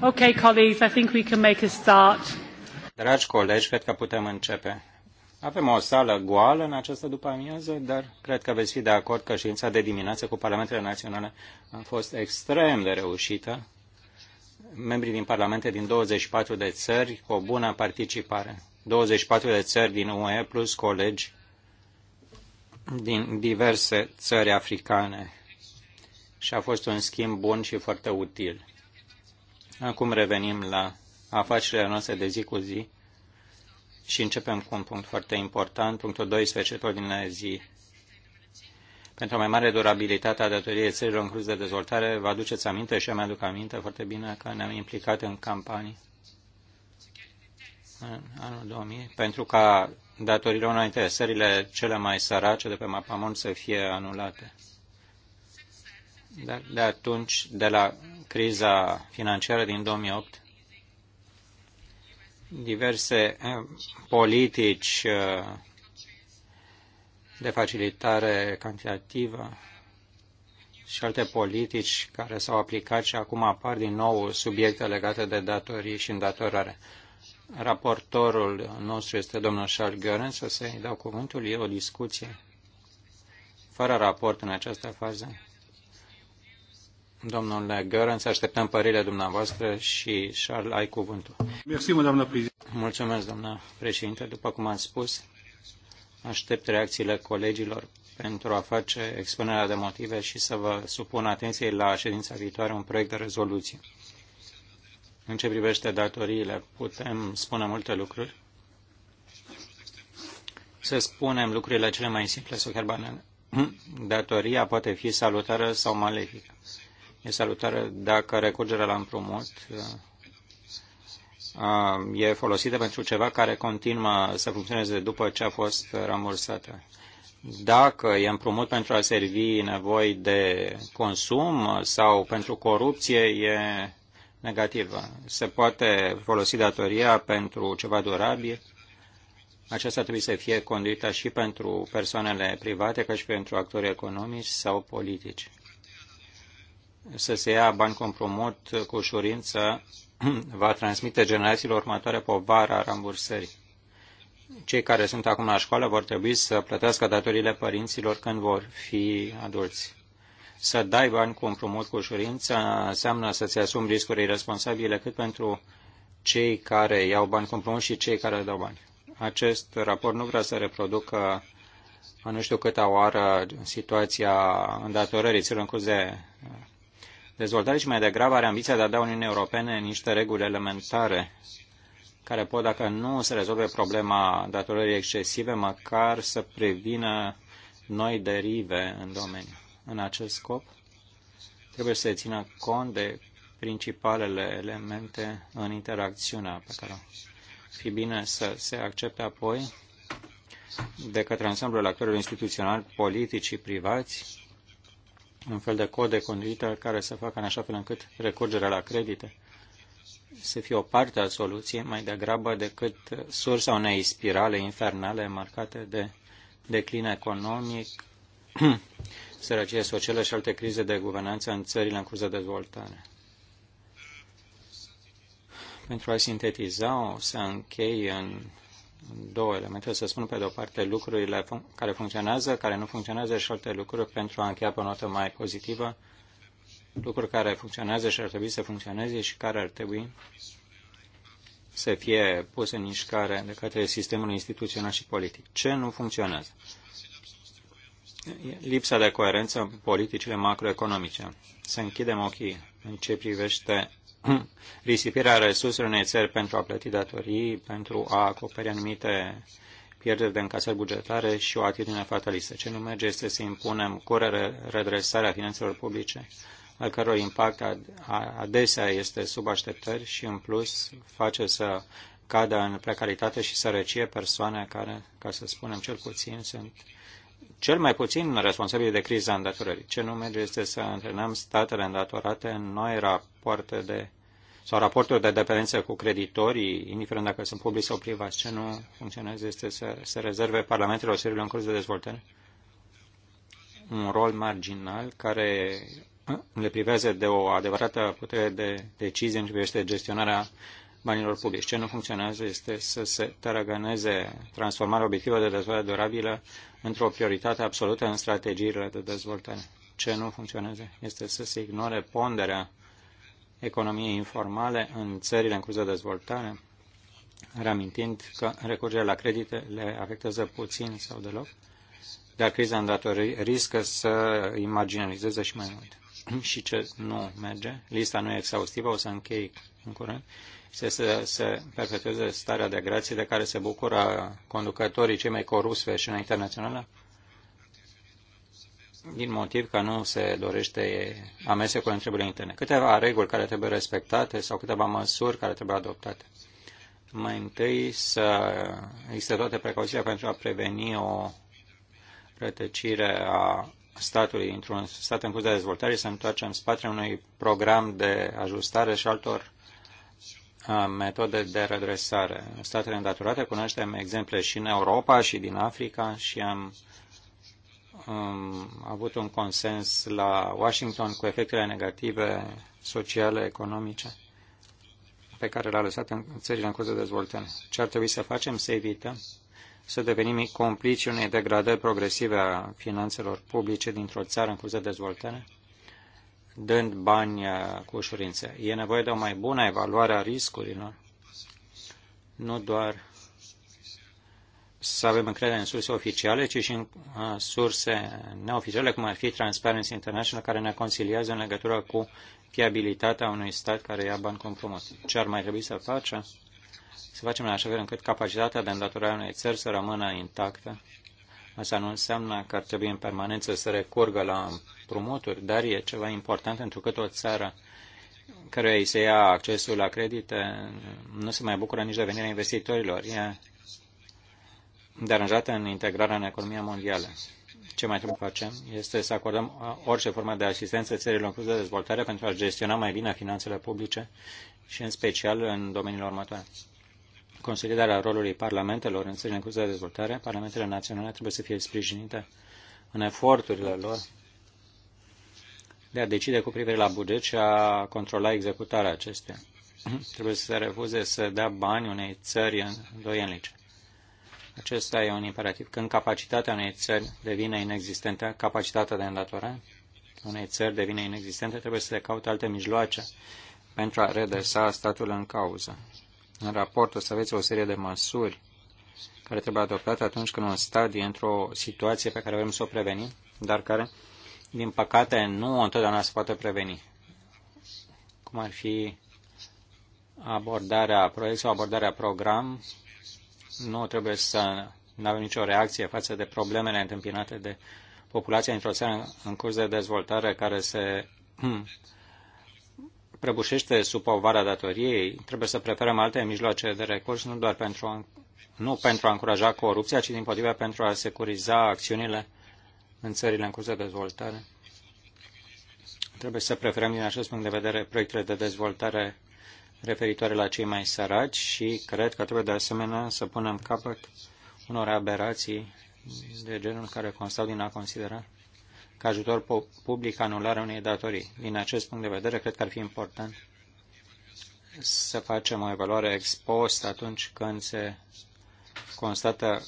Okay, colleagues, I think we can make a start. Dragi colegi, cred că putem începe. Avem o sală goală în această după-amiază, dar cred că veți fi de acord că ședința de dimineață cu Parlamentele Naționale a fost extrem de reușită. Membrii din Parlamente din 24 de țări cu o bună participare. 24 de țări din UE plus colegi din diverse țări africane. Și a fost un schimb bun și foarte util Acum revenim la afacerea noastră de zi cu zi și începem cu un punct foarte important, punctul 12 pe ordinea zi. Pentru o mai mare durabilitate a datoriei țărilor în curs de dezvoltare, vă aduceți aminte și eu mi-aduc aminte foarte bine că ne-am implicat în campanii în anul 2000 pentru ca datoriile unor dintre țările cele mai sărace de pe mapamon să fie anulate de, da, de atunci, de la criza financiară din 2008, diverse eh, politici eh, de facilitare cantitativă și alte politici care s-au aplicat și acum apar din nou subiecte legate de datorii și îndatorare. Raportorul nostru este domnul Charles Gören, să se dau cuvântul, e o discuție fără raport în această fază. Domnule Gărân, așteptăm părerile dumneavoastră și Charles, ai cuvântul. Mulțumesc, doamna președinte. După cum am spus, aștept reacțiile colegilor pentru a face expunerea de motive și să vă supun atenției la ședința viitoare un proiect de rezoluție. În ce privește datoriile, putem spune multe lucruri. Să spunem lucrurile cele mai simple sau chiar banale. Datoria poate fi salutară sau malefică. E salutare. dacă recurgerea la împrumut uh, uh, e folosită pentru ceva care continuă să funcționeze după ce a fost rambursată. Dacă e împrumut pentru a servi nevoi de consum sau pentru corupție, e negativă. Se poate folosi datoria pentru ceva durabil. Aceasta trebuie să fie conduită și pentru persoanele private, ca și pentru actori economici sau politici să se ia bani cu împrumut cu ușurință va transmite generațiilor următoare povara rambursării. Cei care sunt acum la școală vor trebui să plătească datorile părinților când vor fi adulți. Să dai bani cu împrumut cu ușurință înseamnă să-ți asumi riscuri responsabile cât pentru cei care iau bani cu împrumut și cei care dau bani. Acest raport nu vrea să reproducă nu știu câta oară situația îndatorării țelor în curs de dezvoltare, și mai degrabă are ambiția de a da Uniunii Europene niște reguli elementare care pot, dacă nu se rezolve problema datorării excesive, măcar să prevină noi derive în domeniu. În acest scop, trebuie să se țină cont de principalele elemente în interacțiunea pe care fi bine să se accepte apoi de către ansamblul actorilor instituționali, politici și privați un fel de cod de conduită care să facă în așa fel încât recurgerea la credite să fie o parte a soluției mai degrabă decât sursa unei spirale infernale marcate de declin economic, sărăcie socială și alte crize de guvernanță în țările în curs de dezvoltare. Pentru a sintetiza, o să închei în două elemente, să spun pe de-o parte lucrurile fun- care funcționează, care nu funcționează și alte lucruri pentru a încheia pe o notă mai pozitivă, lucruri care funcționează și ar trebui să funcționeze și care ar trebui să fie puse în mișcare de către sistemul instituțional și politic. Ce nu funcționează? Lipsa de coerență în politicile macroeconomice. Să închidem ochii în ce privește risipirea resurselor unei țări pentru a plăti datorii, pentru a acoperi anumite pierderi de încasări bugetare și o atitudine fatalistă. Ce nu merge este să impunem cu redresarea finanțelor publice, al căror impact adesea este sub așteptări și, în plus, face să cadă în precaritate și sărăcie persoane care, ca să spunem cel puțin, sunt cel mai puțin responsabili de criza îndatorării. Ce nu merge este să antrenăm statele îndatorate în noi rapoarte de sau raporturi de dependență cu creditorii, indiferent dacă sunt publici sau privați. Ce nu funcționează este să se rezerve parlamentelor țărilor în curs de dezvoltare un rol marginal care le privează de o adevărată putere de decizie în ce privește gestionarea banilor publici. Ce nu funcționează este să se taraganeze transformarea obiectivă de dezvoltare durabilă într-o prioritate absolută în strategiile de dezvoltare. Ce nu funcționează este să se ignore ponderea economiei informale în țările în curs de dezvoltare, reamintind că recurgerea la credite le afectează puțin sau deloc, dar criza îndatorii riscă să îi marginalizeze și mai mult. și ce nu merge, lista nu e exhaustivă, o să închei în curând, se, se, se perpetueze starea de grație de care se bucură conducătorii cei mai corupți pe scena internațională, din motiv că nu se dorește amese cu întrebările interne. Câteva reguli care trebuie respectate sau câteva măsuri care trebuie adoptate. Mai întâi să existe toate precauțiile pentru a preveni o rătăcire a statului într-un stat în curs de dezvoltare să întoarcem spatele unui program de ajustare și altor metode de redresare. Statele îndatorate cunoaștem exemple și în Europa și din Africa și am um, avut un consens la Washington cu efectele negative sociale, economice pe care le a lăsat în țările în curs de dezvoltare. Ce ar trebui să facem? Să evităm să devenim complici unei degradări progresive a finanțelor publice dintr-o țară în curs de dezvoltare, dând bani uh, cu ușurință. E nevoie de o mai bună evaluare a riscurilor, nu doar să avem încredere în surse oficiale, ci și în uh, surse neoficiale, cum ar fi Transparency International, care ne conciliază în legătură cu fiabilitatea unui stat care ia bani compromis. Ce ar mai trebui să facem? Să facem în așa fel încât capacitatea de îndatorare a unei țări să rămână intactă. Asta nu înseamnă că ar trebui în permanență să recurgă la împrumuturi, dar e ceva important pentru că o țară care îi se ia accesul la credite nu se mai bucură nici de venirea investitorilor. E deranjate în integrarea în economia mondială. Ce mai trebuie să facem este să acordăm orice formă de asistență țărilor în curs de dezvoltare pentru a gestiona mai bine finanțele publice și în special în domeniile următoare. Consolidarea rolului parlamentelor în țările în curs de dezvoltare, parlamentele naționale trebuie să fie sprijinite în eforturile lor de a decide cu privire la buget și a controla executarea acestuia. Trebuie să se refuze să dea bani unei țări în doienlice. Acesta e un imperativ. Când capacitatea unei țări devine inexistentă, capacitatea de îndatorare unei țări devine inexistentă, trebuie să le caute alte mijloace pentru a redresa statul în cauză. În raport o să aveți o serie de măsuri care trebuie adoptate atunci când un stat e într-o situație pe care vrem să o prevenim, dar care, din păcate, nu întotdeauna se poate preveni. Cum ar fi abordarea proiect sau abordarea program nu trebuie să nu avem nicio reacție față de problemele întâmpinate de populația într-o țară în curs de dezvoltare care se hmm, prăbușește sub povara datoriei, trebuie să preferăm alte mijloace de recurs, nu doar pentru a, nu pentru a încuraja corupția, ci din potrivă pentru a securiza acțiunile în țările în curs de dezvoltare. Trebuie să preferăm din acest punct de vedere proiectele de dezvoltare referitoare la cei mai săraci și cred că trebuie de asemenea să punem capăt unor aberații de genul care constau din a considera ca ajutor public anularea unei datorii. Din acest punct de vedere, cred că ar fi important să facem o evaluare ex post atunci când se constată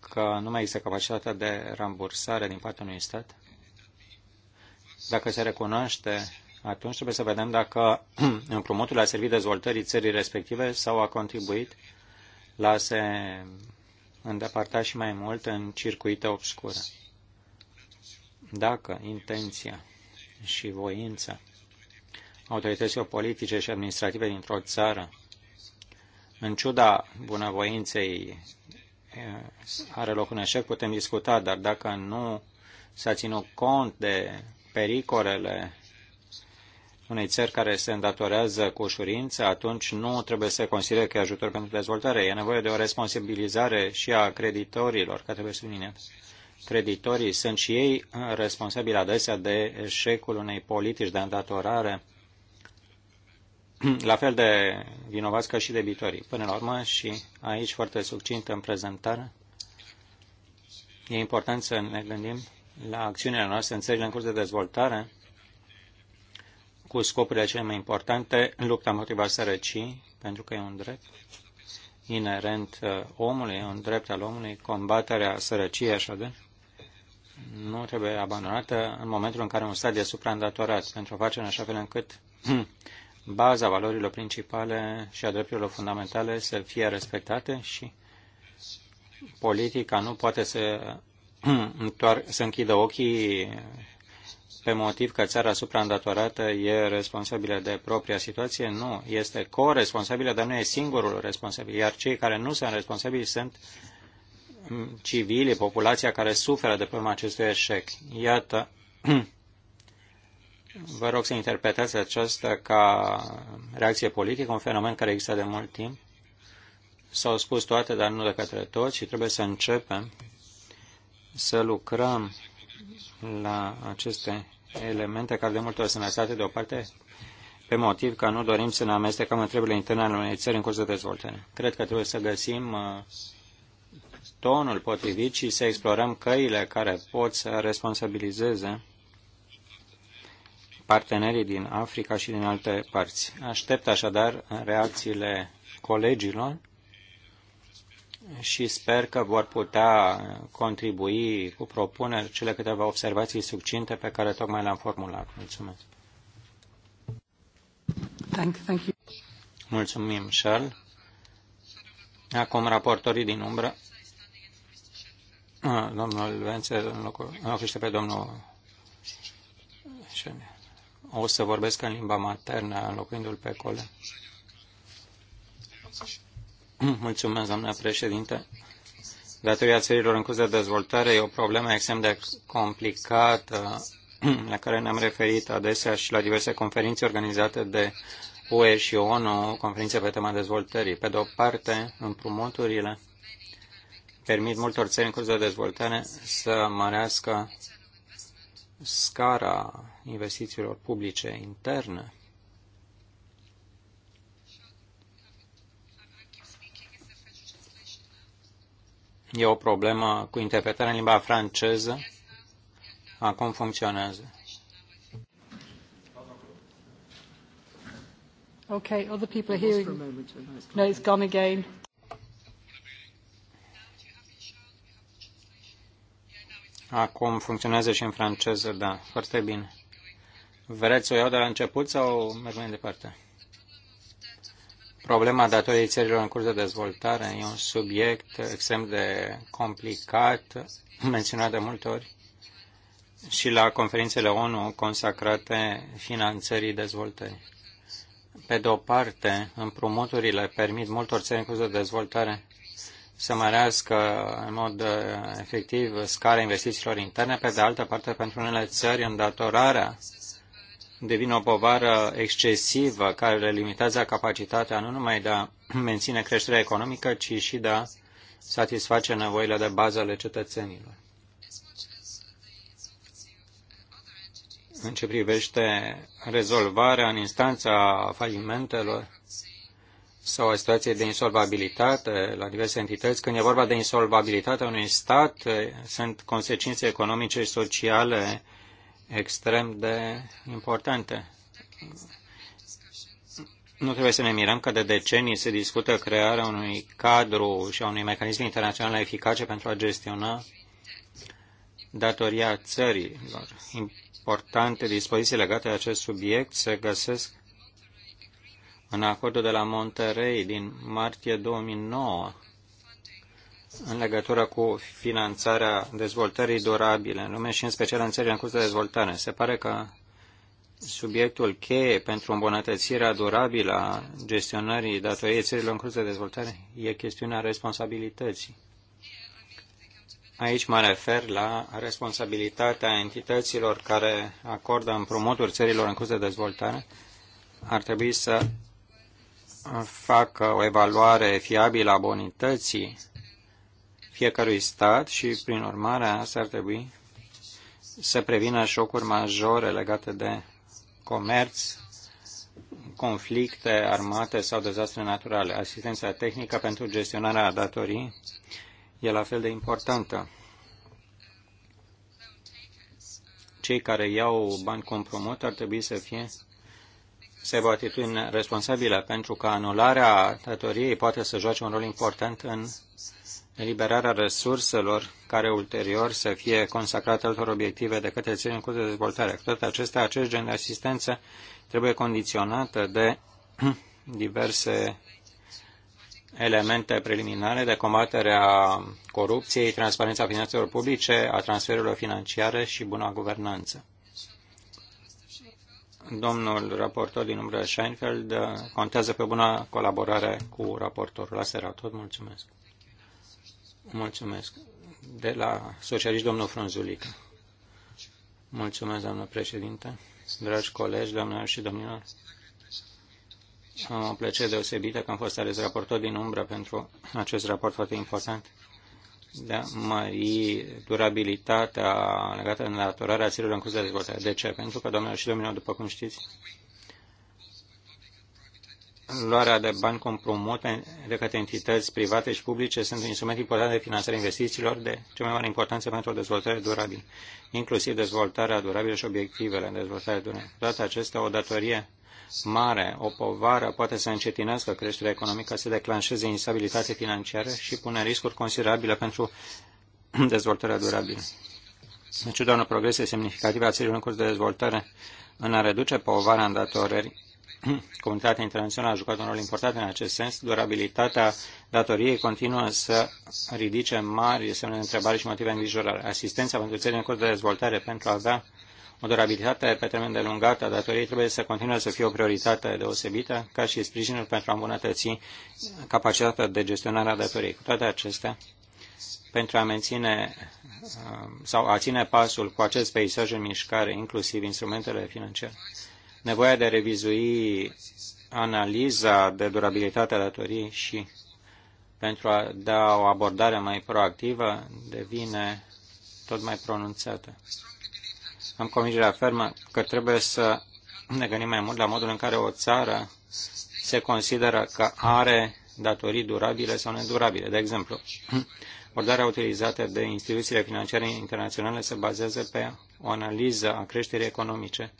că nu mai există capacitatea de rambursare din partea unui stat. Dacă se recunoaște atunci trebuie să vedem dacă împrumutul a servit dezvoltării țării respective sau a contribuit la a se îndepărta și mai mult în circuite obscure. Dacă intenția și voința autorităților politice și administrative dintr-o țară, în ciuda bunăvoinței, are loc un eșec, putem discuta, dar dacă nu s-a ținut cont de pericolele unei țări care se îndatorează cu ușurință, atunci nu trebuie să consideră că e ajutor pentru dezvoltare. E nevoie de o responsabilizare și a creditorilor, care trebuie subliniat. Creditorii sunt și ei responsabili adesea de eșecul unei politici de îndatorare, la fel de vinovați ca și debitorii. Până la urmă, și aici foarte succint în prezentare, e important să ne gândim la acțiunile noastre în țările în curs de dezvoltare, cu scopurile cele mai importante în lupta împotriva sărăcii, pentru că e un drept inerent uh, omului, e un drept al omului, combaterea sărăciei, de, nu trebuie abandonată în momentul în care un stat e supraîndatorat, pentru a face în așa fel încât hmm, baza valorilor principale și a drepturilor fundamentale să fie respectate și politica nu poate să, hmm, să închidă ochii pe motiv că țara supraîndatorată e responsabilă de propria situație. Nu, este co-responsabilă, dar nu e singurul responsabil. Iar cei care nu sunt responsabili sunt mm, civilii, populația care suferă de pe urma acestui eșec. Iată, vă rog să interpretați aceasta ca reacție politică, un fenomen care există de mult timp. S-au spus toate, dar nu de către toți și trebuie să începem să lucrăm la aceste elemente care de multe ori sunt lăsate deoparte pe motiv că nu dorim să ne amestecăm în treburile interne ale unei țări în curs de dezvoltare. Cred că trebuie să găsim uh, tonul potrivit și să explorăm căile care pot să responsabilizeze partenerii din Africa și din alte părți. Aștept așadar reacțiile colegilor și sper că vor putea contribui cu propuneri cele câteva observații succinte pe care tocmai le-am formulat. Mulțumesc. Thank, thank you. Mulțumim, Charles. Acum raportorii din umbră. Ah, domnul Vențe înlocuiește pe domnul O să vorbesc în limba maternă, înlocuindu-l pe coleg. Mulțumesc, doamna președinte. Datoria țărilor în curs de dezvoltare e o problemă extrem de complicată la care ne-am referit adesea și la diverse conferințe organizate de UE și ONU, conferințe pe tema dezvoltării. Pe de o parte, împrumuturile permit multor țări în curs de dezvoltare să mărească scara investițiilor publice interne. E o problemă cu interpretarea în limba franceză. Acum funcționează. Okay, other people are hearing. No, it's gone again. Acum funcționează și în franceză, da, foarte bine. Vreți să o iau de la început sau merg mai departe? Problema datoriei țărilor în curs de dezvoltare e un subiect extrem de complicat, menționat de multe ori și la conferințele ONU consacrate finanțării dezvoltării. Pe de o parte, împrumuturile permit multor țări în curs de dezvoltare să mărească în mod uh, efectiv scara investițiilor interne, pe de altă parte, pentru unele țări, îndatorarea devine o povară excesivă care limitează capacitatea nu numai de a menține creșterea economică, ci și de a satisface nevoile de bază ale cetățenilor. În ce privește rezolvarea în instanța falimentelor sau a situației de insolvabilitate la diverse entități, când e vorba de insolvabilitatea unui stat, sunt consecințe economice și sociale extrem de importante. Nu trebuie să ne mirăm că de decenii se discută crearea unui cadru și a unui mecanism internațional eficace pentru a gestiona datoria țărilor. Importante dispoziții legate de acest subiect se găsesc în acordul de la Monterey din martie 2009 în legătură cu finanțarea dezvoltării durabile în lume și în special în țările în curs de dezvoltare. Se pare că subiectul cheie pentru îmbunătățirea durabilă a gestionării datoriei țărilor în curs de dezvoltare e chestiunea responsabilității. Aici mă refer la responsabilitatea entităților care acordă împrumuturi țărilor în curs de dezvoltare. Ar trebui să facă o evaluare fiabilă a bonității fiecărui stat și, prin urmare, asta ar trebui să prevină șocuri majore legate de comerț, conflicte armate sau dezastre naturale. Asistența tehnică pentru gestionarea datorii e la fel de importantă. Cei care iau bani compromot ar trebui să fie să aibă atitudine responsabilă, pentru că anularea datoriei poate să joace un rol important în eliberarea resurselor care ulterior să fie consacrate altor obiective de către țările în curs de dezvoltare. Cu toate acestea, acest gen de asistență trebuie condiționată de diverse elemente preliminare de combatere a corupției, transparența finanțelor publice, a transferurilor financiare și buna guvernanță. Domnul raportor din umbră Scheinfeld contează pe buna colaborare cu raportorul. Asta era tot. Mulțumesc. Mulțumesc. De la domnul Frunzulică. Mulțumesc, doamnă președinte. Dragi colegi, doamnelor și domnilor, am o plăcere deosebită că am fost ales raportor din umbră pentru acest raport foarte important de a mări durabilitatea legată de naturarea țirilor în curs de dezvoltare. De ce? Pentru că, doamnelor și domnilor, după cum știți, luarea de bani cu împrumut de către entități private și publice sunt un instrument important de finanțare investițiilor de cea mai mare importanță pentru o dezvoltare durabilă, inclusiv dezvoltarea durabilă și obiectivele în dezvoltare durabilă. Toate acestea, o datorie mare, o povară, poate să încetinească creșterea economică, să declanșeze instabilitate financiară și pune riscuri considerabile pentru dezvoltarea durabilă. În ciuda unor progrese semnificative a țărilor în curs de dezvoltare, în a reduce povara datorări comunitatea internațională a jucat un rol important în acest sens. Durabilitatea datoriei continuă să ridice mari semne de întrebare și motive îngrijorare. Asistența pentru țările în curs de dezvoltare pentru a avea o durabilitate pe termen de lungat a datoriei trebuie să continue să fie o prioritate deosebită, ca și sprijinul pentru a îmbunătăți capacitatea de gestionare a datoriei. Cu toate acestea, pentru a menține uh, sau a ține pasul cu acest peisaj în mișcare, inclusiv instrumentele financiare, nevoia de a revizui analiza de durabilitate a datoriei și pentru a da o abordare mai proactivă devine tot mai pronunțată. Am convingerea fermă că trebuie să ne gândim mai mult la modul în care o țară se consideră că are datorii durabile sau nedurabile. De exemplu, abordarea utilizată de instituțiile financiare internaționale se bazează pe o analiză a creșterii economice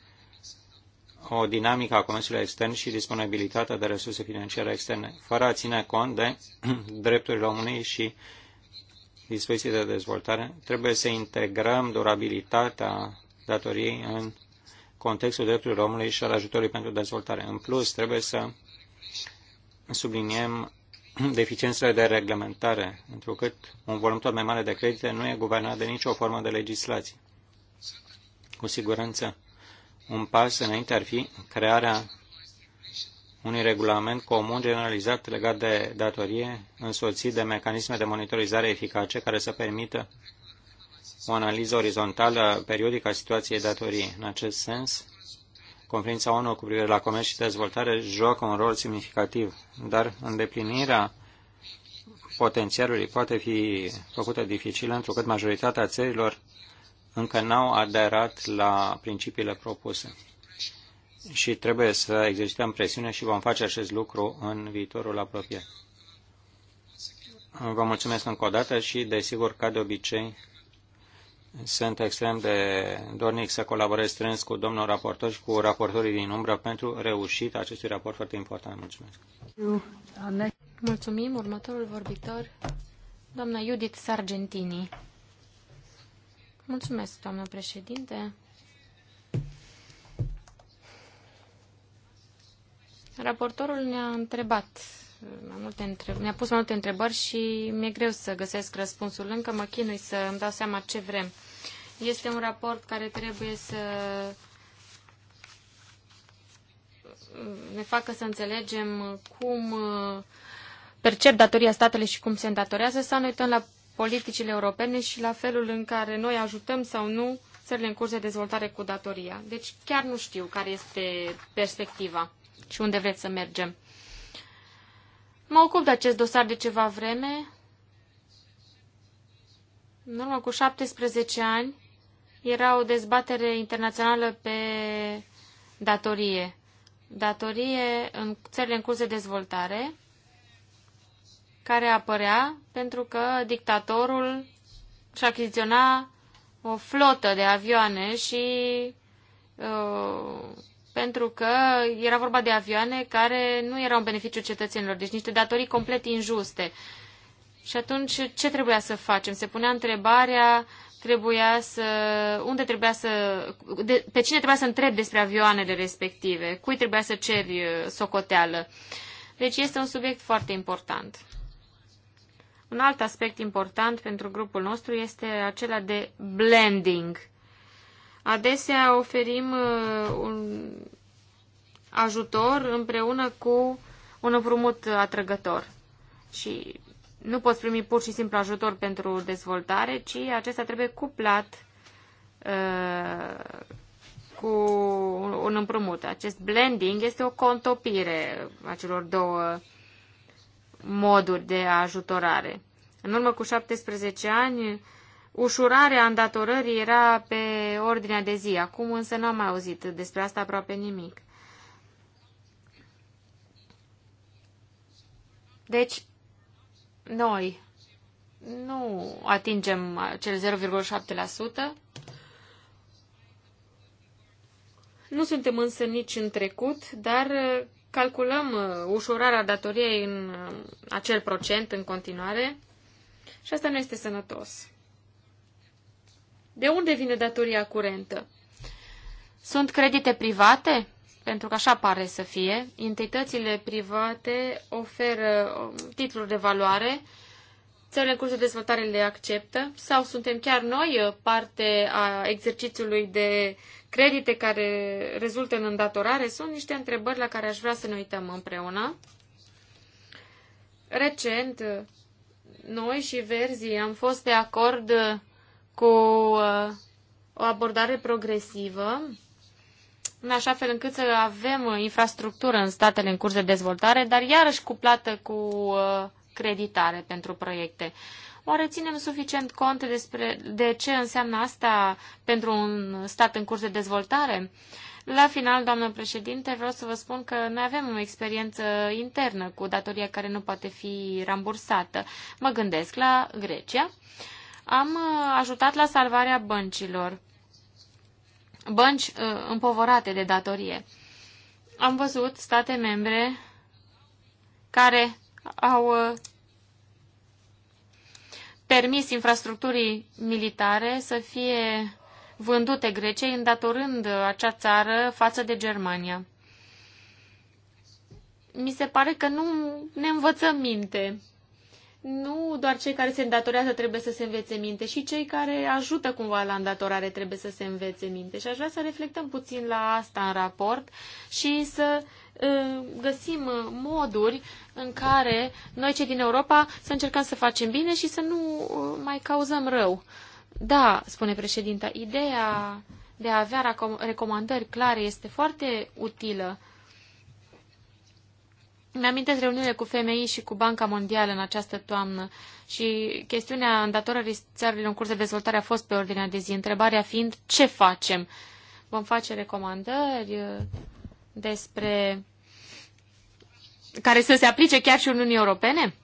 o dinamică a comerțului extern și disponibilitatea de resurse financiare externe, fără a ține cont de drepturile omului și dispoziții de dezvoltare. Trebuie să integrăm durabilitatea datoriei în contextul drepturilor omului și al ajutorului pentru dezvoltare. În plus, trebuie să subliniem deficiențele de reglementare, întrucât un volum tot mai mare de credite nu e guvernat de nicio formă de legislație. Cu siguranță, un pas înainte ar fi crearea unui regulament comun generalizat legat de datorie, însoțit de mecanisme de monitorizare eficace care să permită o analiză orizontală periodică a situației datoriei. În acest sens, Conferința ONU cu privire la comerț și dezvoltare joacă un rol semnificativ, dar îndeplinirea potențialului poate fi făcută dificilă, întrucât majoritatea țărilor încă n-au aderat la principiile propuse. Și trebuie să exercităm presiune și vom face acest lucru în viitorul apropiat. Vă mulțumesc încă o dată și, desigur, ca de obicei, sunt extrem de dornic să colaborez strâns cu domnul raportor și cu raportorii din umbră pentru reușita acestui raport foarte important. Mulțumesc! Mulțumim! Următorul vorbitor, doamna Judith Sargentini. Mulțumesc, doamnă președinte. Raportorul ne-a întrebat mai multe întreb- ne-a pus mai multe întrebări și mi-e greu să găsesc răspunsul, încă mă chinui să îmi dau seama ce vrem. Este un raport care trebuie să ne facă să înțelegem cum uh, percep datoria statului și cum se îndatorează sau ne uităm la politicile europene și la felul în care noi ajutăm sau nu țările în curs de dezvoltare cu datoria. Deci chiar nu știu care este perspectiva și unde vreți să mergem. Mă ocup de acest dosar de ceva vreme. În urmă cu 17 ani era o dezbatere internațională pe datorie. Datorie în țările în curs de dezvoltare care apărea pentru că dictatorul și achiziționa o flotă de avioane și uh, pentru că era vorba de avioane care nu erau în beneficiu cetățenilor, deci niște datorii complet injuste. Și atunci ce trebuia să facem? Se punea întrebarea trebuia să, unde trebuia să, de, pe cine trebuia să întreb despre avioanele respective, cui trebuia să ceri uh, socoteală. Deci este un subiect foarte important. Un alt aspect important pentru grupul nostru este acela de blending. Adesea oferim uh, un ajutor împreună cu un împrumut atrăgător. Și nu poți primi pur și simplu ajutor pentru dezvoltare, ci acesta trebuie cuplat uh, cu un împrumut. Acest blending este o contopire a celor două moduri de ajutorare. În urmă cu 17 ani, ușurarea îndatorării era pe ordinea de zi. Acum însă n-am mai auzit despre asta aproape nimic. Deci, noi nu atingem cel 0,7%. Nu suntem însă nici în trecut, dar calculăm uh, ușurarea datoriei în uh, acel procent în continuare și asta nu este sănătos. De unde vine datoria curentă? Sunt credite private? Pentru că așa pare să fie. Entitățile private oferă uh, titluri de valoare țările în curs de dezvoltare le acceptă sau suntem chiar noi uh, parte a exercițiului de credite care rezultă în îndatorare? Sunt niște întrebări la care aș vrea să ne uităm împreună. Recent, uh, noi și Verzii am fost de acord uh, cu o abordare progresivă, în așa fel încât să avem infrastructură în statele în curs de dezvoltare, dar iarăși cuplată cu uh, creditare pentru proiecte. Oare ținem suficient cont despre de ce înseamnă asta pentru un stat în curs de dezvoltare? La final, doamnă președinte, vreau să vă spun că noi avem o experiență internă cu datoria care nu poate fi rambursată. Mă gândesc la Grecia. Am uh, ajutat la salvarea băncilor, bănci uh, împovorate de datorie. Am văzut state membre care au uh, permis infrastructurii militare să fie vândute Greciei, îndatorând uh, acea țară față de Germania. Mi se pare că nu ne învățăm minte. Nu doar cei care se îndatorează trebuie să se învețe minte, și cei care ajută cumva la îndatorare trebuie să se învețe minte. Și aș vrea să reflectăm puțin la asta în raport și să uh, găsim moduri în care noi cei din Europa să încercăm să facem bine și să nu uh, mai cauzăm rău. Da, spune președinta, ideea de a avea recomandări clare este foarte utilă. Mi-amintesc reuniunile cu FMI și cu Banca Mondială în această toamnă și chestiunea îndatorării țărilor în curs de dezvoltare a fost pe ordinea de zi, întrebarea fiind ce facem. Vom face recomandări uh, despre care să se aplice chiar și Uniunii Europene?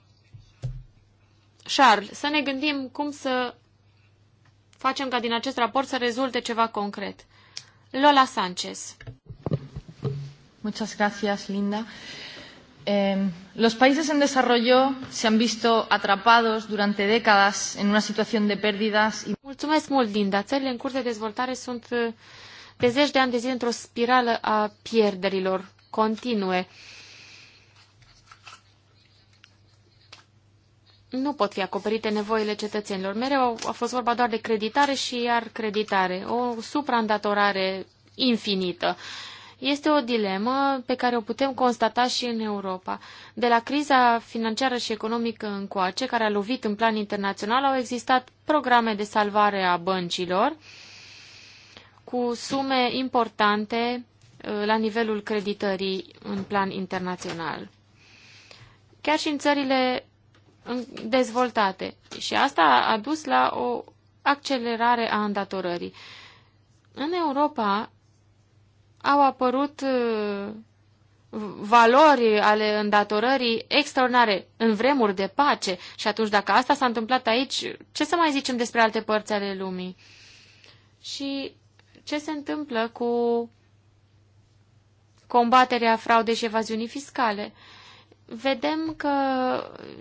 Charles, să ne gândim cum să facem ca din acest raport să rezulte ceva concret. Lola Sanchez. Muchas gracias, Linda. Eh, los países en desarrollo se han visto atrapados durante décadas en una situación de pérdidas. Y... Mulțumesc mult, Linda. Țările în curs de dezvoltare sunt eh, de zeci de ani de zi într-o spirală a pierderilor continue. nu pot fi acoperite nevoile cetățenilor. Mereu a fost vorba doar de creditare și iar creditare, o supraîndatorare infinită. Este o dilemă pe care o putem constata și în Europa. De la criza financiară și economică încoace, care a lovit în plan internațional, au existat programe de salvare a băncilor cu sume importante uh, la nivelul creditării în plan internațional. Chiar și în țările dezvoltate. Și asta a dus la o accelerare a îndatorării. În Europa au apărut uh, valori ale îndatorării extraordinare în vremuri de pace. Și atunci, dacă asta s-a întâmplat aici, ce să mai zicem despre alte părți ale lumii? Și ce se întâmplă cu combaterea fraudei și evaziunii fiscale? vedem că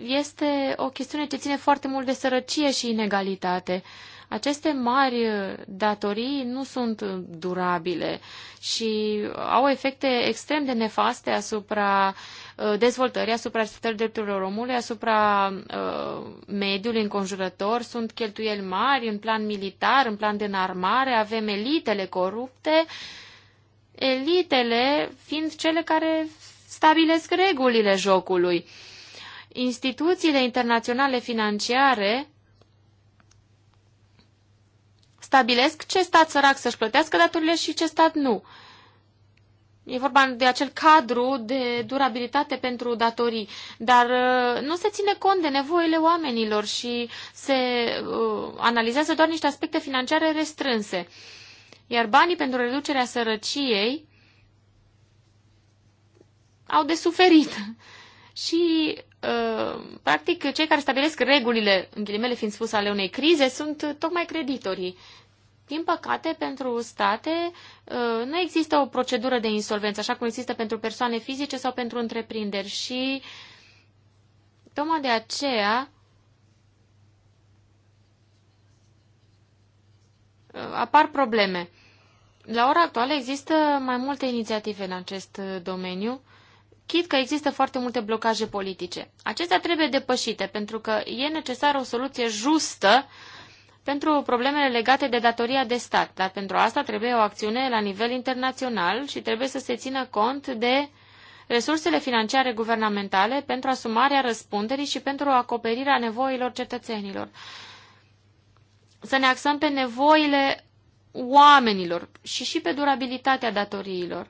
este o chestiune ce ține foarte mult de sărăcie și inegalitate. Aceste mari datorii nu sunt durabile și au efecte extrem de nefaste asupra uh, dezvoltării, asupra respectării drepturilor omului, asupra uh, mediului înconjurător. Sunt cheltuieli mari în plan militar, în plan de înarmare, avem elitele corupte, elitele fiind cele care stabilesc regulile jocului. Instituțiile internaționale financiare stabilesc ce stat sărac să-și plătească datorile și ce stat nu. E vorba de acel cadru de durabilitate pentru datorii, dar uh, nu se ține cont de nevoile oamenilor și se uh, analizează doar niște aspecte financiare restrânse. Iar banii pentru reducerea sărăciei au de suferit. Și, uh, practic, cei care stabilesc regulile, în ghilimele fiind spus, ale unei crize, sunt tocmai creditorii. Din păcate, pentru state ă, nu există o procedură de insolvență, așa cum există pentru persoane fizice sau pentru întreprinderi. Și tocmai de aceea ă, apar probleme. La ora actuală există mai multe inițiative în acest domeniu Chit că există foarte multe blocaje politice. Acestea trebuie depășite pentru că e necesară o soluție justă pentru problemele legate de datoria de stat, dar pentru asta trebuie o acțiune la nivel internațional și trebuie să se țină cont de resursele financiare guvernamentale pentru asumarea răspunderii și pentru acoperirea nevoilor cetățenilor. Să ne axăm pe nevoile oamenilor și și pe durabilitatea datoriilor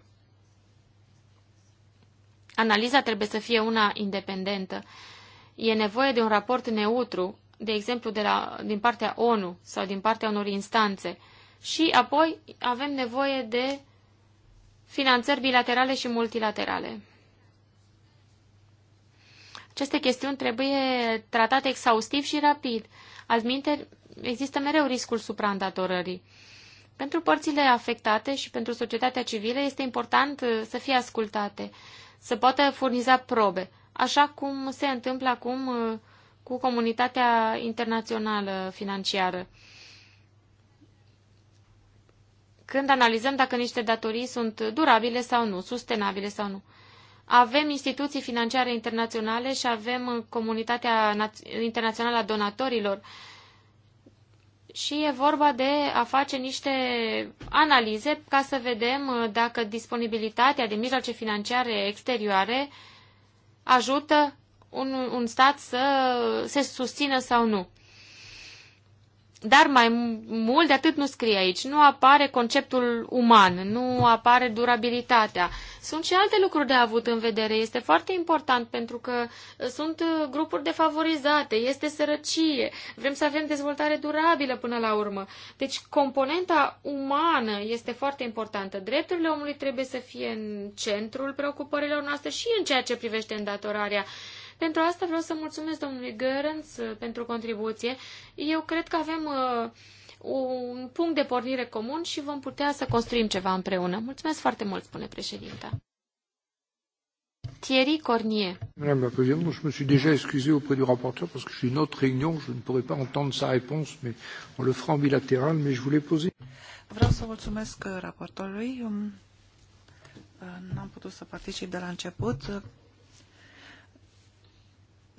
analiza trebuie să fie una independentă. E nevoie de un raport neutru, de exemplu de la, din partea ONU sau din partea unor instanțe. Și apoi avem nevoie de finanțări bilaterale și multilaterale. Aceste chestiuni trebuie tratate exhaustiv și rapid. Altminte, există mereu riscul supraîndatorării. Pentru părțile afectate și pentru societatea civilă este important uh, să fie ascultate să poată furniza probe, așa cum se întâmplă acum uh, cu comunitatea internațională financiară. Când analizăm dacă niște datorii sunt durabile sau nu, sustenabile sau nu. Avem instituții financiare internaționale și avem uh, comunitatea internațională a donatorilor și e vorba de a face niște analize ca să vedem uh, dacă disponibilitatea de mijloace financiare exterioare ajută un, un stat să se susțină sau nu. Dar mai mult de atât nu scrie aici. Nu apare conceptul uman, nu apare durabilitatea. Sunt și alte lucruri de avut în vedere. Este foarte important pentru că uh, sunt uh, grupuri defavorizate, este sărăcie, vrem să avem dezvoltare durabilă până la urmă. Deci componenta umană este foarte importantă. Drepturile omului trebuie să fie în centrul preocupărilor noastre și în ceea ce privește îndatorarea. Uh, pentru asta vreau să mulțumesc domnului Gărânț uh, pentru contribuție. Eu cred că avem uh, un punct de pornire comun și vom putea să construim ceva împreună. Mulțumesc foarte mult, spune președinta. Thierry Cornier. Madame la Présidente, je me suis déjà excusé auprès du rapporteur parce que j'ai une autre réunion, je ne pourrais pas entendre sa réponse, mais on le fera en bilatéral, mais je voulais poser. Vreau să mulțumesc uh, raportorului. Um, n-am putut să particip de la început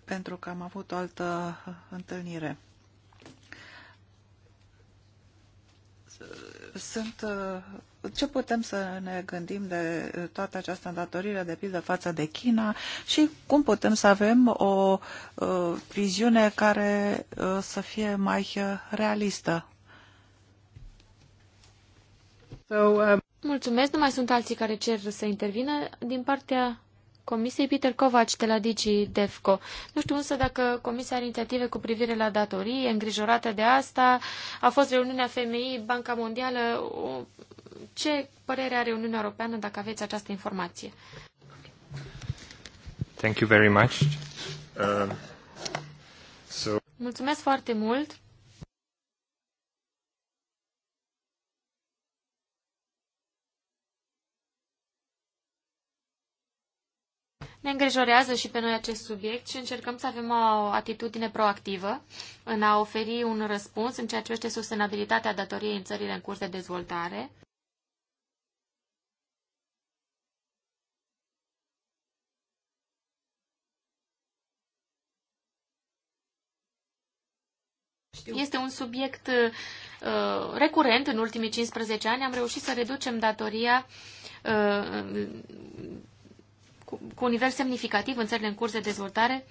pentru că am avut o altă întâlnire. Sunt, ce putem să ne gândim de toată această îndatorire de pildă față de China și cum putem să avem o viziune care să fie mai realistă? Um, Mulțumesc, nu mai sunt alții care cer să intervină din partea Comisiei Peter Kovac de la Digi DEFCO. Nu știu însă dacă Comisia are inițiative cu privire la e îngrijorată de asta. A fost reuniunea FMI, Banca Mondială. Ce părere are Uniunea Europeană dacă aveți această informație? Thank you very much. Uh, so... Mulțumesc foarte mult. îngrijorează și pe noi acest subiect și încercăm să avem o atitudine proactivă în a oferi un răspuns în ceea ce este sustenabilitatea datoriei în țările în curs de dezvoltare. Este un subiect uh, recurent în ultimii 15 ani. Am reușit să reducem datoria uh, cu un nivel semnificativ în țările în curs de dezvoltare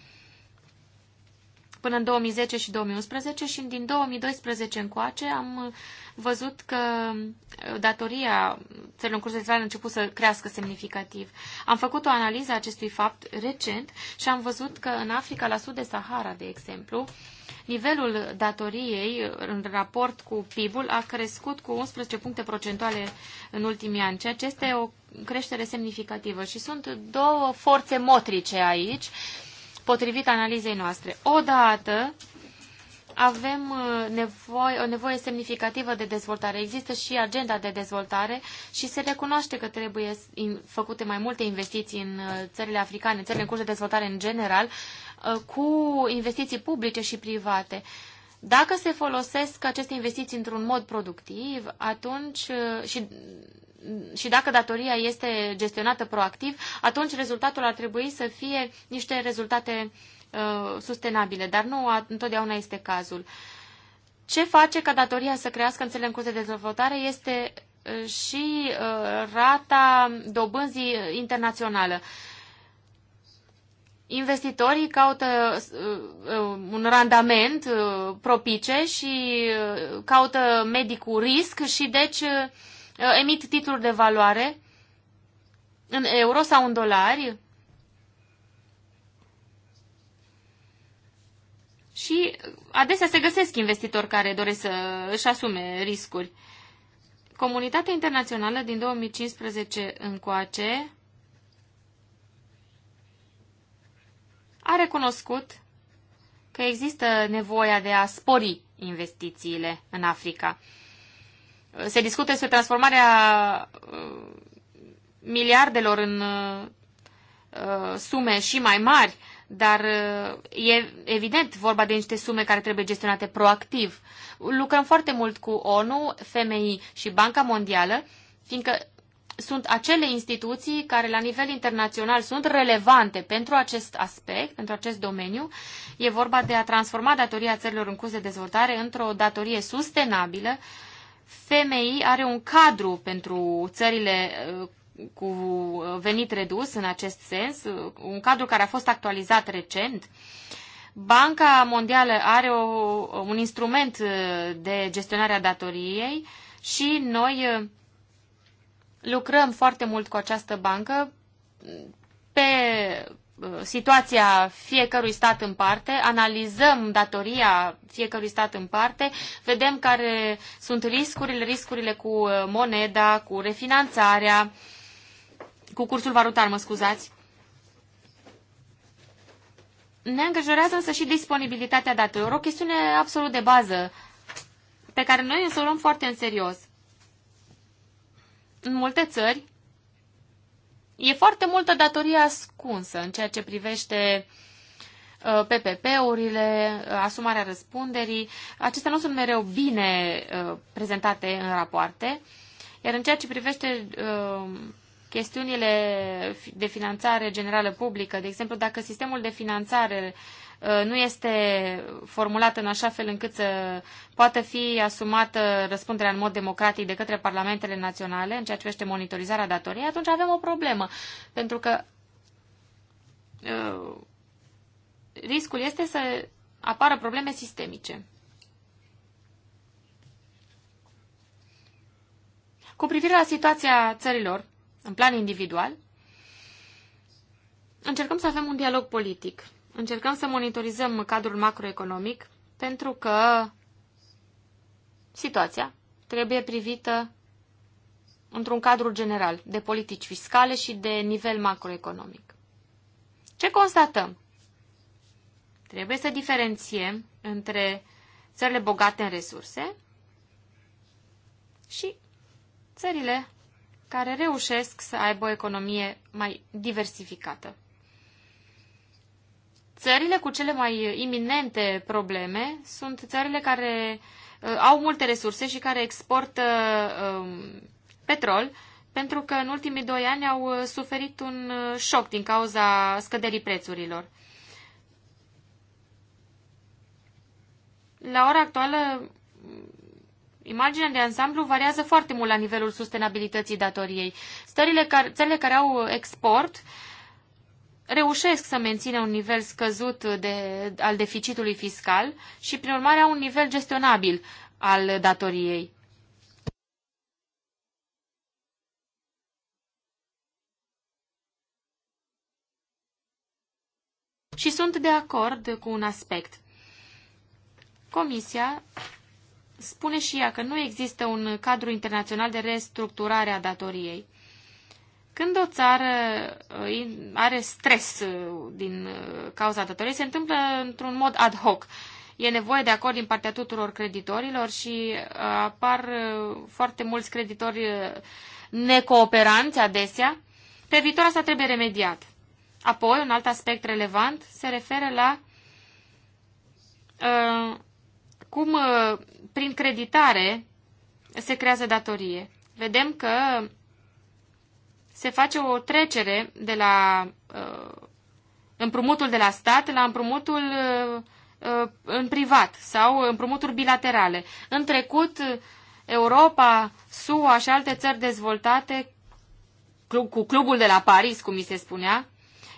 până în 2010 și 2011 și din 2012 încoace am uh, văzut că uh, datoria țărilor în curs de a început să crească semnificativ. Am făcut o analiză a acestui fapt recent și am văzut că în Africa, la sud de Sahara, de exemplu, nivelul datoriei uh, în raport cu PIB-ul a crescut cu 11 puncte procentuale în ultimii ani, ceea ce este o creștere semnificativă. Și sunt două forțe motrice aici. Uh, potrivit analizei noastre. Odată avem uh, nevoie, o nevoie semnificativă de dezvoltare. Există și agenda de dezvoltare și se recunoaște că trebuie făcute mai multe investiții în uh, țările africane, țările în curs de dezvoltare în general, uh, cu investiții publice și private. Dacă se folosesc aceste investiții într-un mod productiv, atunci și și dacă datoria este gestionată proactiv, atunci rezultatul ar trebui să fie niște rezultate uh, sustenabile, dar nu a, întotdeauna este cazul. Ce face ca datoria să crească în țările în curs de dezvoltare este uh, și uh, rata dobânzii internațională. Investitorii caută uh, uh, un randament uh, propice și caută medicul risc și deci Uh, emit titluri de valoare în euro sau în dolari și adesea se găsesc investitori care doresc să își asume riscuri. Comunitatea internațională din 2015 încoace a recunoscut că există nevoia de a spori investițiile în Africa se discută despre transformarea uh, miliardelor în uh, sume și mai mari, dar uh, e evident vorba de niște sume care trebuie gestionate proactiv. Lucrăm foarte mult cu ONU, FMI și Banca Mondială, fiindcă sunt acele instituții care la nivel internațional sunt relevante pentru acest aspect, pentru acest domeniu. E vorba de a transforma datoria țărilor în curs de dezvoltare într-o datorie sustenabilă, uh, FMI are un cadru pentru țările uh, cu venit redus în acest sens, uh, un cadru care a fost actualizat recent. Banca Mondială are o, un instrument uh, de gestionare a datoriei și noi lucrăm foarte mult cu această bancă pe situația fiecărui stat în parte, analizăm datoria fiecărui stat în parte, vedem care sunt riscurile, riscurile cu uh, moneda, cu refinanțarea, cu cursul valutar, mă scuzați. Ne angajorează însă și disponibilitatea datelor, o chestiune absolut de bază, pe care noi însă o luăm foarte în serios. În multe țări, E foarte multă datorie ascunsă în ceea ce privește uh, PPP-urile, uh, asumarea răspunderii. Acestea nu sunt mereu bine uh, prezentate în rapoarte. Iar în ceea ce privește chestiunile de finanțare generală publică, de exemplu, dacă sistemul de finanțare Uh, nu este formulată în așa fel încât să poată fi asumată răspunderea în mod democratic de către parlamentele naționale în ceea ce privește monitorizarea datoriei, atunci avem o problemă. Pentru că uh, riscul este să apară probleme sistemice. Cu privire la situația țărilor, în plan individual, încercăm să avem un dialog politic încercăm să monitorizăm cadrul macroeconomic pentru că situația trebuie privită într-un cadru general de politici fiscale și de nivel macroeconomic. Ce constatăm? Trebuie să diferențiem între țările bogate în resurse și țările care reușesc să aibă o economie mai diversificată. Țările cu cele mai iminente probleme sunt țările care uh, au multe resurse și care exportă um, petrol, pentru că în ultimii doi ani au uh, suferit un uh, șoc din cauza scăderii prețurilor. La ora actuală, imaginea de ansamblu variază foarte mult la nivelul sustenabilității datoriei. Țările care, țările care au export uh, reușesc să mențină un nivel scăzut de, al deficitului fiscal și, prin urmare, au un nivel gestionabil al datoriei. Și sunt de acord cu un aspect. Comisia spune și ea că nu există un cadru internațional de restructurare a datoriei. Când o țară uh, are stres uh, din uh, cauza datoriei, se întâmplă într-un mod ad hoc. E nevoie de acord din partea tuturor creditorilor și apar foarte mulți creditori necooperanți adesea. Pe viitor asta trebuie remediat. Apoi, un alt aspect relevant se referă la cum prin creditare se creează datorie. Vedem că se face o trecere de la uh, împrumutul de la stat la împrumutul uh, uh în privat sau împrumuturi bilaterale. În trecut, Europa, SUA și alte țări dezvoltate, club, cu clubul de la Paris, cum mi se spunea,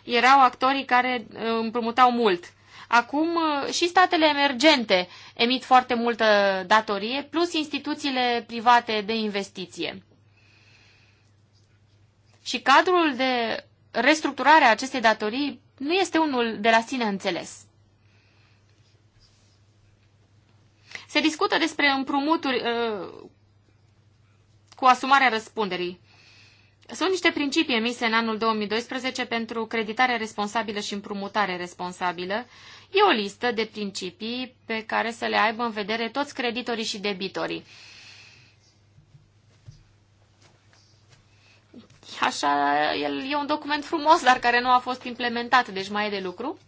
erau actorii care uh, împrumutau mult. Acum uh, și statele emergente emit foarte multă datorie, plus instituțiile private de investiție. Și cadrul de restructurare a acestei datorii nu este unul de la sine înțeles. Se discută despre împrumuturi uh, cu asumarea răspunderii. Sunt niște principii emise în anul 2012 pentru creditare responsabilă și împrumutare responsabilă. E o listă de principii pe care să le aibă în vedere toți creditorii și debitorii. Așa, el e un document frumos, dar care nu a fost implementat, deci mai e de lucru.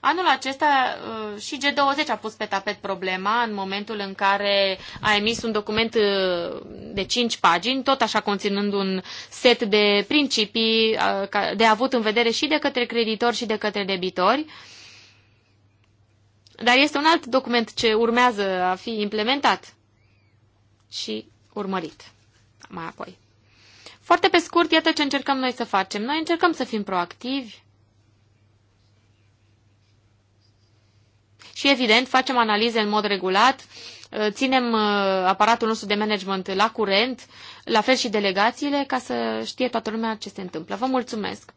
Anul acesta uh, și G20 a pus pe tapet problema în momentul în care a emis un document uh, de 5 pagini, tot așa conținând un set de principii uh, de avut în vedere și de către creditori și de către debitori. Dar este un alt document ce urmează a fi implementat și urmărit mai apoi. Foarte pe scurt, iată ce încercăm noi să facem. Noi încercăm să fim proactivi și, evident, facem analize în mod regulat, uh, ținem uh, aparatul nostru de management la curent, la fel și delegațiile, ca să știe toată lumea ce se întâmplă. Vă mulțumesc!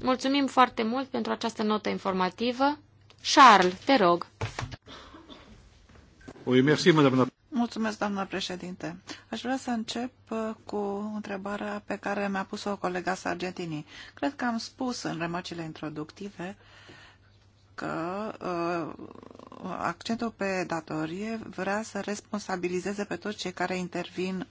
Mulțumim foarte mult pentru această notă informativă. Charles, te rog! Oui, merci, madame Mulțumesc, doamnă președinte. Aș vrea să încep uh, cu întrebarea pe care mi-a pus-o colega Sargentini. Cred că am spus în remarcile introductive că uh, accentul pe datorie vrea să responsabilizeze pe toți cei care intervin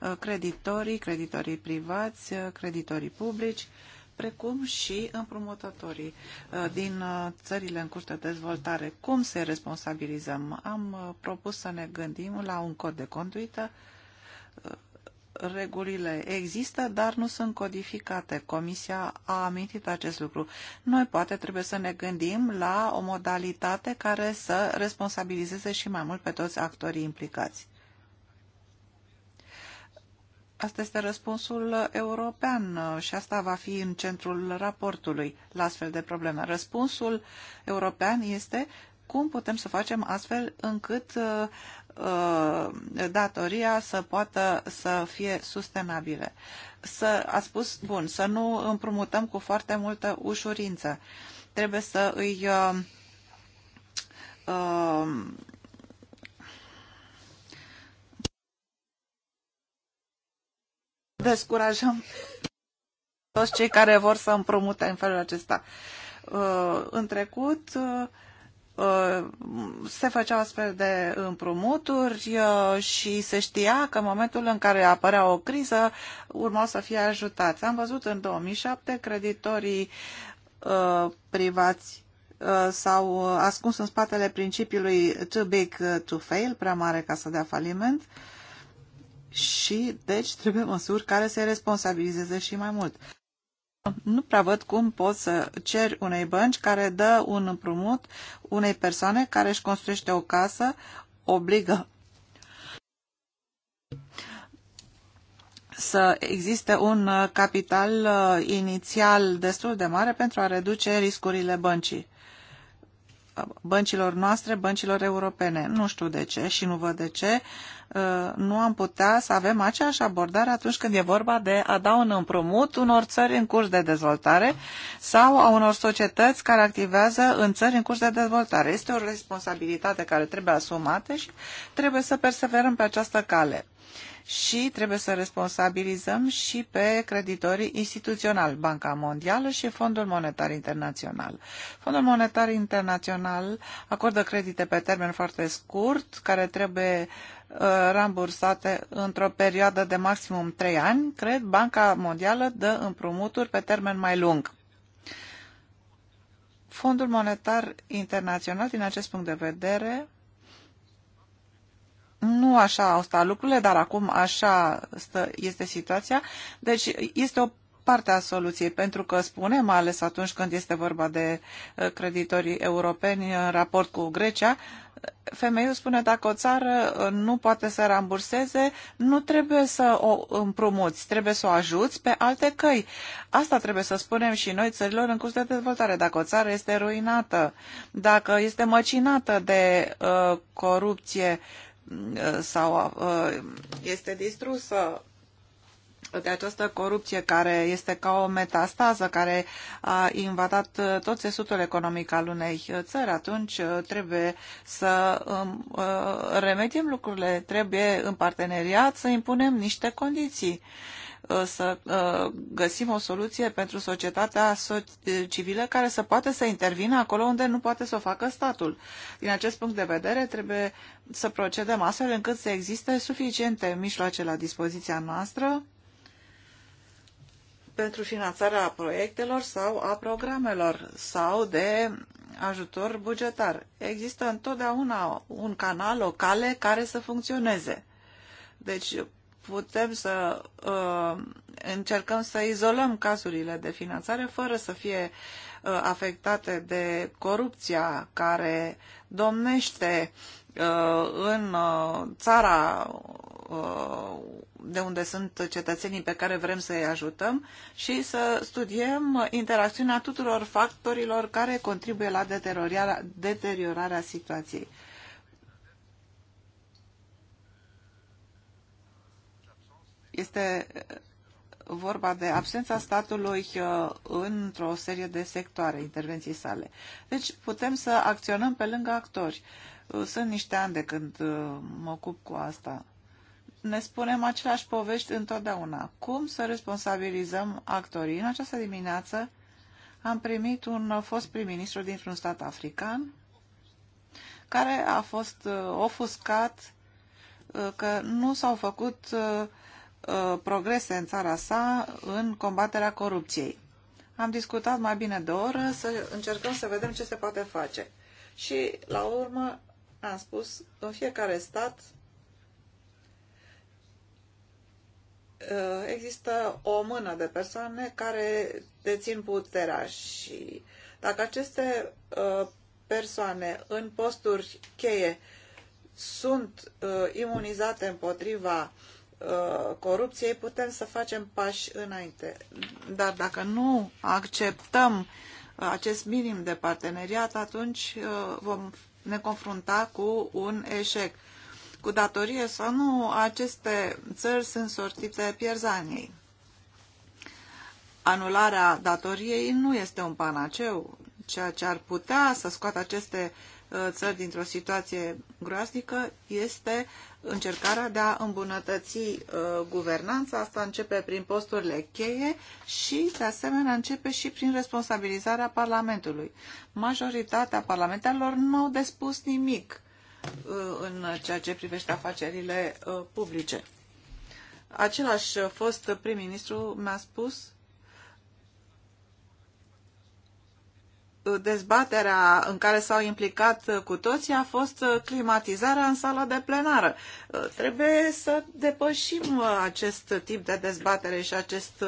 uh, creditorii, creditorii privați, uh, creditorii publici, precum și împrumutătorii uh, din uh, țările în curs de dezvoltare. Cum să responsabilizăm? Am uh, propus să ne gândim la un cod de conduită. Regulile există, dar nu sunt codificate. Comisia a amintit acest lucru. Noi poate trebuie să ne gândim la o modalitate care să responsabilizeze și mai mult pe toți actorii implicați. Asta este răspunsul european și asta va fi în centrul raportului la astfel de probleme. Răspunsul european este cum putem să facem astfel încât uh, uh datoria să poată să fie sustenabile. Să, a spus, bun, să nu împrumutăm cu foarte multă ușurință. Trebuie să îi uh, uh, descurajăm toți cei care vor să împrumute în felul acesta. Uh, în trecut uh, se făceau astfel de împrumuturi uh, și se știa că în momentul în care apărea o criză urmau să fie ajutați. Am văzut în 2007 creditorii privați s-au ascuns în spatele principiului too big to fail, prea mare ca să dea faliment, uh, și deci trebuie măsuri care să responsabilizeze și mai mult. Nu prea văd cum poți să ceri unei bănci care dă un împrumut unei persoane care își construiește o casă, obligă să existe un uh, capital uh, inițial destul de mare pentru a reduce riscurile băncii băncilor noastre, băncilor europene. Nu știu de ce și nu văd de ce uh, nu am putea să avem aceeași abordare atunci când e vorba de a da un împrumut unor țări în curs de dezvoltare sau a unor societăți care activează în țări în curs de dezvoltare. Este o responsabilitate care trebuie asumată și trebuie să perseverăm pe această cale și trebuie să responsabilizăm și pe creditorii instituționali, Banca Mondială și Fondul Monetar Internațional. Fondul Monetar Internațional acordă credite pe termen foarte scurt, care trebuie uh, rambursate într-o perioadă de maximum 3 ani, cred Banca Mondială dă împrumuturi pe termen mai lung. Fondul Monetar Internațional, din acest punct de vedere, nu așa au stat lucrurile, dar acum așa stă, este situația. Deci este o parte a soluției, pentru că spunem, ales atunci când este vorba de uh, creditorii europeni în raport cu Grecia, femeiu spune dacă o țară uh, nu poate să ramburseze, nu trebuie să o împrumuți, trebuie să o ajuți pe alte căi. Asta trebuie să spunem și noi țărilor în curs de dezvoltare. Dacă o țară este ruinată, dacă este măcinată de uh, corupție, sau uh, este distrusă de această corupție care este ca o metastază care a invadat uh, tot țesutul economic al unei uh, țări, atunci trebuie să um, remediem lucrurile, trebuie în parteneriat să impunem niște condiții Uh, să uh, găsim o soluție pentru societatea uh, civilă care să poată să intervină acolo unde nu poate să o facă statul. Din acest punct de vedere, trebuie să procedăm astfel încât să existe suficiente mijloace la dispoziția noastră pentru finanțarea proiectelor sau a programelor sau de ajutor bugetar. Există întotdeauna un canal, o cale care să funcționeze. Deci putem să uh, încercăm să izolăm cazurile de finanțare fără să fie uh, afectate de corupția care domnește uh, în uh, țara uh, de unde sunt cetățenii pe care vrem să-i ajutăm și să studiem interacțiunea tuturor factorilor care contribuie la deteriorarea, deteriorarea situației. Este uh, vorba de absența statului uh, într-o serie de sectoare, intervenții sale. Deci putem să acționăm pe lângă actori. Uh, sunt niște ani de când mă ocup cu asta. Ne spunem aceleași povești întotdeauna. Cum să responsabilizăm actorii? În această dimineață am primit un fost prim-ministru dintr-un stat african care a fost ofuscat că nu s-au făcut uh, Uh, progrese în țara sa în combaterea corupției. Am discutat mai bine de o oră să încercăm să vedem ce se poate face. Și, la urmă, am spus, în fiecare stat uh, există o mână de persoane care dețin puterea și dacă aceste uh, persoane în posturi cheie sunt imunizate împotriva Uh, corupției, putem să facem pași înainte. Dar dacă nu acceptăm uh, acest minim de parteneriat, atunci uh, vom ne confrunta cu un eșec. Cu datorie sau nu, aceste țări sunt sortite pierzaniei. Anularea datoriei nu este un panaceu, ceea ce ar putea să scoată aceste uh, țări dintr-o situație groaznică este încercarea de a îmbunătăți uh, guvernanța. Asta începe prin posturile cheie și, de asemenea, începe și prin responsabilizarea Parlamentului. Majoritatea parlamentarilor nu au despus nimic uh, în ceea ce privește afacerile publice. Același fost prim-ministru mi-a spus dezbaterea în care s-au implicat cu toții a fost climatizarea în sala de plenară. Trebuie să depășim acest tip de dezbatere și acest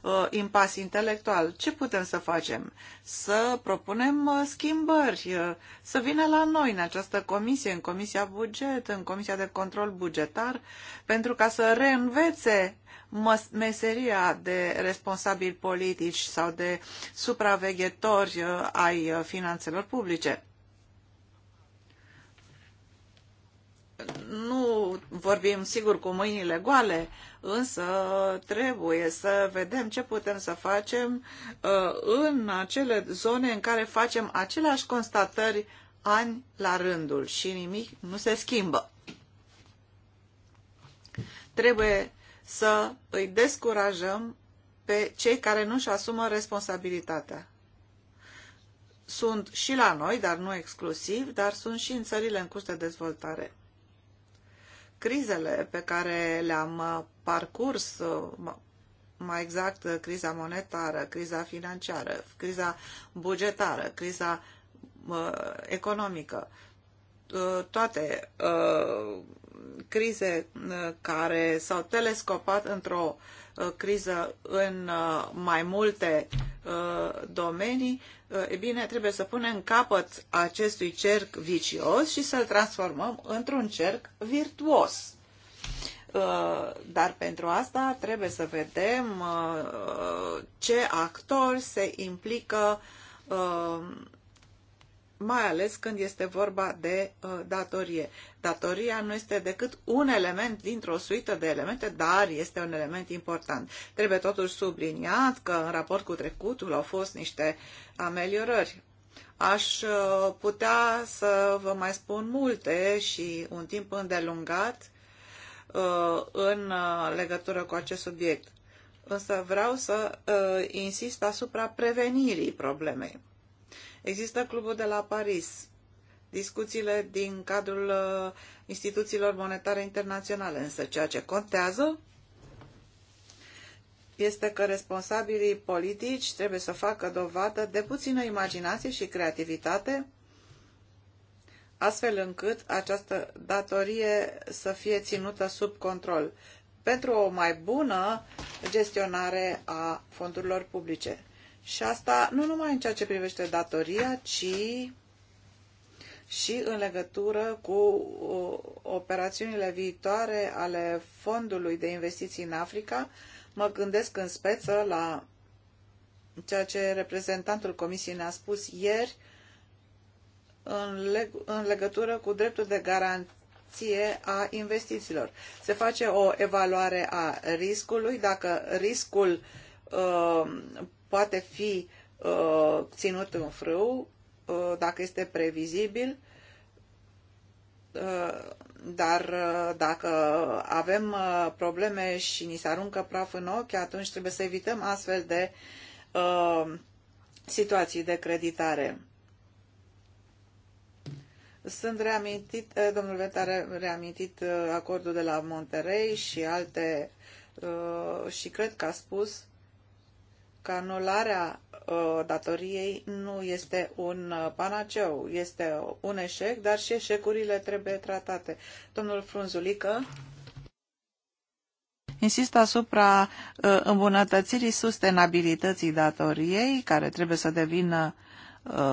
uh, impas intelectual. Ce putem să facem? Să propunem uh, schimbări, uh, să vină la noi în această comisie, în Comisia Buget, în Comisia de Control Bugetar, pentru ca să reînvețe meseria de responsabili politici sau de supraveghetori uh, ai uh, finanțelor publice. Nu vorbim sigur cu mâinile goale, însă uh, trebuie să vedem ce putem să facem în acele zone în care facem aceleași constatări ani la rândul și nimic nu se schimbă. Trebuie să îi descurajăm pe cei care nu-și asumă responsabilitatea. Sunt și la noi, dar nu exclusiv, dar sunt și în țările în curs de dezvoltare. Crizele pe care le-am uh, parcurs, uh, mai exact uh, criza monetară, criza financiară, criza bugetară, criza economică, toate crize uh, care s-au telescopat într-o uh, criză în uh, mai multe domenii, e bine, trebuie să punem capăt acestui cerc vicios și să-l transformăm într-un cerc virtuos. Dar pentru asta trebuie să vedem ce actori se implică mai ales când este vorba de uh, datorie. Datoria nu este decât un element dintr-o suită de elemente, dar este un element important. Trebuie totuși subliniat că în raport cu trecutul au fost niște ameliorări. Aș uh, putea să vă mai spun multe și un timp îndelungat uh, în uh, legătură cu acest subiect. Însă vreau să uh, insist asupra prevenirii problemei Există clubul de la Paris, discuțiile din cadrul uh, instituțiilor monetare internaționale, însă ceea ce contează este că responsabilii politici trebuie să facă dovadă de puțină imaginație și creativitate, astfel încât această datorie să fie ținută sub control pentru o mai bună gestionare a fondurilor publice. Și asta nu numai în ceea ce privește datoria, ci și în legătură cu operațiunile viitoare ale Fondului de Investiții în Africa, mă gândesc în speță la ceea ce reprezentantul Comisiei ne-a spus ieri în, leg- în legătură cu dreptul de garanție a investițiilor. Se face o evaluare a riscului, dacă riscul uh, poate fi uh, ținut în frâu uh, dacă este previzibil, uh, dar uh, dacă avem uh, probleme și ni se aruncă praf în ochi, atunci trebuie să evităm astfel de situații de creditare. Sunt reamintit, domnul Vet a reamintit acordul de la Monterey și alte și cred că a spus că anularea uh, datoriei nu este un uh, panaceu, este un eșec, dar și eșecurile trebuie tratate. Domnul Frunzulică insistă asupra uh, îmbunătățirii sustenabilității datoriei, care trebuie să devină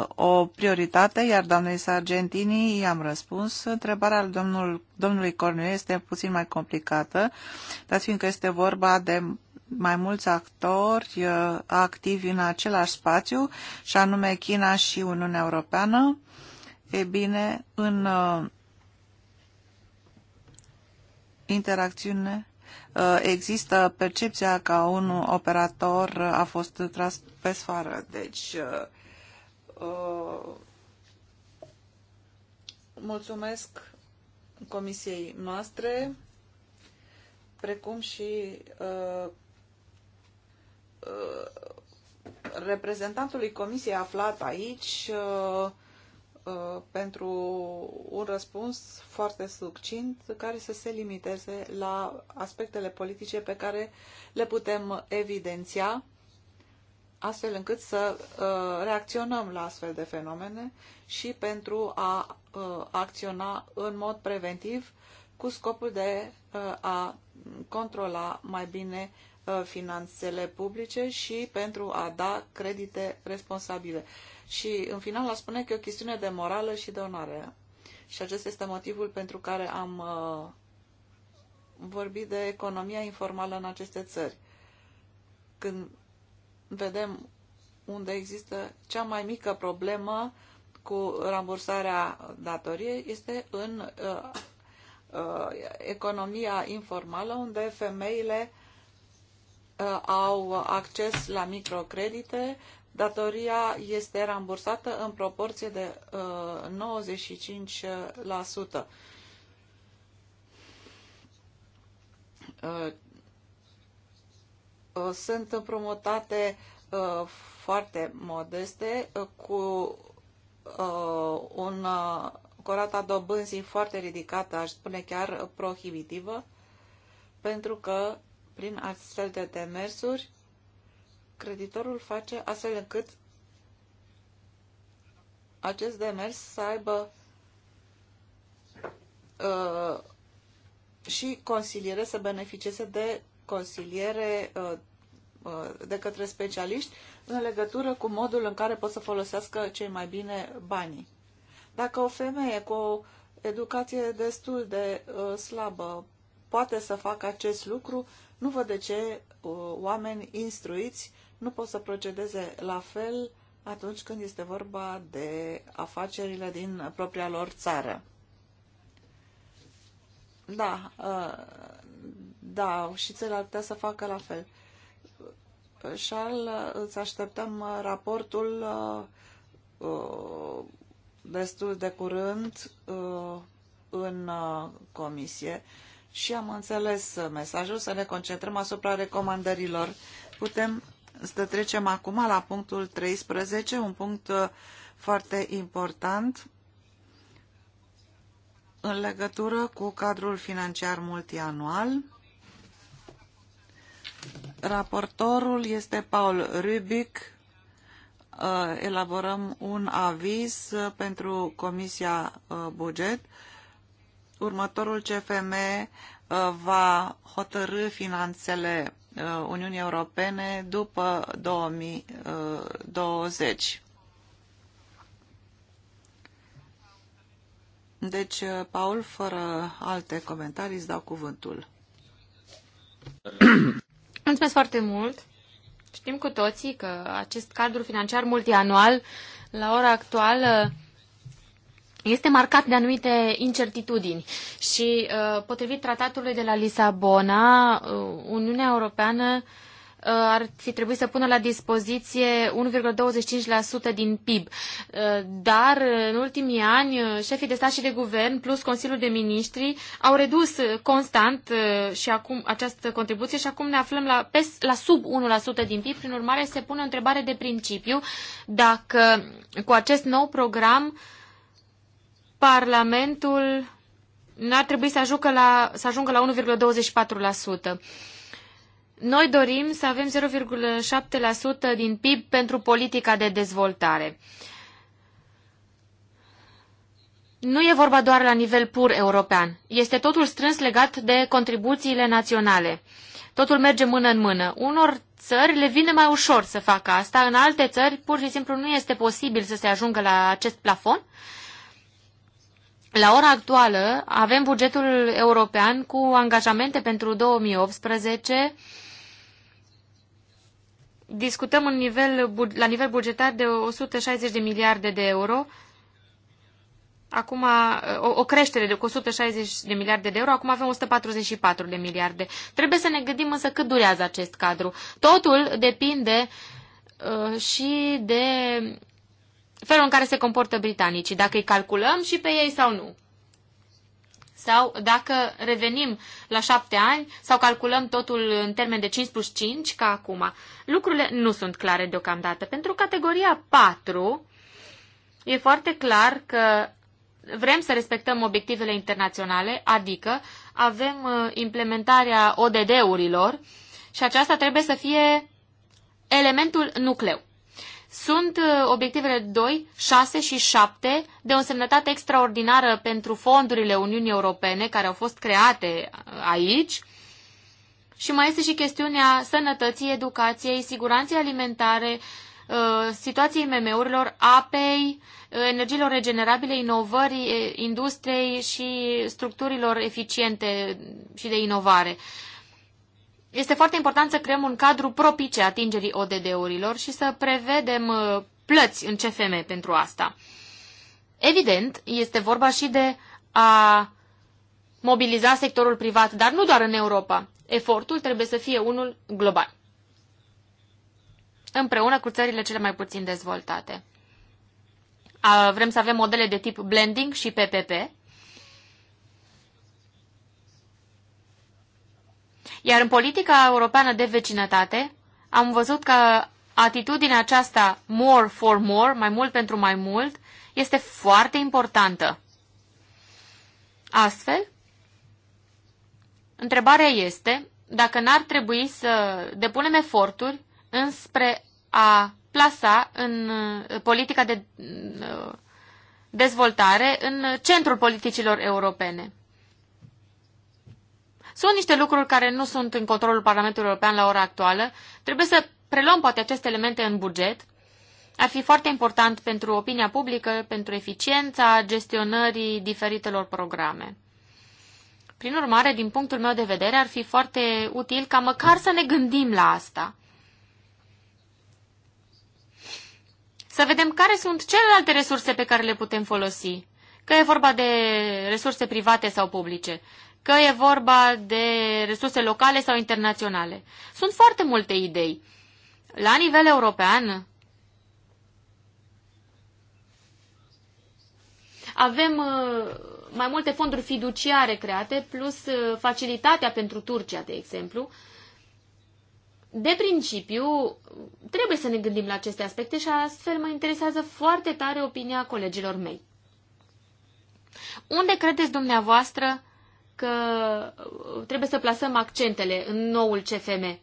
o prioritate, iar doamnei Sargentini i-am răspuns. Întrebarea domnului Cornu este puțin mai complicată, dar fiindcă este vorba de mai mulți actori uh, activi în același spațiu, și anume China și Uniunea Europeană, e bine, în uh, interacțiune uh, există percepția că un operator a fost tras pe sfară. Deci, mulțumesc comisiei noastre, precum și Uh, reprezentantului comisiei aflat aici uh, uh, pentru un răspuns foarte succint care să se limiteze la aspectele politice pe care le putem evidenția astfel încât să reacționăm la astfel de fenomene și pentru a acționa în mod preventiv cu scopul de a controla mai bine Uh, finanțele publice și pentru a da credite responsabile. Și în final a spune că e o chestiune de morală și de onoare. Și acesta este motivul pentru care am uh, vorbit de economia informală în aceste țări. Când vedem unde există cea mai mică problemă cu rambursarea datoriei este în uh, uh, economia informală, unde femeile Uh, au acces la microcredite, datoria este rambursată în proporție de 95%. Uh, uh, sunt împrumutate foarte modeste cu un cu o rata dobânzii foarte ridicată, aș spune chiar prohibitivă, pentru că prin astfel de demersuri, creditorul face astfel încât acest demers să aibă uh, și consiliere, să beneficieze de consiliere uh, uh, de către specialiști în legătură cu modul în care pot să folosească cei mai bine banii. Dacă o femeie cu o educație destul de uh, slabă poate să facă acest lucru, nu văd de ce uh, oameni instruiți nu pot să procedeze la fel atunci când este vorba de afacerile din propria lor țară. Da, uh, da, și țările ar putea să facă la fel. Charles, îți așteptăm uh, raportul destul de curând în comisie și am înțeles mesajul să ne concentrăm asupra recomandărilor. Putem să trecem acum la punctul 13, un punct uh, foarte important în legătură cu cadrul financiar multianual. Raportorul este Paul Rubic. Uh, elaborăm un aviz uh, pentru Comisia Buget următorul CFM uh, va hotărâ finanțele uh, Uniunii Europene după 2020. Uh, deci, Paul, fără alte comentarii, îți dau cuvântul. Mulțumesc foarte mult! Știm cu toții că acest cadru financiar multianual, la ora actuală, este marcat de anumite incertitudini și, uh, potrivit tratatului de la Lisabona, uh, Uniunea Europeană uh, ar fi trebuit să pună la dispoziție 1,25% din PIB. Dar în ultimii ani, șefii de stat și de guvern plus Consiliul de Ministri au redus constant și acum această contribuție și acum ne aflăm la, pes, la sub 1% din PIB. Prin urmare, se pune o întrebare de principiu dacă cu acest nou program uh, Parlamentul n-ar trebui să ajungă la, să ajungă la 1,24%. Noi dorim să avem 0,7% din PIB pentru politica de dezvoltare. Nu e vorba doar la nivel pur european. Este totul strâns legat de contribuțiile naționale. Totul merge mână în mână. Unor țări le vine mai ușor să facă asta, în alte țări pur și simplu nu este posibil să se ajungă la acest plafon la ora actuală avem bugetul european cu angajamente pentru 2018. Discutăm în nivel, la nivel bugetar de 160 de miliarde de euro. Acum o, o creștere de 160 de miliarde de euro, acum avem 144 de miliarde. Trebuie să ne gândim însă cât durează acest cadru. Totul depinde uh, și de felul în care se comportă britanicii, dacă îi calculăm și pe ei sau nu. Sau dacă revenim la șapte ani sau calculăm totul în termen de 5 plus 5, ca acum. Lucrurile nu sunt clare deocamdată. Pentru categoria 4 e foarte clar că vrem să respectăm obiectivele internaționale, adică avem uh, implementarea ODD-urilor și aceasta trebuie să fie elementul nucleu sunt uh, obiectivele 2, 6 și 7 de o însemnătate extraordinară pentru fondurile Uniunii Europene care au fost create uh, aici. Și mai este și chestiunea sănătății, educației, siguranței alimentare, uh, situației MM-urilor, apei, energiilor regenerabile, inovării, industriei și structurilor eficiente și de inovare este foarte important să creăm un cadru propice atingerii ODD-urilor și să prevedem uh, plăți în CFM pentru asta. Evident, este vorba și de a mobiliza sectorul privat, dar nu doar în Europa. Efortul trebuie să fie unul global, împreună cu țările cele mai puțin dezvoltate. Vrem să avem modele de tip blending și PPP, Iar în politica europeană de vecinătate am văzut că atitudinea aceasta more for more, mai mult pentru mai mult, este foarte importantă. Astfel, întrebarea este dacă n-ar trebui să depunem eforturi înspre a plasa în uh, politica de uh, dezvoltare în centrul politicilor europene. Sunt niște lucruri care nu sunt în controlul Parlamentului European la ora actuală. Trebuie să preluăm poate aceste elemente în buget. Ar fi foarte important pentru opinia publică, pentru eficiența gestionării diferitelor programe. Prin urmare, din punctul meu de vedere, ar fi foarte util ca măcar să ne gândim la asta. Să vedem care sunt celelalte resurse pe care le putem folosi, că e vorba de resurse private sau publice că e vorba de resurse locale sau internaționale. Sunt foarte multe idei. La nivel european, avem uh, mai multe fonduri fiduciare create, plus uh, facilitatea pentru Turcia, de exemplu. De principiu, trebuie să ne gândim la aceste aspecte și astfel mă interesează foarte tare opinia colegilor mei. Unde credeți dumneavoastră că uh, trebuie să plasăm accentele în noul CFM.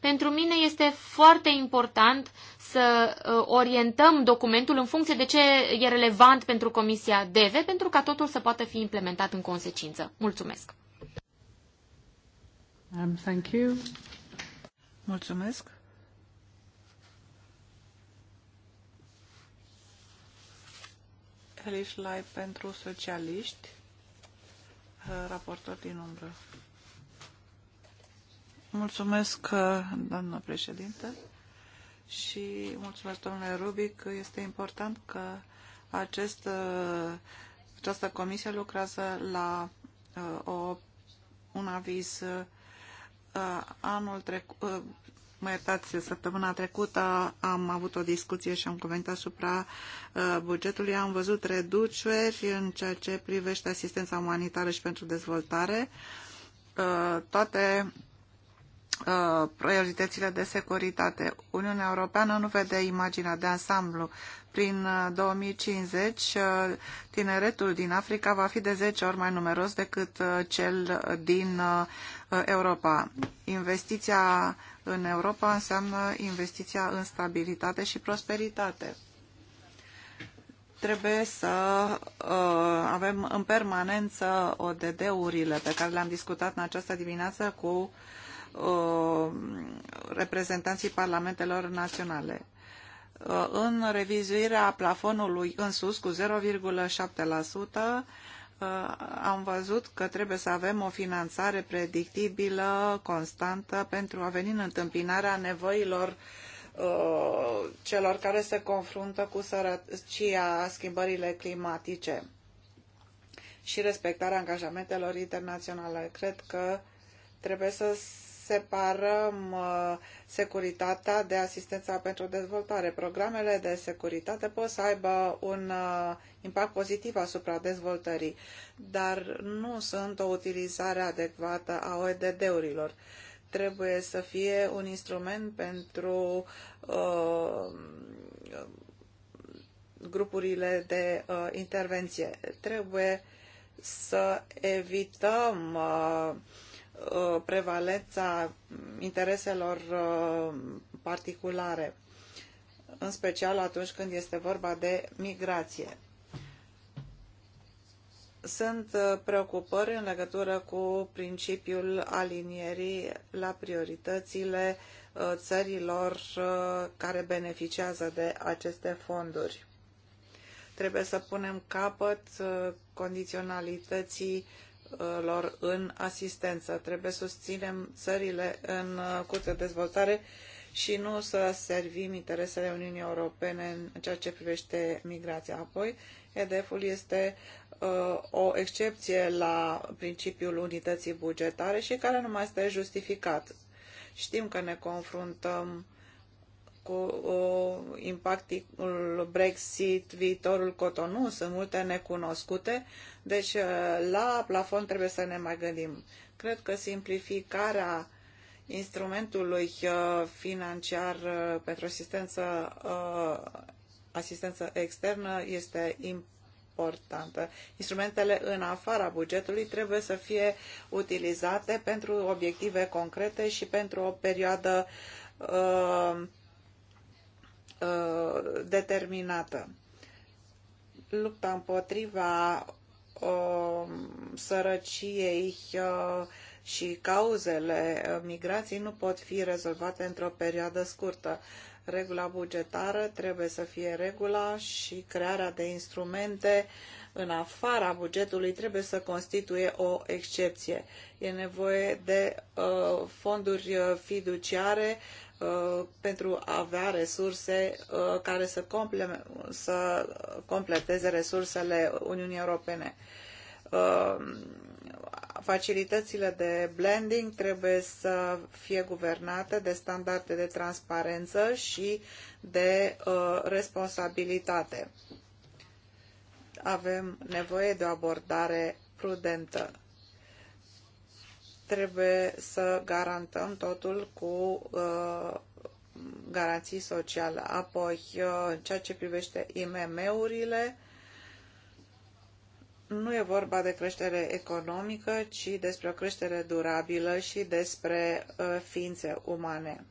Pentru mine este foarte important să uh, orientăm documentul în funcție de ce e relevant pentru Comisia DEVE, pentru ca totul să poată fi implementat în consecință. Mulțumesc! Um, thank you. Mulțumesc! Lai pentru socialiști raportor din umbră. Mulțumesc, uh, doamnă președinte, și mulțumesc, domnule Rubic. Este important că acest, uh, această comisie lucrează la uh, o, un aviz anul trecut mă iertați, săptămâna trecută am avut o discuție și am comentat asupra uh, bugetului. Am văzut reduceri în ceea ce privește asistența umanitară și pentru dezvoltare. Uh, toate uh, prioritățile de securitate. Uniunea Europeană nu vede imaginea de ansamblu. Prin 2050, tineretul din Africa va fi de 10 ori mai numeros decât cel din Europa. Investiția în Europa înseamnă investiția în stabilitate și prosperitate. Trebuie să uh, avem în permanență ODD-urile pe care le-am discutat în această dimineață cu uh, reprezentanții parlamentelor naționale uh, în revizuirea plafonului în sus cu 0,7%, am văzut că trebuie să avem o finanțare predictibilă, constantă, pentru a veni în întâmpinarea nevoilor uh, celor care se confruntă cu sărăcia, schimbările climatice și respectarea angajamentelor internaționale. Cred că trebuie să separăm uh, securitatea de asistența pentru dezvoltare. Programele de securitate pot să aibă un uh, impact pozitiv asupra dezvoltării, dar nu sunt o utilizare adecvată a oedd urilor Trebuie să fie un instrument pentru uh, grupurile de uh, intervenție. Trebuie să evităm uh, Uh, prevalența intereselor uh, particulare, în special atunci când este vorba de migrație. Sunt uh, preocupări în legătură cu principiul alinierii la prioritățile țărilor care beneficiază de aceste fonduri. Trebuie să punem capăt condiționalității lor în asistență. Trebuie să susținem țările în uh, curs de dezvoltare și nu să servim interesele Uniunii Europene în ceea ce privește migrația. Apoi, EDF-ul este uh, o excepție la principiul unității bugetare și care nu mai este justificat. Știm că ne confruntăm cu impactul Brexit, viitorul Cotonou, sunt multe necunoscute, deci uh, la plafon trebuie să ne mai gândim. Cred că simplificarea instrumentului uh, financiar uh, pentru asistență, asistență externă este importantă. Instrumentele în afara bugetului trebuie să fie utilizate pentru obiective concrete și pentru o perioadă uh, Uh, determinată. Lupta împotriva uh, sărăciei uh, și cauzele uh, migrației nu pot fi rezolvate într-o perioadă scurtă. Regula bugetară trebuie să fie regula și crearea de instrumente în afara bugetului trebuie să constituie o excepție. E nevoie de uh, fonduri uh, fiduciare uh, Uh, pentru a avea resurse uh, care să, comple să completeze resursele Uniunii Europene. Uh, facilitățile de blending trebuie să fie guvernate de standarde de transparență și de responsabilitate. Avem nevoie de o abordare prudentă trebuie să garantăm totul cu uh, garanții sociale. Apoi, uh, în ceea ce privește IMM-urile, nu e vorba de creștere economică, ci despre o creștere durabilă și despre uh, ființe umane.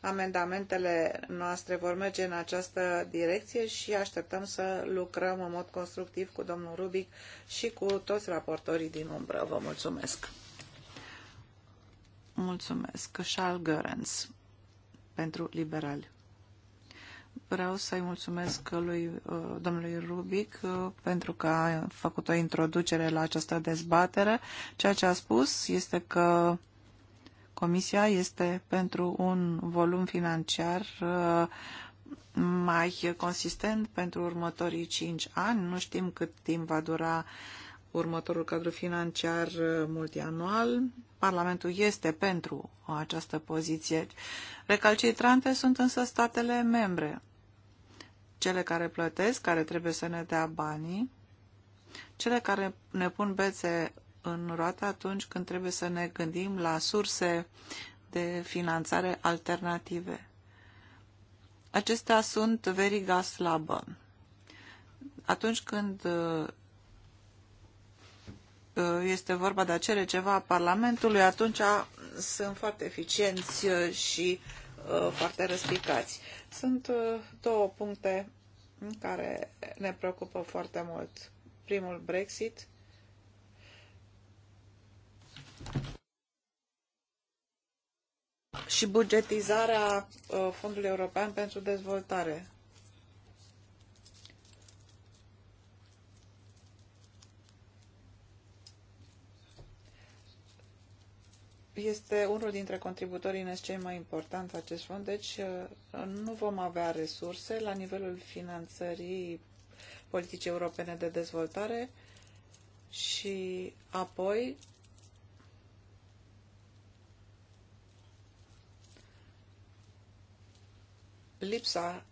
Amendamentele noastre vor merge în această direcție și așteptăm să lucrăm în mod constructiv cu domnul Rubic și cu toți raportorii din umbră. Vă mulțumesc! Mulțumesc, cășal Görens, pentru liberali. Vreau să-i mulțumesc lui uh, domnului Rubic uh, pentru că a făcut o introducere la această dezbatere. Ceea ce a spus este că Comisia este pentru un volum financiar uh, mai consistent pentru următorii 5 ani. Nu știm cât timp va dura uh, următorul cadru financiar uh, multianual. Parlamentul este pentru această poziție. Recalcitrante sunt însă statele membre, cele care plătesc, care trebuie să ne dea banii, cele care ne pun bețe în roată atunci când trebuie să ne gândim la surse de finanțare alternative. Acestea sunt veriga slabă. Atunci când uh, Uh, este vorba de a cere ceva Parlamentului, atunci sunt foarte eficienți uh, și uh, foarte răspicați. Sunt două puncte care ne preocupă foarte mult. Primul, Brexit. și bugetizarea Fondului European pentru Dezvoltare. este unul dintre contributorii în cei mai important acest fond, deci uh, nu vom avea resurse la nivelul finanțării politicii europene de dezvoltare și apoi lipsa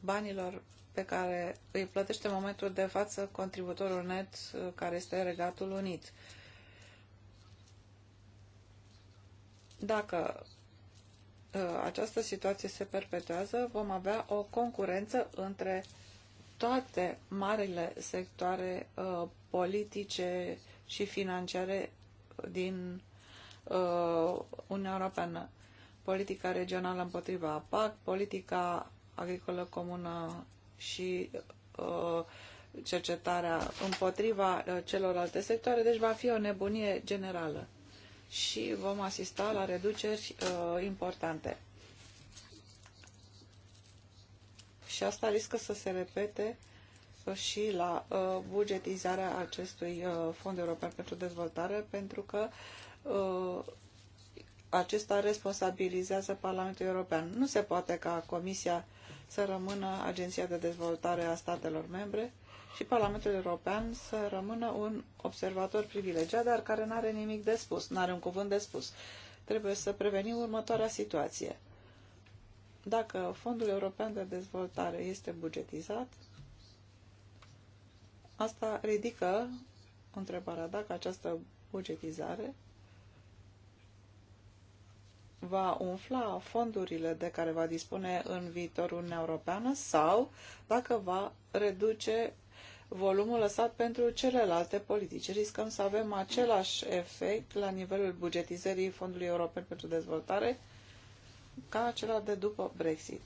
banilor pe care îi plătește în momentul de față contributorul net uh, care este Regatul Unit. Uh, Dacă uh, această situație se perpetuează, vom avea o concurență între toate marile sectoare uh, politice și financiare din uh, Uniunea Europeană. Politica regională împotriva PAC, politica agricolă comună și uh, cercetarea împotriva uh, celorlalte sectoare, deci va fi o nebunie generală și vom asista la reduceri uh, importante. Și asta riscă să se repete uh, și la uh, bugetizarea acestui uh, Fond European pentru Dezvoltare, pentru că uh, acesta responsabilizează Parlamentul European. Nu se poate ca Comisia să rămână Agenția de Dezvoltare a statelor membre, și Parlamentul European să rămână un observator privilegiat, dar care nu are nimic de spus, nu are un cuvânt de spus. Trebuie să prevenim următoarea situație. Dacă Fondul European de Dezvoltare este bugetizat, asta ridică întrebarea dacă această bugetizare va umfla fondurile de care va dispune în viitorul Uniunea Europeană sau dacă va reduce volumul lăsat pentru celelalte politici. Riscăm să avem același efect la nivelul bugetizării Fondului European pentru Dezvoltare ca acela de după Brexit.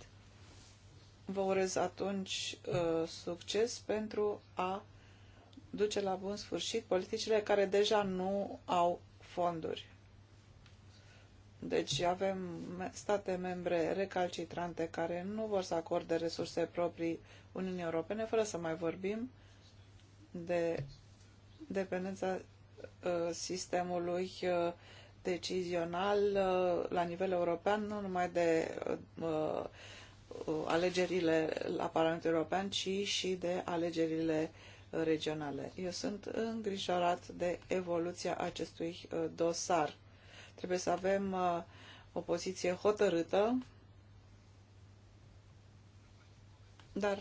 Vă urez atunci uh, succes pentru a duce la bun sfârșit politicile care deja nu au fonduri. Deci avem state membre recalcitrante care nu vor să acorde resurse proprii Uniunii Europene, fără să mai vorbim de dependența uh, sistemului uh, decizional uh, la nivel european, nu numai de alegerile la Parlamentul European, ci și de alegerile regionale. Eu sunt îngrijorat de evoluția acestui dosar. Trebuie să avem o poziție hotărâtă, dar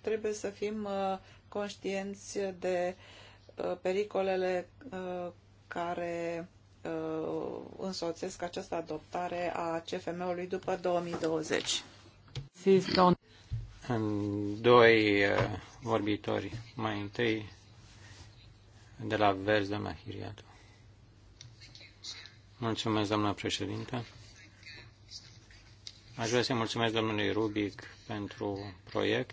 trebuie să fim conștienți de uh, pericolele uh, care uh, însoțesc această adoptare a CFM-ului după 2020. Doi vorbitori. Mai întâi de la Vers, doamna Hiriatu. Mulțumesc, doamna președintă. Aș vrea să mulțumesc domnului Rubic pentru proiect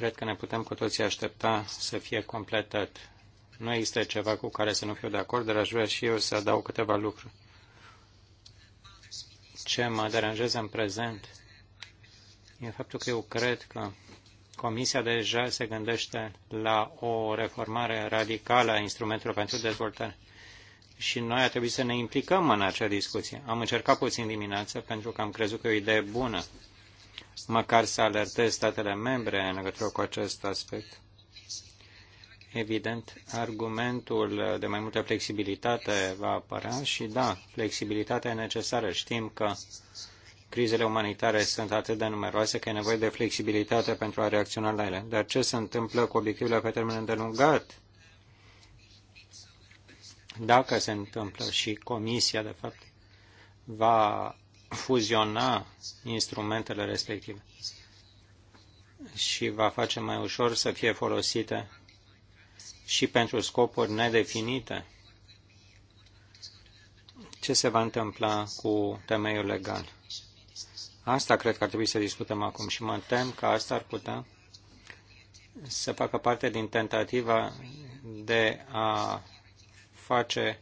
Cred că ne putem cu toții aștepta să fie completat. Nu există ceva cu care să nu fiu de acord, dar aș vrea și eu să adaug câteva lucruri. Ce mă deranjează în prezent e faptul că eu cred că Comisia deja se gândește la o reformare radicală a instrumentelor pentru dezvoltare. Și noi ar trebui să ne implicăm în acea discuție. Am încercat puțin dimineață pentru că am crezut că e o idee bună măcar să alertez statele membre în legătură cu acest aspect. Evident, argumentul de mai multă flexibilitate va apărea și da, flexibilitatea e necesară. Știm că crizele umanitare sunt atât de numeroase că e nevoie de flexibilitate pentru a reacționa la ele. Dar ce se întâmplă cu obiectivele pe termen îndelungat? Dacă se întâmplă și comisia, de fapt, va fuziona instrumentele respective și va face mai ușor să fie folosite și pentru scopuri nedefinite. Ce se va întâmpla cu temeiul legal? Asta cred că ar trebui să discutăm acum și mă tem că asta ar putea să facă parte din tentativa de a face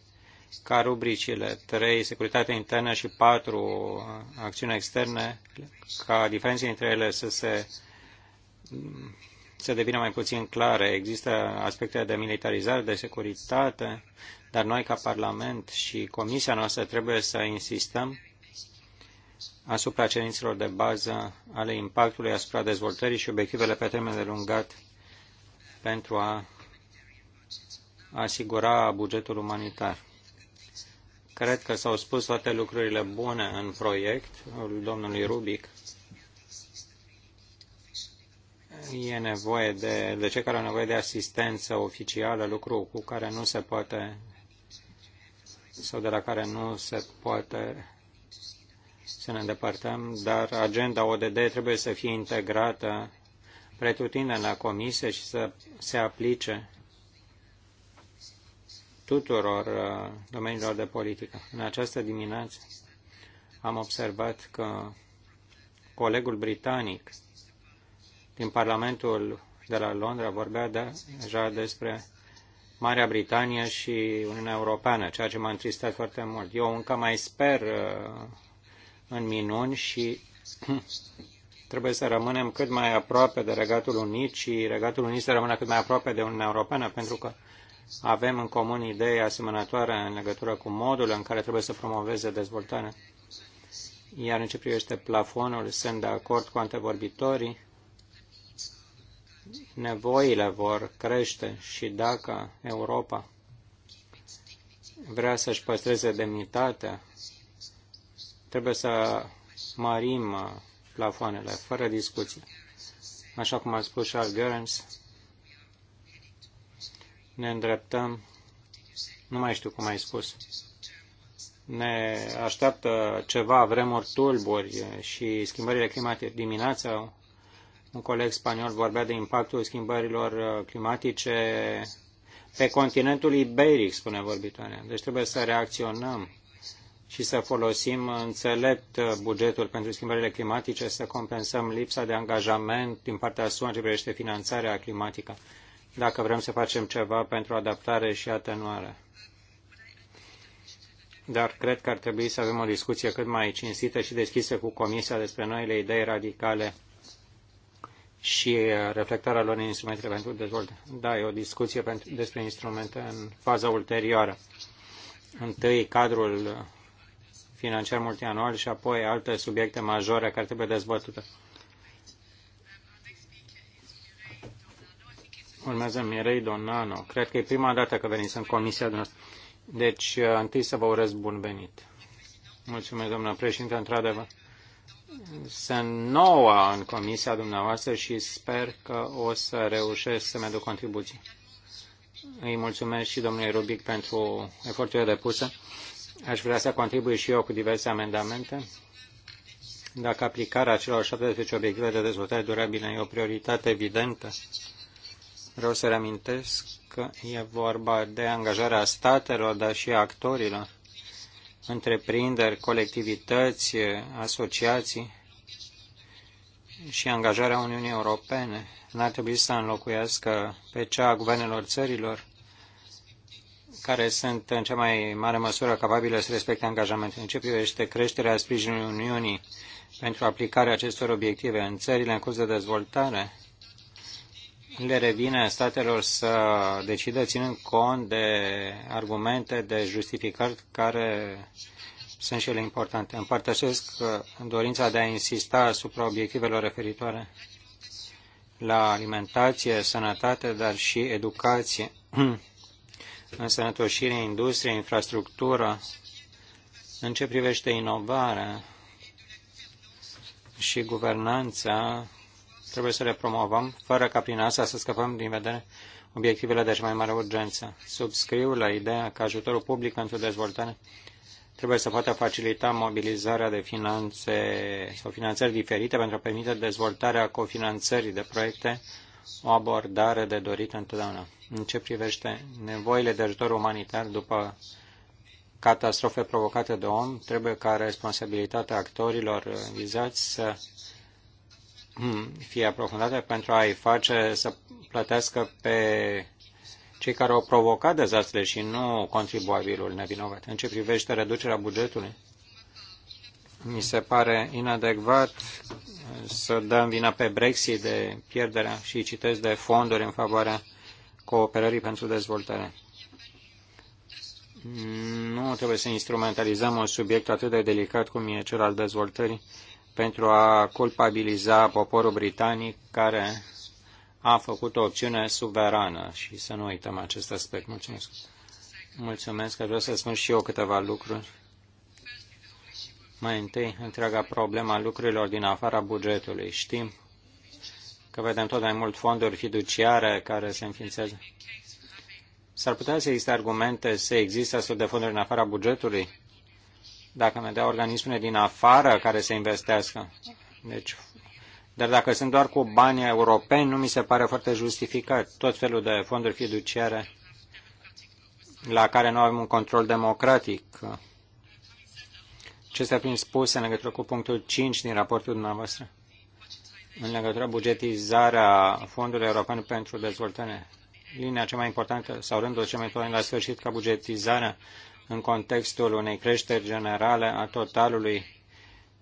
ca rubricile 3, securitate internă și 4, acțiune externe, ca diferențele între ele să se să devină mai puțin clare. Există aspecte de militarizare, de securitate, dar noi ca Parlament și Comisia noastră trebuie să insistăm asupra cerințelor de bază ale impactului asupra dezvoltării și obiectivele pe termen de lungat pentru a asigura bugetul umanitar. Cred că s-au spus toate lucrurile bune în proiect domnului Rubic. E nevoie de, de cei care au nevoie de asistență oficială, lucru cu care nu se poate sau de la care nu se poate să ne îndepărtăm, dar agenda ODD trebuie să fie integrată pretutindeni la comisie și să se aplice tuturor uh, domeniilor de politică. În această dimineață am observat că colegul britanic din Parlamentul de la Londra vorbea de, deja despre Marea Britanie și Uniunea Europeană, ceea ce m-a întristat foarte mult. Eu încă mai sper uh, în minuni și trebuie să rămânem cât mai aproape de Regatul Unit și Regatul Unit să rămână cât mai aproape de Uniunea Europeană, pentru că avem în comun idei asemănătoare în legătură cu modul în care trebuie să promoveze dezvoltarea. Iar în ce privește plafonul, sunt de acord cu antevorbitorii, nevoile vor crește și dacă Europa vrea să-și păstreze demnitatea, trebuie să mărim plafoanele, fără discuție. Așa cum a spus Charles Gerens, ne îndreptăm, nu mai știu cum ai spus, ne așteaptă ceva vremuri tulburi și schimbările climatice. Dimineața un coleg spaniol vorbea de impactul schimbărilor uh, climatice pe continentul iberic, spune vorbitoarea. Deci trebuie să reacționăm și să folosim înțelept uh, bugetul pentru schimbările climatice, să compensăm lipsa de angajament din partea SUA în ce privește finanțarea climatică dacă vrem să facem ceva pentru adaptare și atenuare. Dar cred că ar trebui să avem o discuție cât mai cinstită și deschisă cu Comisia despre noile idei radicale și reflectarea lor în instrumentele pentru dezvoltare. Da, e o discuție pentru, despre instrumente în faza ulterioară. Întâi cadrul financiar multianual și apoi alte subiecte majore care trebuie dezbătute. Urmează Mirei Donano. Cred că e prima dată că veniți în comisia noastră. Deci, uh, întâi să vă urez bun venit. Mulțumesc, domnule președinte, într-adevăr. Sunt noua în comisia dumneavoastră și sper că o să reușesc să-mi aduc contribuții. Îi mulțumesc și domnului Rubic pentru eforturile depuse. Aș vrea să contribui și eu cu diverse amendamente. Dacă aplicarea celor 17 obiective de dezvoltare durabilă e o prioritate evidentă, Vreau să reamintesc că e vorba de angajarea statelor, dar și a actorilor, întreprinderi, colectivități, asociații și angajarea Uniunii Europene. N-ar trebui să înlocuiască pe cea a guvernelor țărilor care sunt în cea mai mare măsură capabile să respecte angajamentul. În ce privește creșterea sprijinului Uniunii pentru aplicarea acestor obiective în țările în curs de dezvoltare, le revine statelor să decidă ținând cont de argumente, de justificări care sunt și ele importante. Împărtășesc uh, dorința de a insista asupra obiectivelor referitoare la alimentație, sănătate, dar și educație, însănătoșire, industrie, infrastructură, în ce privește inovarea și guvernanța Trebuie să le promovăm, fără ca prin asta să scăpăm din vedere obiectivele de cea mai mare urgență. Subscriu la ideea că ajutorul public pentru dezvoltare trebuie să poată facilita mobilizarea de finanțe sau finanțări diferite pentru a permite dezvoltarea cofinanțării de proiecte, o abordare de dorit întotdeauna. În ce privește nevoile de ajutor umanitar după catastrofe provocate de om, trebuie ca responsabilitatea actorilor vizați să fie aprofundate pentru a-i face să plătească pe cei care au provocat dezastrele și nu contribuabilul nevinovat. În ce privește reducerea bugetului, mi se pare inadecvat să dăm vina pe Brexit de pierderea și citesc de fonduri în favoarea cooperării pentru dezvoltare. Nu trebuie să instrumentalizăm un subiect atât de delicat cum e cel al dezvoltării pentru a culpabiliza poporul britanic care a făcut o opțiune suverană și să nu uităm acest aspect. Mulțumesc. Mulțumesc că vreau să spun și eu câteva lucruri. Mai întâi, întreaga problema lucrurilor din afara bugetului. Știm că vedem tot mai mult fonduri fiduciare care se înființează. S-ar putea să existe argumente să existe astfel de fonduri în afara bugetului? dacă ne dea organismele din afară care să investească. Deci, dar dacă sunt doar cu bani europeni, nu mi se pare foarte justificat. Tot felul de fonduri fiduciare la care nu avem un control democratic. Ce să fim spus în legătură cu punctul 5 din raportul dumneavoastră? În legătură cu bugetizarea fondurilor europene pentru dezvoltare, linia cea mai importantă sau rândul cel mai important la sfârșit ca bugetizarea în contextul unei creșteri generale a totalului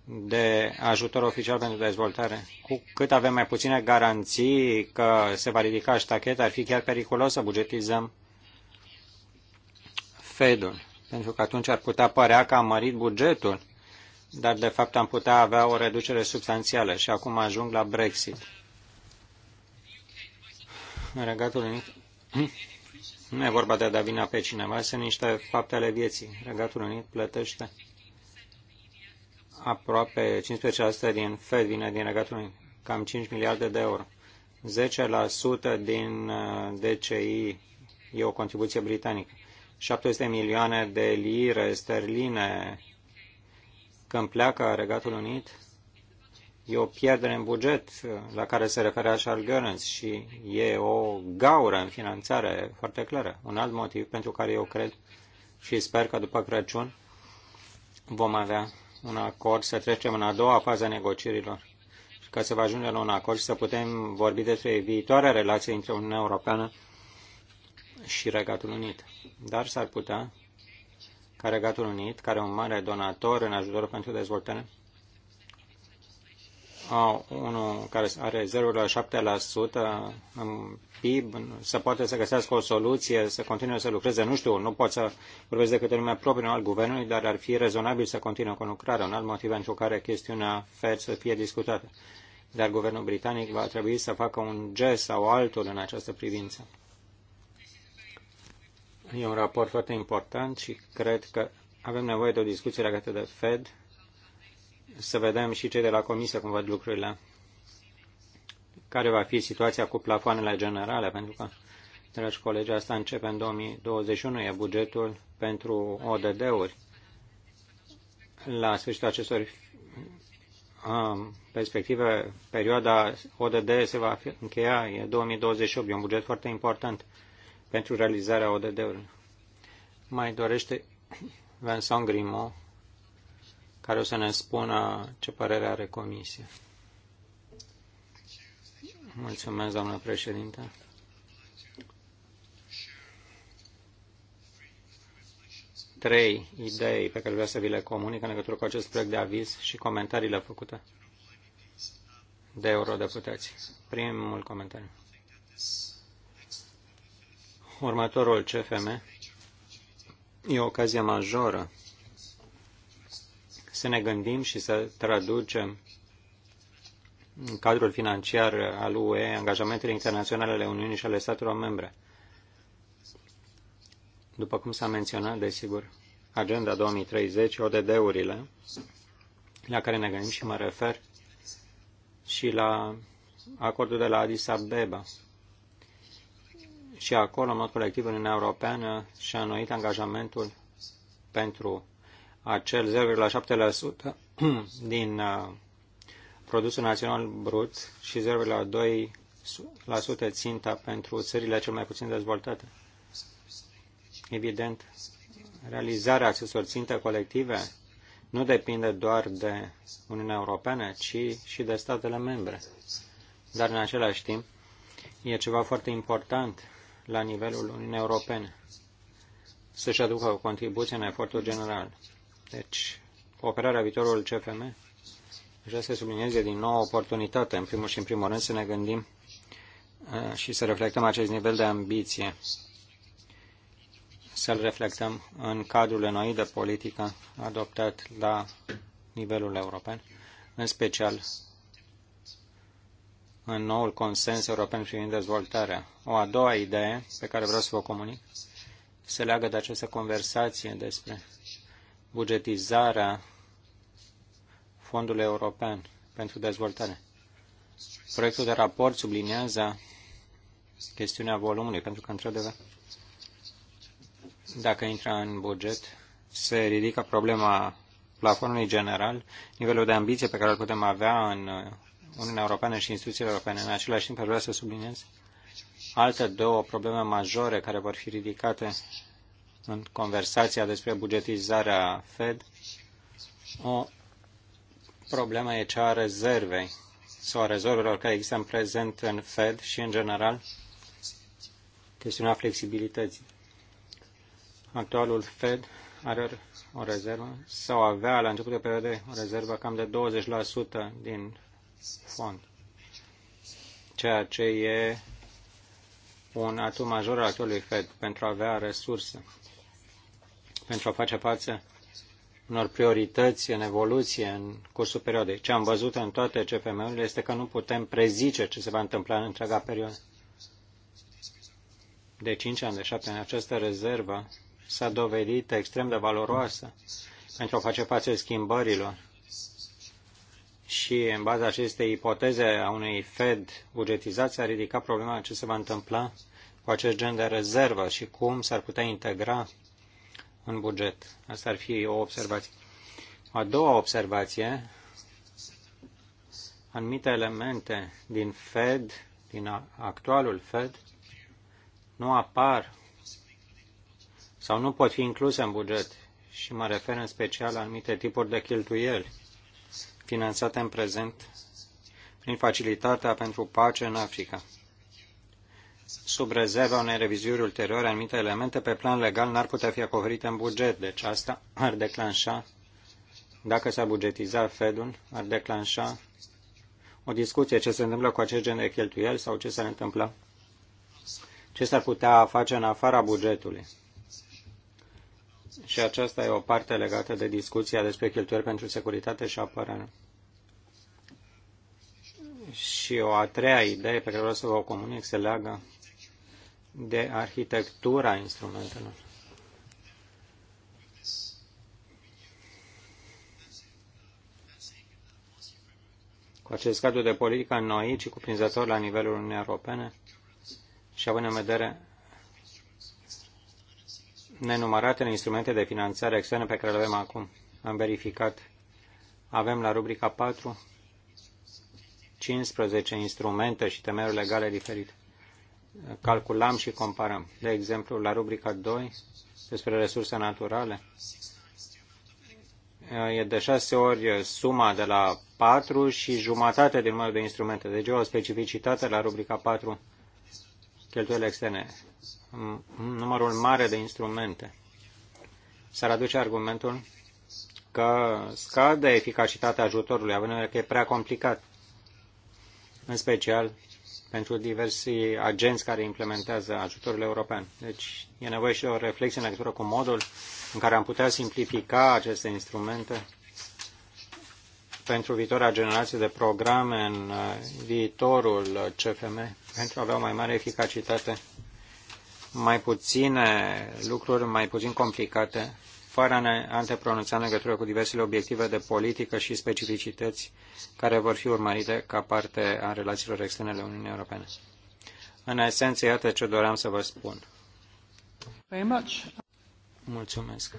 de ajutor oficial pentru dezvoltare. Cu cât avem mai puține garanții că se va ridica ștacheta, ar fi chiar periculos să bugetizăm Fedul, pentru că atunci ar putea părea că am mărit bugetul, dar de fapt am putea avea o reducere substanțială. Și acum ajung la Brexit. În Regatul nu e vorba de a da vina pe cineva, sunt niște fapte ale vieții. Regatul Unit plătește aproape 15% din Fed vine din Regatul Unit, cam 5 miliarde de euro. 10% din uh, DCI e o contribuție britanică. 700 milioane de lire sterline când pleacă Regatul Unit, E o pierdere în buget la care se referea Charles Görens și e o gaură în finanțare foarte clară. Un alt motiv pentru care eu cred și sper că după Crăciun vom avea un acord să trecem în a doua fază a negocierilor și că se va ajunge la un acord și să putem vorbi despre viitoarea relație între Uniunea Europeană și Regatul Unit. Dar s-ar putea ca Regatul Unit, care e un mare donator în ajutor pentru dezvoltare, a unul care are 0,7% în PIB să poate să găsească o soluție, să continue să lucreze. Nu știu, nu pot să vorbesc decât în numele propriu al guvernului, dar ar fi rezonabil să continue cu lucrarea. Un alt motiv pentru care chestiunea FED să fie discutată. Dar guvernul britanic va trebui să facă un gest sau altul în această privință. E un raport foarte important și cred că avem nevoie de o discuție legată de Fed să vedem și cei de la comisie cum văd lucrurile. Care va fi situația cu plafoanele generale, pentru că, dragi colegi, asta începe în 2021, e bugetul pentru ODD-uri. La sfârșitul acestor perspective, perioada ODD se va încheia, e 2028, e un buget foarte important pentru realizarea ODD-urilor. Mai dorește Vincent Grimaud care o să ne spună ce părere are Comisia. Mulțumesc, doamnă președinte. Trei idei pe care vreau să vi le comunic în legătură cu acest proiect de aviz și comentariile făcute de eurodeputați. Primul comentariu. Următorul CFM e o ocazie majoră să ne gândim și să traducem în cadrul financiar al UE angajamentele internaționale ale Uniunii și ale statelor membre. După cum s-a menționat, desigur, Agenda 2030, ODD-urile, la care ne gândim și mă refer, și la acordul de la Addis Abeba. Și acolo, în mod colectiv, Uniunea Europeană și-a înnoit angajamentul pentru acel 0,7% din uh, produsul național brut și 0,2% ținta pentru țările cel mai puțin dezvoltate. Evident, realizarea acestor ținte colective nu depinde doar de Uniunea Europeană, ci și de statele membre. Dar în același timp, e ceva foarte important la nivelul Uniunii Europene să-și aducă o contribuție în efortul general. Deci, operarea viitorul CFM, vreau să sublinieze din nou oportunitate, în primul și în primul rând, să ne gândim uh, și să reflectăm acest nivel de ambiție, să-l reflectăm în cadrul noi de politică adoptat la nivelul european, în special în noul consens european privind dezvoltarea. O a doua idee pe care vreau să vă comunic se leagă de această conversație despre bugetizarea Fondului European pentru Dezvoltare. Proiectul de raport sublinează chestiunea volumului, pentru că, într-adevăr, dacă intră în buget, se ridică problema plafonului general, nivelul de ambiție pe care îl putem avea în Uniunea Europeană și instituțiile europene. În același timp, aș vrea să subliniez alte două probleme majore care vor fi ridicate în conversația despre bugetizarea Fed, o problemă e cea a rezervei sau a rezervelor care există în prezent în Fed și, în general, chestiunea flexibilității. Actualul Fed are o rezervă sau avea la începutul perioadei o rezervă cam de 20% din fond, ceea ce e un atu major al actualului Fed pentru a avea resurse pentru a face față unor priorități în evoluție în cursul perioadei. Ce am văzut în toate CFM-urile este că nu putem prezice ce se va întâmpla în întreaga perioadă. De 5 ani, de 7 ani, această rezervă s-a dovedit extrem de valoroasă pentru a face față schimbărilor. Și în baza acestei ipoteze a unei Fed bugetizați a ridicat problema ce se va întâmpla cu acest gen de rezervă și cum s-ar putea integra în buget. Asta ar fi o observație. A doua observație, anumite elemente din Fed, din actualul Fed, nu apar sau nu pot fi incluse în buget și mă refer în special la anumite tipuri de cheltuieli finanțate în prezent prin facilitatea pentru pace în Africa sub rezerva unei revizuiri ulterioare, anumite elemente pe plan legal n-ar putea fi acoperite în buget. Deci asta ar declanșa, dacă s-ar bugetiza Fedul, ar declanșa o discuție ce se întâmplă cu acest gen de cheltuieli sau ce s-ar întâmpla, ce s-ar putea face în afara bugetului. Și aceasta e o parte legată de discuția despre cheltuieli pentru securitate și apărare. Și o a treia idee pe care vreau să vă o comunic se leagă de arhitectura instrumentelor. Cu acest cadru de politică noi și cuprinzător la nivelul Uniunii Europene și având în vedere nenumăratele instrumente de finanțare externe pe care le avem acum, am verificat, avem la rubrica 4 15 instrumente și temeri legale diferite calculăm și comparăm. De exemplu, la rubrica 2, despre resurse naturale, e de șase ori suma de la 4 și jumătate din numărul de instrumente. Deci o specificitate la rubrica 4, cheltuielile externe. Numărul mare de instrumente. S-ar aduce argumentul că scade eficacitatea ajutorului, având în vedere că e prea complicat, în special pentru diversi agenți care implementează ajutorul european. Deci e nevoie și de o reflexie în legătură cu modul în care am putea simplifica aceste instrumente pentru viitoarea generație de programe în uh, viitorul CFM, pentru a avea o mai mare eficacitate, mai puține lucruri, mai puțin complicate fără a ne antepronunța în legătură cu diversele obiective de politică și specificități care vor fi urmărite ca parte a relațiilor externe ale Uniunii Europene. În esență, iată ce doream să vă spun. Mulțumesc.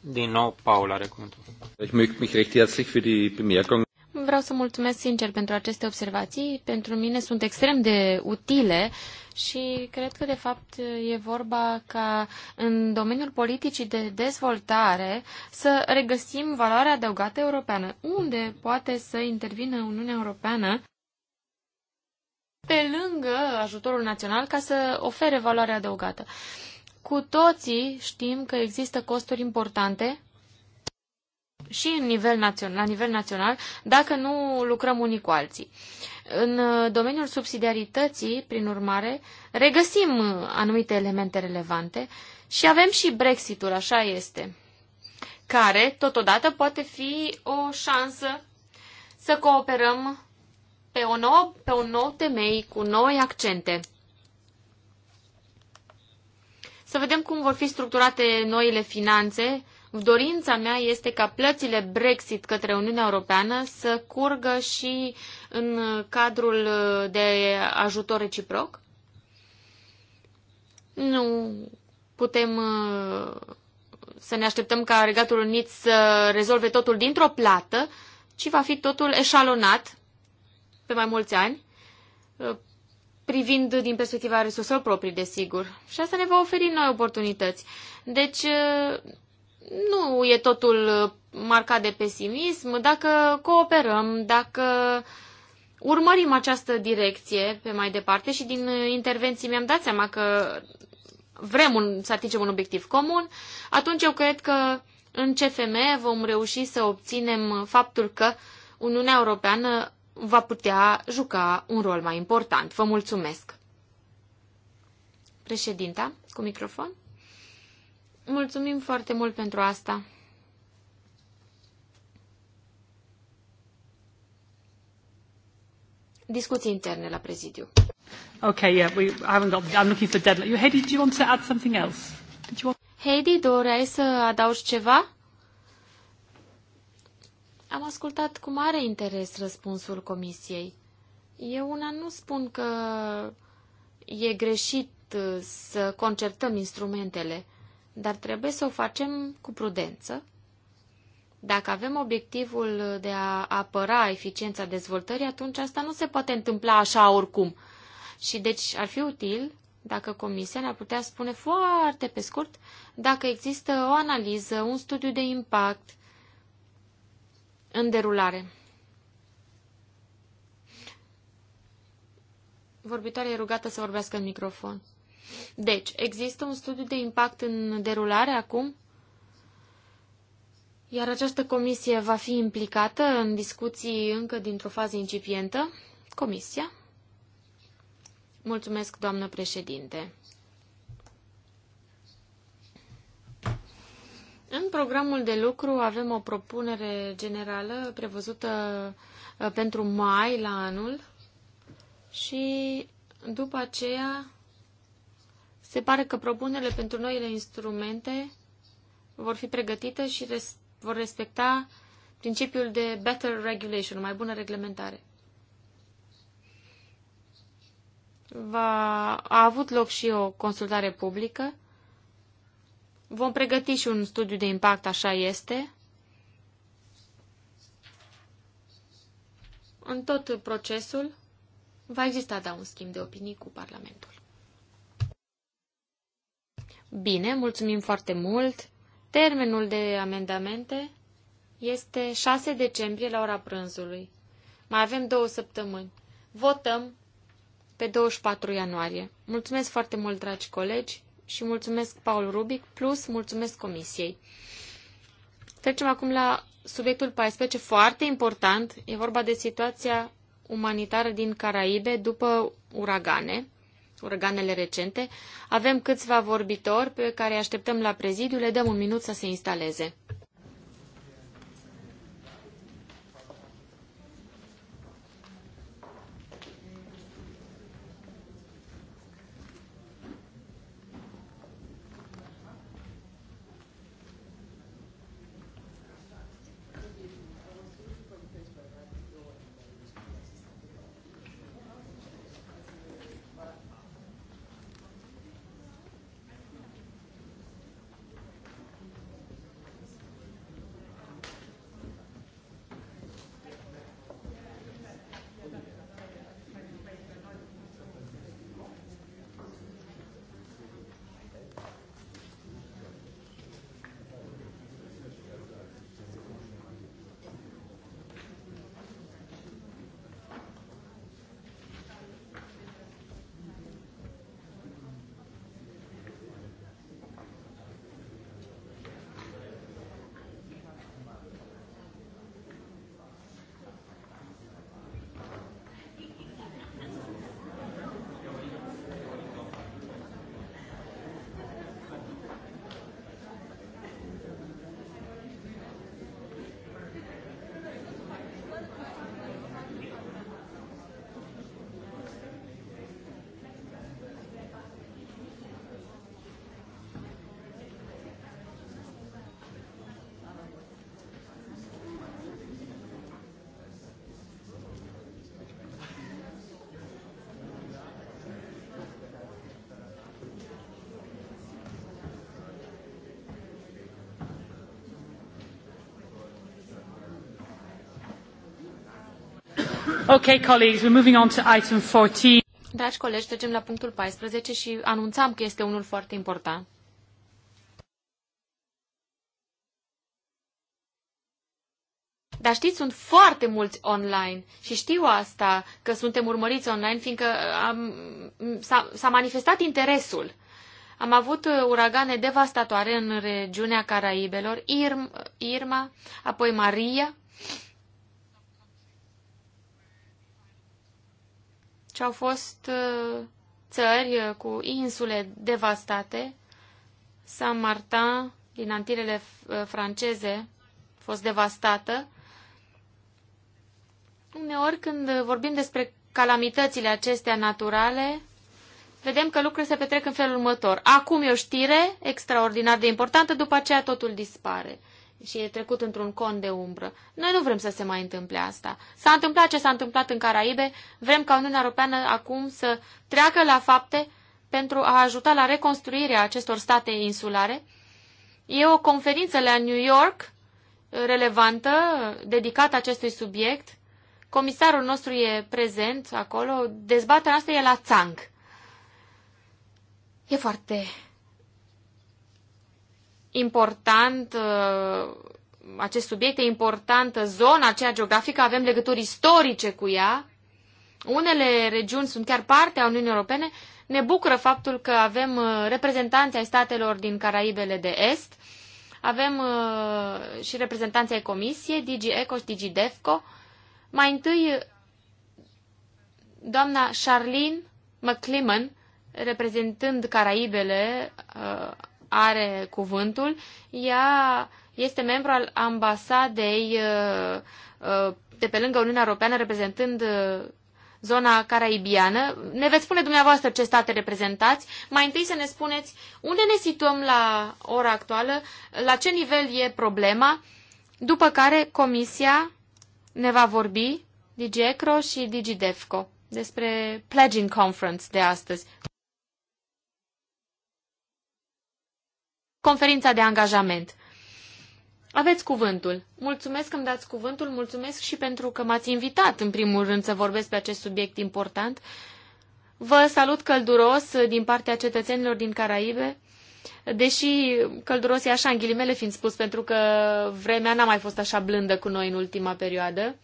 Din nou, Paul are cuvântul. Vreau să mulțumesc sincer pentru aceste observații. Pentru mine sunt extrem de utile și cred că, de fapt, e vorba ca în domeniul politicii de dezvoltare să regăsim valoarea adăugată europeană. Unde poate să intervină Uniunea Europeană pe lângă ajutorul național ca să ofere valoare adăugată? Cu toții știm că există costuri importante și în nivel național, la nivel național dacă nu lucrăm unii cu alții. În uh, domeniul subsidiarității, prin urmare, regăsim uh, anumite elemente relevante și avem și Brexitul, așa este, care totodată poate fi o șansă să cooperăm pe, o nouă, pe un nou temei cu noi accente. Să vedem cum vor fi structurate noile finanțe Dorința mea este ca plățile Brexit către Uniunea Europeană să curgă și în cadrul de ajutor reciproc. Nu putem uh, să ne așteptăm ca Regatul Unit să rezolve totul dintr-o plată, ci va fi totul eșalonat pe mai mulți ani, uh, privind din perspectiva resurselor proprii, desigur. Și asta ne va oferi noi oportunități. Deci, uh, nu e totul uh, marcat de pesimism, dacă cooperăm, dacă urmărim această direcție pe mai departe și din uh, intervenții mi-am dat seama că vrem un, să atingem un obiectiv comun, atunci eu cred că în CFM vom reuși să obținem faptul că Uniunea Europeană va putea juca un rol mai important. Vă mulțumesc! Președinta, cu microfon. Mulțumim foarte mult pentru asta. Discuții interne la prezidiu. Okay, yeah, we, I haven't got, I'm looking for deadline. You, Heidi, do you want to add something else? Did you want... Heidi, doreai să adaugi ceva? Am ascultat cu mare interes răspunsul comisiei. Eu una nu spun că e greșit uh, să concertăm instrumentele dar trebuie să o facem cu prudență. Dacă avem obiectivul de a apăra eficiența dezvoltării, atunci asta nu se poate întâmpla așa oricum. Și deci ar fi util dacă Comisia ne-ar putea spune foarte pe scurt dacă există o analiză, un studiu de impact în derulare. Vorbitoarea e rugată să vorbească în microfon. Deci, există un studiu de impact în derulare acum? Iar această comisie va fi implicată în discuții încă dintr-o fază incipientă? Comisia? Mulțumesc, doamnă președinte. În programul de lucru avem o propunere generală prevăzută uh, pentru mai la anul și după aceea se pare că propunerile pentru noile instrumente vor fi pregătite și res- vor respecta principiul de better regulation, mai bună reglementare. Va, a avut loc și o consultare publică. Vom pregăti și un studiu de impact, așa este. În tot procesul va exista, da, un schimb de opinii cu Parlamentul. Bine, mulțumim foarte mult. Termenul de amendamente este 6 decembrie la ora prânzului. Mai avem două săptămâni. Votăm pe 24 ianuarie. Mulțumesc foarte mult, dragi colegi, și mulțumesc Paul Rubic, plus mulțumesc Comisiei. Trecem acum la subiectul 14, foarte important. E vorba de situația umanitară din Caraibe după uragane uraganele recente. Avem câțiva vorbitori pe care îi așteptăm la prezidiu, le dăm un minut să se instaleze. 14. Dragi colegi, trecem la punctul 14 și anunțam că este unul foarte important. Dar știți, sunt foarte mulți online și știu asta, că suntem urmăriți online, fiindcă uh, am, s-a, manifestat interesul. Am avut uh, uragane devastatoare în regiunea Caraibelor, Irma, Irma apoi Maria, și au fost uh, țări uh, cu insule devastate. San Martin, din antilele uh, franceze, a fost devastată. Uneori, când vorbim despre calamitățile acestea naturale, vedem că lucrurile se petrec în felul următor. Acum e o știre extraordinar de importantă, după aceea totul dispare și e trecut într-un con de umbră. Noi nu vrem să se mai întâmple asta. S-a întâmplat ce s-a întâmplat în Caraibe, vrem ca Uniunea Europeană acum să treacă la fapte pentru a ajuta la reconstruirea acestor state insulare. E o conferință la New York uh, relevantă, dedicată acestui subiect. Comisarul nostru e prezent acolo. Dezbaterea asta e la țanc. E foarte important uh, acest subiect, e importantă zona aceea geografică, avem legături istorice cu ea. Unele regiuni sunt chiar parte a Uniunii Europene. Ne bucură faptul că avem uh, reprezentanții ai statelor din Caraibele de Est, avem uh, și reprezentanții ai Comisiei, DG Eco și DG Defco. Mai întâi, doamna Charlene McClimmon, reprezentând Caraibele, are cuvântul. Ea este membru al ambasadei uh, uh, de pe lângă Uniunea Europeană, reprezentând uh, zona caraibiană. Ne veți spune dumneavoastră ce state reprezentați. Mai întâi să ne spuneți unde ne situăm la ora actuală, la ce nivel e problema, după care Comisia ne va vorbi, DigiEcro și DigiDefco, despre Pledging Conference de astăzi. conferința de angajament. Aveți cuvântul. Mulțumesc că îmi dați cuvântul, mulțumesc și pentru că m-ați invitat, în primul rând, să vorbesc pe acest subiect important. Vă salut călduros din partea cetățenilor din Caraibe, deși călduros e așa, în ghilimele fiind spus, pentru că vremea n-a mai fost așa blândă cu noi în ultima perioadă.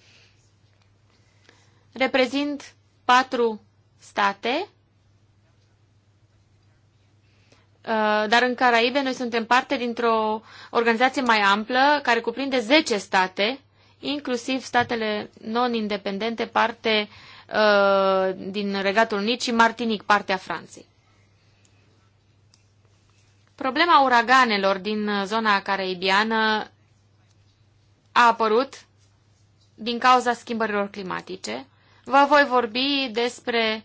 Reprezint patru state Uh, dar în Caraibe noi suntem parte dintr-o organizație mai amplă care cuprinde 10 state, inclusiv statele non-independente, parte uh, din Regatul Unit și Martinic, partea Franței. Problema uraganelor din zona caraibiană a apărut din cauza schimbărilor climatice. Vă voi vorbi despre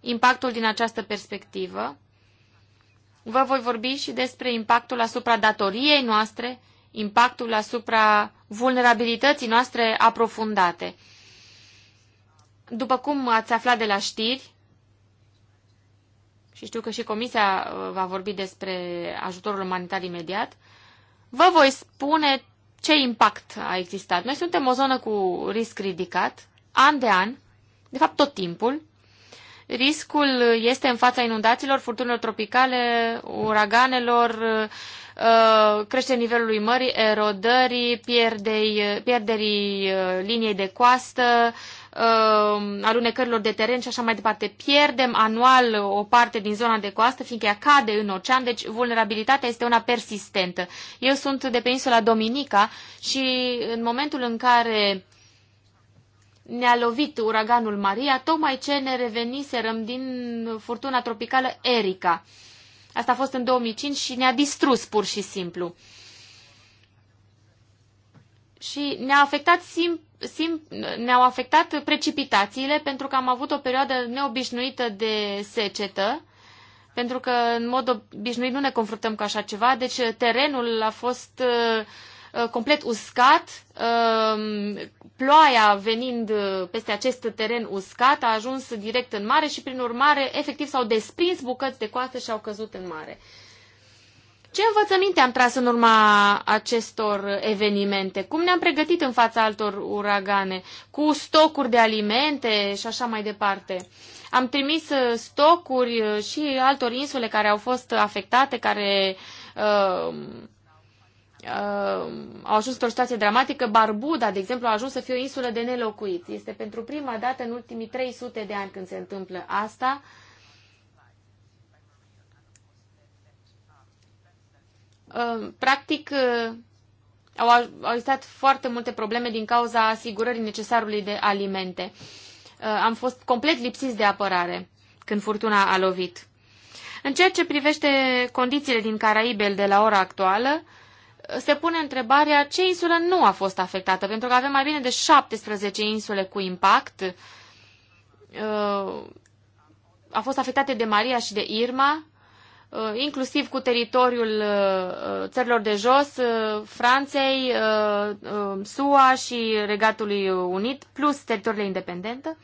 impactul din această perspectivă vă voi vorbi și despre impactul asupra datoriei noastre, impactul asupra vulnerabilității noastre aprofundate. După cum ați aflat de la știri, și știu că și Comisia uh, va vorbi despre ajutorul umanitar imediat, vă voi spune ce impact a existat. Noi suntem o zonă cu risc ridicat, an de an, de fapt tot timpul, Riscul este în fața inundațiilor, furtunilor tropicale, uraganelor, uh, crește nivelului mării, erodării, pierderii, pierderii uh, liniei de coastă, uh, alunecărilor de teren și așa mai departe. Pierdem anual o parte din zona de coastă, fiindcă ea cade în ocean, deci vulnerabilitatea este una persistentă. Eu sunt de pe insula Dominica și în momentul în care ne-a lovit uraganul Maria, tocmai ce ne reveniserăm din furtuna tropicală Erica. Asta a fost în 2005 și ne-a distrus pur și simplu. Și ne-a afectat sim, sim, ne-au afectat precipitațiile pentru că am avut o perioadă neobișnuită de secetă, pentru că în mod obișnuit nu ne confruntăm cu așa ceva, deci terenul a fost uh, Uh, complet uscat, um, ploaia venind uh, peste acest teren uscat a ajuns direct în mare și, prin urmare, efectiv s-au desprins bucăți de coastă și au căzut în mare. Ce învățăminte am tras în urma acestor evenimente? Cum ne-am pregătit în fața altor uragane? Cu stocuri de alimente și așa mai departe. Am trimis uh, stocuri și altor insule care au fost afectate, care uh, uh, au ajuns într-o situație dramatică. Barbuda, de exemplu, a ajuns să fie o insulă de nelocuit. Este pentru prima dată în ultimii 300 de ani când se întâmplă asta. Uh, practic, uh, au, au existat foarte multe probleme din cauza asigurării necesarului de alimente. Uh, am fost complet lipsiți de apărare când furtuna a lovit. În ceea ce privește condițiile din Caraibel de la ora actuală, se pune întrebarea ce insulă nu a fost afectată, pentru că avem mai bine de 17 insule cu impact. Uh, a fost afectate de Maria și de Irma, uh, inclusiv cu teritoriul uh, țărilor de jos, Franței, SUA și Regatului Unit, plus teritoriile independente.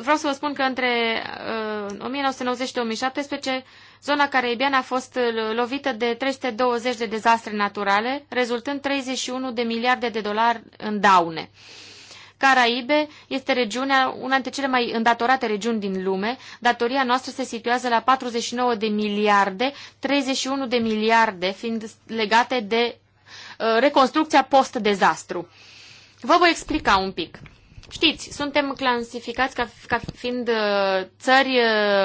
vreau să vă spun că între uh, 1990-2017 zona caraibiană a fost lovită de 320 de dezastre naturale, rezultând 31 de miliarde de dolari în daune. Caraibe este regiunea, una dintre cele mai îndatorate regiuni din lume. Datoria noastră se situează la 49 de miliarde, 31 de miliarde fiind legate de uh, reconstrucția post-dezastru. Vă voi explica un pic. Știți, suntem clasificați ca, ca fiind uh, țări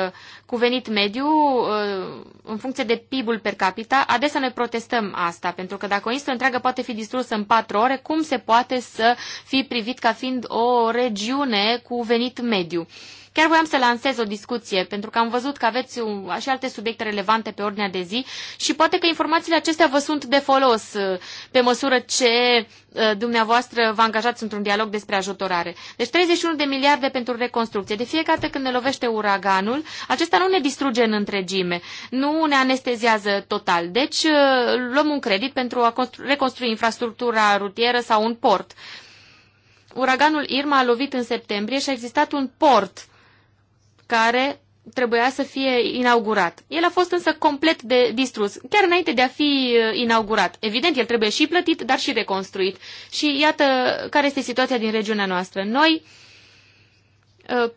uh, cu venit mediu uh, în funcție de PIB-ul per capita. Adesea noi protestăm asta, pentru că dacă o insulă întreagă poate fi distrusă în patru ore, cum se poate să fie privit ca fiind o regiune cu venit mediu? Uh, Chiar voiam să lansez o discuție, pentru că am văzut că aveți și alte subiecte relevante pe ordinea de zi și poate că informațiile acestea vă sunt de folos uh, pe măsură ce uh, dumneavoastră vă angajați într-un dialog despre ajutorare. Deci 31 de miliarde pentru reconstrucție. De fiecare dată când ne lovește uraganul, acesta nu ne distruge în întregime, nu ne anestezează total. Deci uh, luăm un credit pentru a reconstrui infrastructura rutieră sau un port. Uraganul Irma a lovit în septembrie și a existat un port care trebuia să fie inaugurat. El a fost însă complet de distrus, chiar înainte de a fi uh, inaugurat. Evident, el trebuie și plătit, dar și reconstruit. Și iată care este situația din regiunea noastră. Noi uh,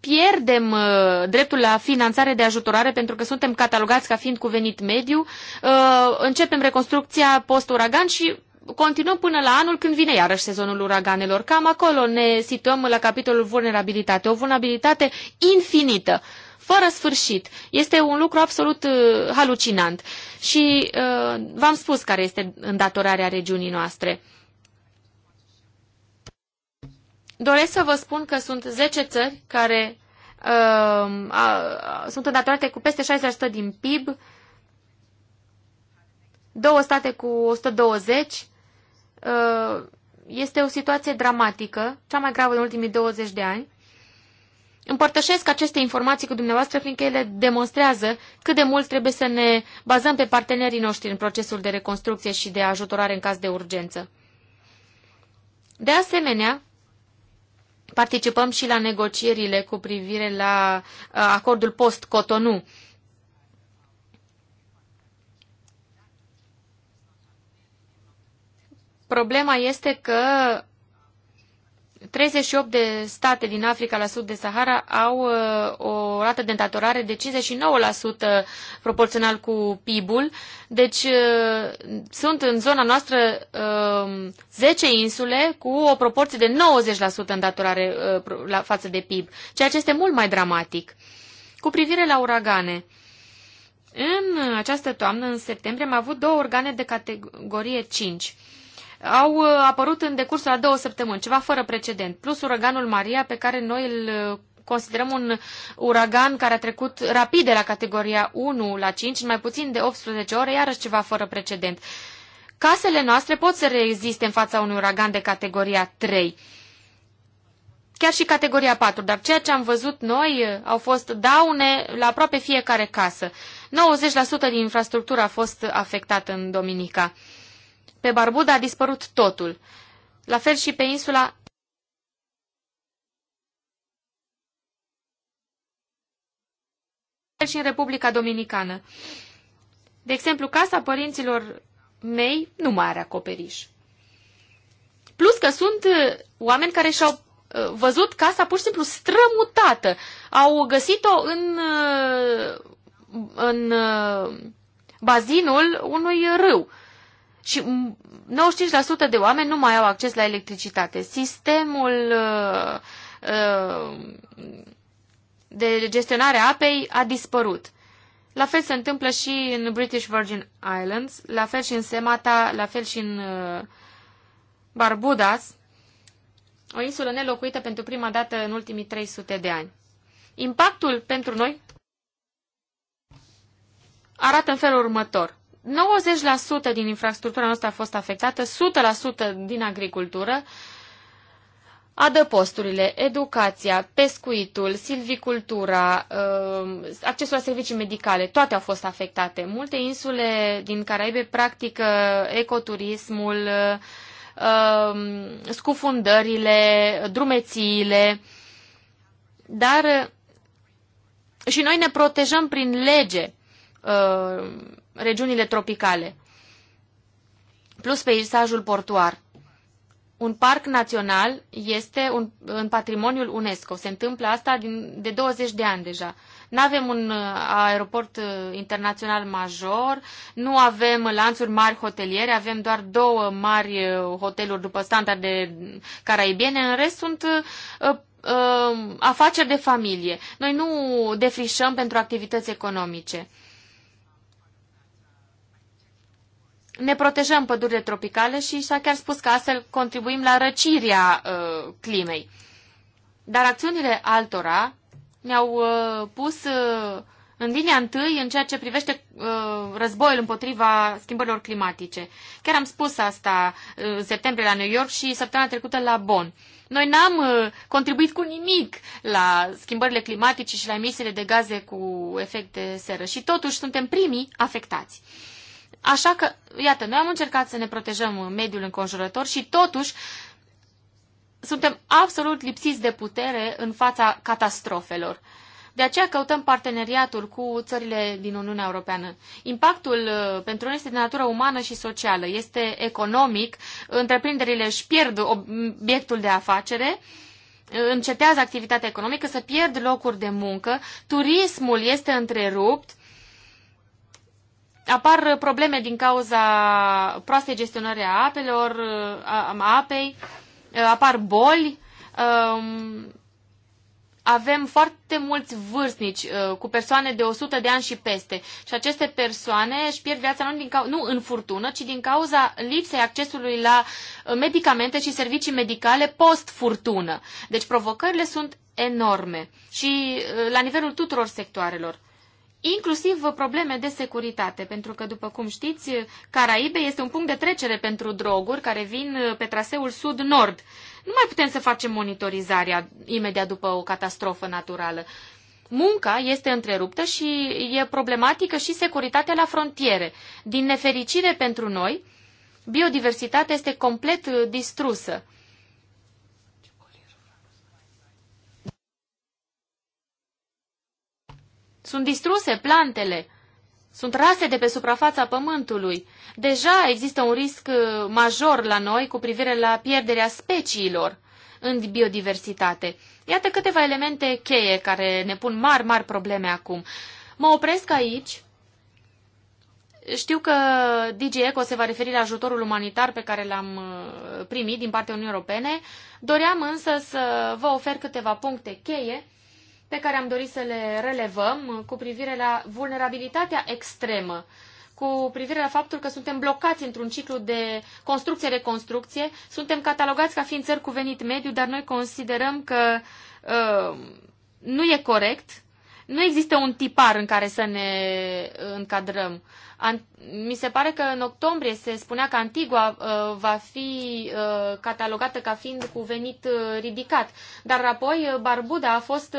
pierdem uh, dreptul la finanțare de ajutorare pentru că suntem catalogați ca fiind cu venit mediu, începem reconstrucția post-uragan și continuăm până la anul când vine iarăși sezonul uraganelor. Cam acolo ne situăm la capitolul vulnerabilitate, o vulnerabilitate infinită, fără sfârșit. Este un lucru absolut uh, halucinant. Și uh, v-am spus care este îndatorarea regiunii noastre. Doresc să vă spun că sunt 10 țări care uh, a, sunt îndatorate cu peste 60% din PIB, două state cu 120, Uh, este o situație dramatică, cea mai gravă în ultimii 20 de ani. Împărtășesc aceste informații cu dumneavoastră, fiindcă ele demonstrează cât de mult trebuie să ne bazăm pe partenerii noștri în procesul de reconstrucție și de ajutorare în caz de urgență. De asemenea, participăm și la negocierile cu privire la uh, acordul post-Cotonou, Problema este că 38 de state din Africa la sud de Sahara au uh, o rată de îndatorare de 59% proporțional cu PIB-ul. Deci uh, sunt în zona noastră 10 uh, insule cu o proporție de 90% îndatorare față de PIB, ceea ce este mult mai dramatic. Cu privire la uragane, în această toamnă, în septembrie, am avut două organe de categorie 5 au uh, apărut în decursul a două săptămâni, ceva fără precedent, plus uraganul Maria pe care noi îl uh, considerăm un uragan care a trecut rapid de la categoria 1 la 5 în mai puțin de 18 ore, iarăși ceva fără precedent. Casele noastre pot să reziste în fața unui uragan de categoria 3 chiar și categoria 4, dar ceea ce am văzut noi uh, au fost daune la aproape fiecare casă. 90% din infrastructura a fost afectată în Dominica. Pe Barbuda a dispărut totul. La fel și pe insula și în Republica Dominicană. De exemplu, casa părinților mei nu mai are acoperiș. Plus că sunt uh, oameni care și-au uh, văzut casa pur și simplu strămutată. Au găsit-o în, uh, în bazinul unui râu și 95% de oameni nu mai au acces la electricitate. Sistemul uh, uh, de gestionare a apei a dispărut. La fel se întâmplă și în British Virgin Islands, la fel și în Semata, la fel și în uh, Barbudas, o insulă nelocuită pentru prima dată în ultimii 300 de ani. Impactul pentru noi arată în felul următor. 90% din infrastructura noastră a fost afectată, 100% din agricultură, adăposturile, educația, pescuitul, silvicultura, um, accesul la servicii medicale, toate au fost afectate. Multe insule din Caraibe practică ecoturismul, um, scufundările, drumețiile, dar uh, și noi ne protejăm prin lege uh, regiunile tropicale, plus peisajul portuar. Un parc național este un, în patrimoniul UNESCO. Se întâmplă asta din, de 20 de ani deja. Nu avem un uh, aeroport uh, internațional major, nu avem lanțuri mari hoteliere, avem doar două mari uh, hoteluri după standarde caraibiene, în rest sunt afaceri de familie. Noi nu defrișăm pentru activități economice. ne protejăm pădurile tropicale și s-a chiar spus că astfel contribuim la răcirea uh, climei. Dar acțiunile altora ne-au uh, pus uh, în linia întâi în ceea ce privește uh, războiul împotriva schimbărilor climatice. Chiar am spus asta uh, în septembrie la New York și săptămâna trecută la Bonn. Noi n-am uh, contribuit cu nimic la schimbările climatice și la emisiile de gaze cu efect de seră și totuși suntem primii afectați. Uh, Așa că, iată, noi am încercat să ne protejăm mediul înconjurător și totuși suntem absolut lipsiți de putere în fața catastrofelor. De aceea căutăm parteneriatul cu țările din Uniunea Europeană. Impactul uh, pentru noi este de natură umană și socială, este economic, întreprinderile își pierd obiectul de afacere, încetează activitatea economică, să pierd locuri de muncă, turismul este întrerupt, apar probleme din cauza proastei gestionări a apelor, a apei, apar boli, um, avem foarte mulți vârstnici uh, cu persoane de 100 de ani și peste și aceste persoane își pierd viața nu, din cau- nu în furtună, ci din cauza lipsei accesului la uh, medicamente și servicii medicale post-furtună. Deci provocările sunt enorme și uh, la nivelul tuturor sectoarelor inclusiv probleme de securitate, pentru că, după cum știți, Caraibe este un punct de trecere pentru droguri care vin uh, pe traseul sud-nord. Nu mai putem să facem monitorizarea imediat după o catastrofă naturală. Munca este întreruptă și e problematică și securitatea la frontiere. Din nefericire pentru noi, biodiversitatea este complet uh, distrusă. Sunt distruse plantele, sunt rase de pe suprafața pământului. Deja există un risc uh, major la noi cu privire la pierderea speciilor în biodiversitate. Iată câteva elemente cheie care ne pun mari, mari probleme acum. Mă opresc aici. Știu că DG Eco se va referi la ajutorul umanitar pe care l-am uh, primit din partea Uniunii Europene. Doream însă să vă ofer câteva puncte cheie pe care am dorit să le relevăm cu privire la vulnerabilitatea extremă, cu privire la faptul că suntem blocați într-un ciclu de construcție-reconstrucție, suntem catalogați ca fiind țări cu venit mediu, dar noi considerăm că uh, nu e corect nu există un tipar în care să ne uh, încadrăm. Mi se pare că în octombrie se spunea că Antigua uh, va fi uh, catalogată ca fiind cu venit ridicat, dar apoi Barbuda a fost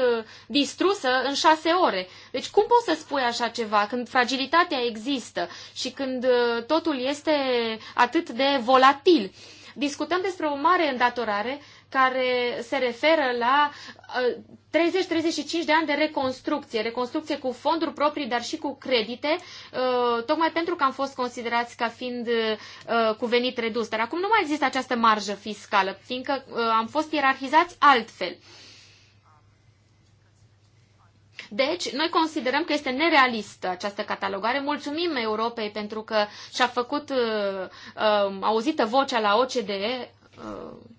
distrusă în șase ore. Deci cum poți să spui așa ceva când fragilitatea există și când totul este atât de volatil? Discutăm despre o mare îndatorare care se referă la 30-35 uh, de ani de reconstrucție, reconstrucție cu fonduri proprii, dar și cu credite, uh, tocmai pentru că am fost considerați ca fiind uh, cu venit redus. Dar acum nu mai există această marjă fiscală, fiindcă am fost ierarhizați altfel. Deci, noi considerăm că este nerealistă această catalogare. Mulțumim Europei pentru că și-a făcut uh, uh, auzită vocea la OCDE. Uh,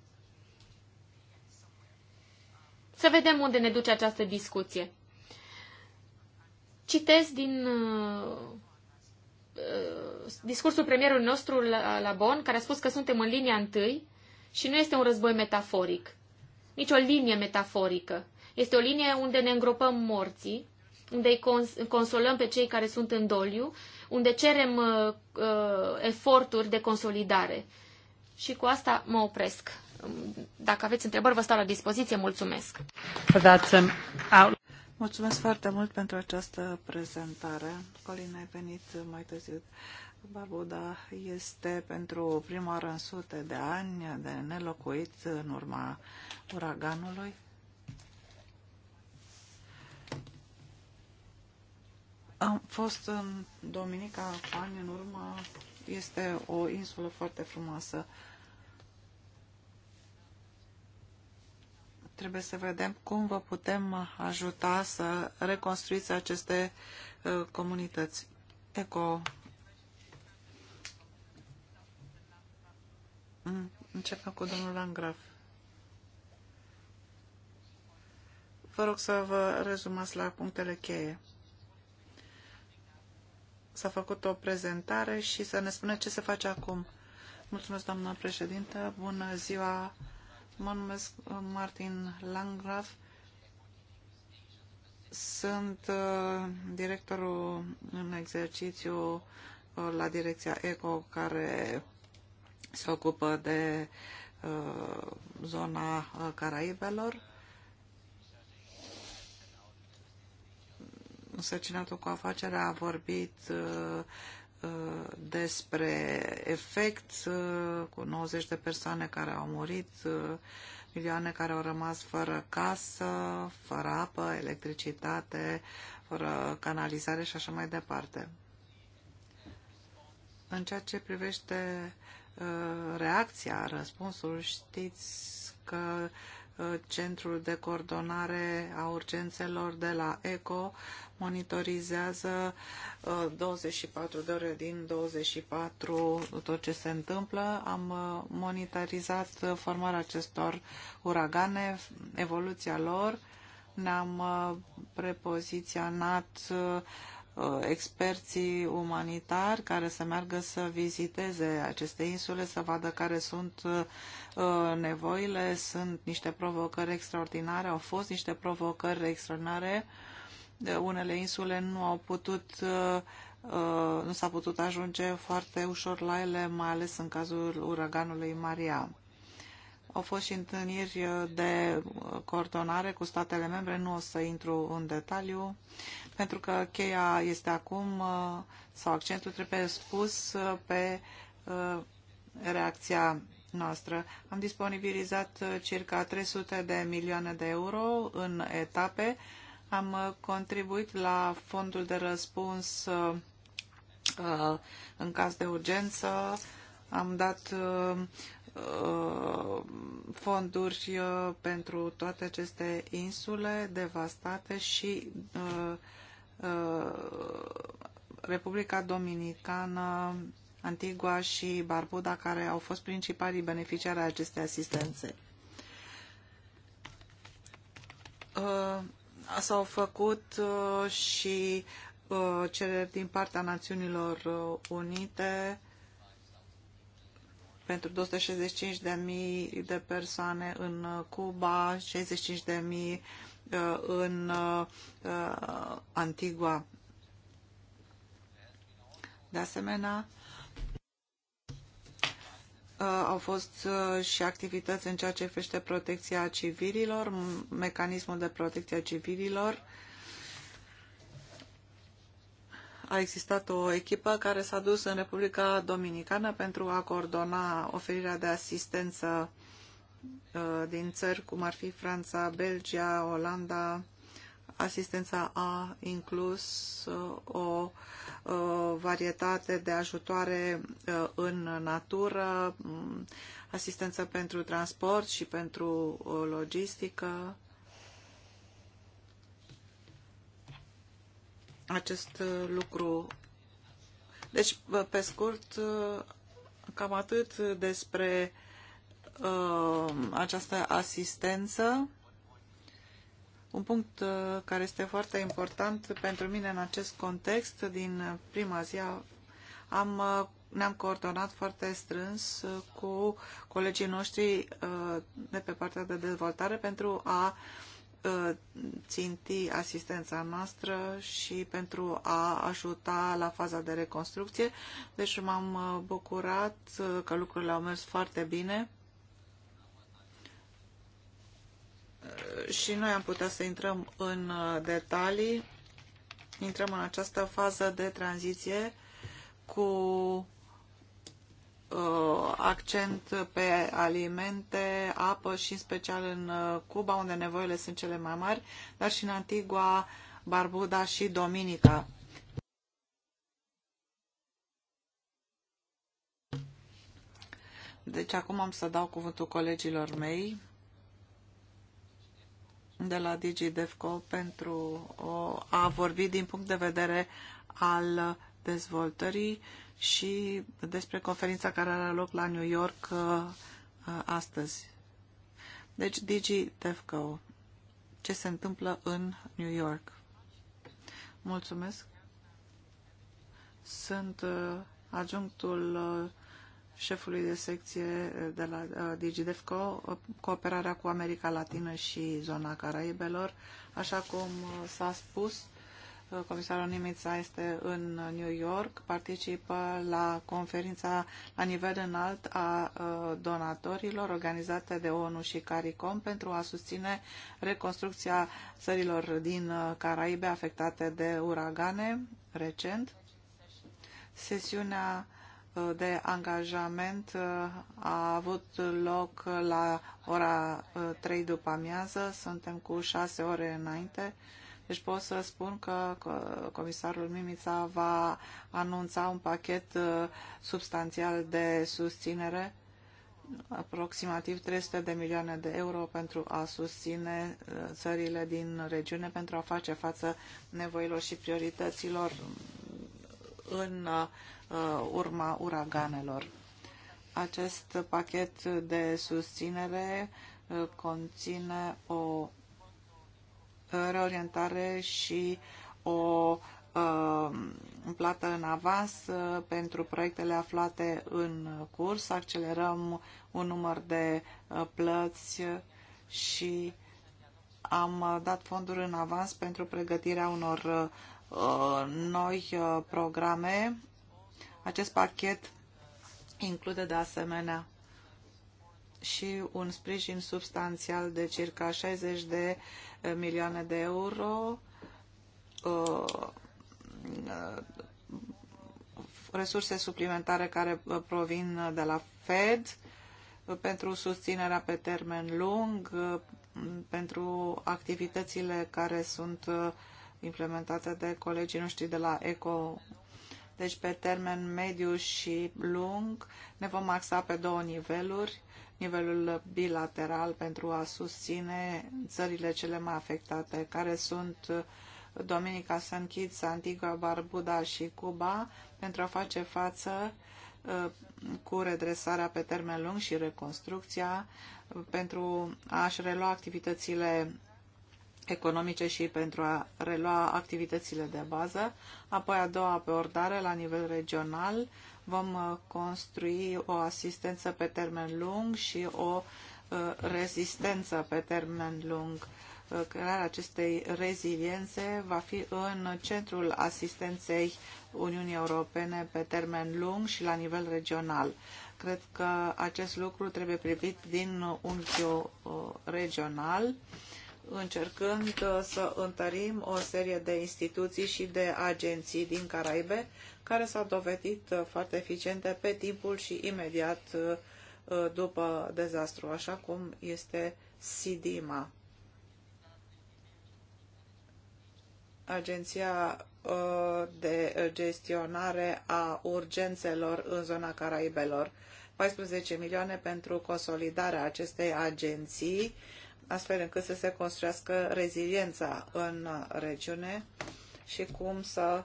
să vedem unde ne duce această discuție. Citesc din uh, uh, discursul premierului nostru la, la Bon, care a spus că suntem în linia întâi și nu este un război metaforic, nici o linie metaforică. Este o linie unde ne îngropăm morții, unde îi cons- consolăm pe cei care sunt în doliu, unde cerem uh, uh, eforturi de consolidare. Și cu asta mă opresc. Dacă aveți întrebări, vă stau la dispoziție. Mulțumesc! Um, Mulțumesc foarte mult pentru această prezentare. Colin, ai venit mai târziu. Barbuda este pentru prima oară în sute de ani de nelocuit în urma uraganului. Am fost în Dominica cu ani în urmă. Este o insulă foarte frumoasă. Trebuie să vedem cum vă putem ajuta să reconstruiți aceste uh, comunități. Eco. Mm, începem cu domnul Langraf. Vă rog să vă rezumați la punctele cheie. S-a făcut o prezentare și să ne spune ce se face acum. Mulțumesc, doamna președintă. Bună ziua Mă numesc uh, Martin Landgraf. Sunt uh, directorul în exercițiu uh, la direcția ECO care se ocupă de zona Caraibelor. Însărcinatul cu afacerea a vorbit uh, despre efect cu 90 de persoane care au murit, milioane care au rămas fără casă, fără apă, electricitate, fără canalizare și așa mai departe. În ceea ce privește uh, reacția, răspunsul, știți că uh, Uh, centrul de Coordonare a Urgențelor de la ECO monitorizează 24 uh, de ore din 24 tot ce se întâmplă. Am uh, monitorizat formarea acestor uragane, evoluția lor, ne-am prepoziționat Uh, experții umanitari care să meargă să viziteze aceste insule, să vadă care sunt uh, nevoile, sunt niște provocări extraordinare, au fost niște provocări extraordinare. Unele insule nu au putut uh, nu s-a putut ajunge foarte ușor la ele, mai ales în cazul uraganului Maria. Au fost și întâlniri de coordonare cu statele membre, nu o să intru în detaliu pentru că cheia este acum, uh, sau accentul trebuie spus uh, pe uh, reacția noastră. Am disponibilizat circa 300 de milioane de euro în etape. Am contribuit la fondul de răspuns în caz de urgență. Am dat fonduri pentru toate aceste insule devastate și uh, Uh, Republica Dominicană, Antigua și Barbuda, care au fost principalii beneficiari ai acestei asistențe. Uh, s-au făcut uh, și cereri din partea Națiunilor Unite pentru 265.000 de persoane în Cuba, 65.000 Uh, în uh, uh, Antigua. De asemenea, au fost și activități în ceea ce privește protecția civililor, mecanismul de protecție a civililor. A existat o echipă care s-a dus în Republica Dominicană pentru a coordona oferirea de asistență Uh, din țări cum ar fi Franța, Belgia, Olanda, asistența a inclus uh, o uh, varietate de ajutoare în natură, mm, asistență pentru transport și pentru logistică. Acest lucru. Deci, pe scurt, cam atât despre uh, Uh, această asistență. Un punct uh, care este foarte important pentru mine în acest context, din prima zi am, uh, ne-am coordonat foarte strâns cu colegii noștri de pe partea de dezvoltare pentru a ținti asistența noastră și pentru a ajuta la faza de reconstrucție. Deci m-am bucurat că lucrurile au mers foarte bine. și noi am putea să intrăm în uh, detalii. Intrăm în această fază de tranziție cu uh, accent pe alimente, apă și în special în uh, Cuba, unde nevoile sunt cele mai mari, dar și în Antigua, Barbuda și Dominica. Deci acum am să dau cuvântul colegilor mei de la DigiDevco pentru a vorbi din punct de vedere al dezvoltării și despre conferința care are loc la New York uh, astăzi. Deci DigiDevco, ce se întâmplă în New York. Mulțumesc. Sunt uh, adjunctul uh, șefului de secție eh, de la eh, DigiDefco, eh, cooperarea cu America Latină și zona Caraibelor. Așa cum s-a spus, comisarul Nimița este în New York, participă la conferința la nivel înalt a donatorilor organizată de ONU și CARICOM pentru a susține reconstrucția țărilor din Caraibe afectate de uragane recent. Sesiunea de angajament uh, a avut loc la ora 3 uh, după amiază, suntem cu 6 ore înainte, deci pot să spun că comisarul Mimița va anunța un pachet uh, substanțial de susținere, aproximativ 300 de milioane de euro pentru a susține țările din regiune pentru a face față nevoilor și priorităților mm, în Uh, urma uraganelor. Acest pachet de susținere uh, conține o reorientare și o uh, plată în avans pentru proiectele aflate în curs. Accelerăm un număr de plăți și am dat fonduri în avans pentru pregătirea unor noi programe acest pachet include de asemenea și un sprijin substanțial de circa 60 de eh, milioane de euro eh, resurse suplimentare care eh, provin de la Fed pentru susținerea pe termen lung, pentru activitățile care sunt implementate de colegii noștri de la ECO deci pe termen mediu și lung ne vom axa pe două niveluri. Nivelul bilateral pentru a susține țările cele mai afectate, care sunt uh, Dominica, San Kitts, Antigua, Barbuda și Cuba, pentru a face față uh, cu redresarea pe termen lung și reconstrucția uh, pentru a-și relua activitățile economice și pentru a relua activitățile de bază. Apoi a doua abordare la nivel regional vom uh, construi o asistență pe termen lung și o uh, rezistență pe termen lung. Uh, crearea acestei reziliențe va fi în centrul asistenței Uniunii Europene pe termen lung și la nivel regional. Cred că acest lucru trebuie privit din unghiul regional încercând uh, să întărim o serie de instituții și de agenții din Caraibe care s-au dovedit uh, foarte eficiente pe timpul și imediat uh, după dezastru, așa cum este SIDIMA. Agenția de gestionare a urgențelor în zona Caraibelor. 14 milioane pentru consolidarea acestei agenții astfel încât să se construiască reziliența în regiune și cum să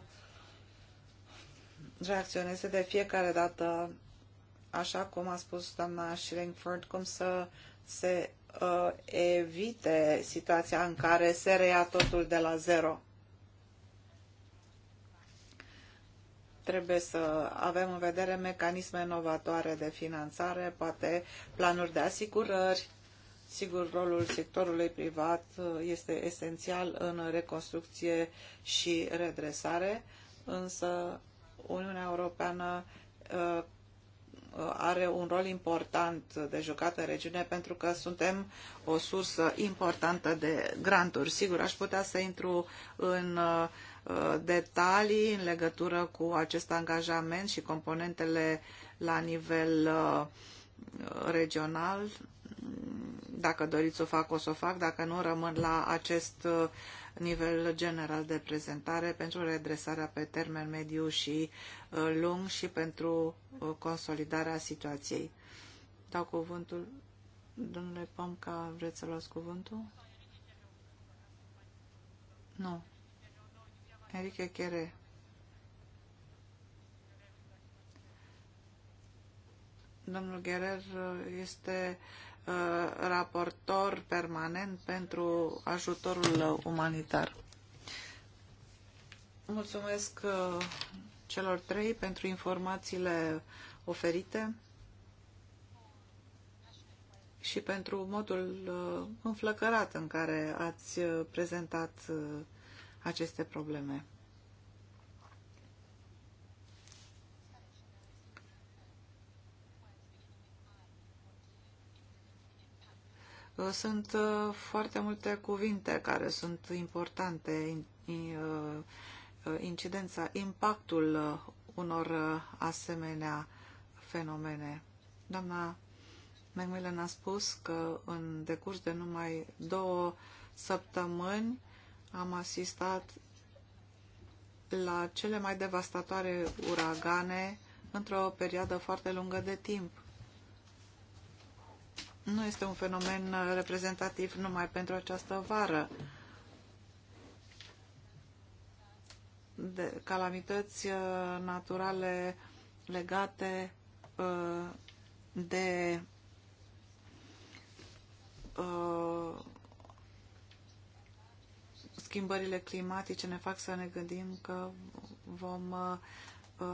reacționeze de fiecare dată, așa cum a spus doamna Schillingford, cum să se uh, evite situația în care se reia totul de la zero. trebuie să avem în vedere mecanisme inovatoare de finanțare, poate planuri de asigurări, Sigur, rolul sectorului privat uh, este esențial în reconstrucție și redresare, însă Uniunea Europeană uh, are un rol important de jucat în regiune pentru că suntem o sursă importantă de granturi. Sigur, aș putea să intru în uh, detalii în legătură cu acest angajament și componentele la nivel regional, dacă doriți să o fac, o să o fac. Dacă nu, rămân la acest uh, nivel general de prezentare pentru redresarea pe termen mediu și uh, lung și pentru uh, consolidarea situației. Dau cuvântul. Domnule Pomca, vreți să luați cuvântul? Nu. Enrique Chere. Domnul Gherer este uh, Uh, raportor permanent pentru ajutorul umanitar. Mulțumesc uh, celor trei pentru informațiile oferite și pentru modul uh, înflăcărat în care ați prezentat aceste probleme. Sunt uh, foarte multe cuvinte care sunt importante, uh, uh, incidența, impactul unor asemenea fenomene. Doamna Macmillan a spus că în decurs de numai două săptămâni am asistat la cele mai devastatoare uragane într-o perioadă foarte lungă de timp nu este un fenomen uh, reprezentativ numai pentru această vară. De calamități uh, naturale legate uh, de schimbările climatice ne fac să ne gândim că vom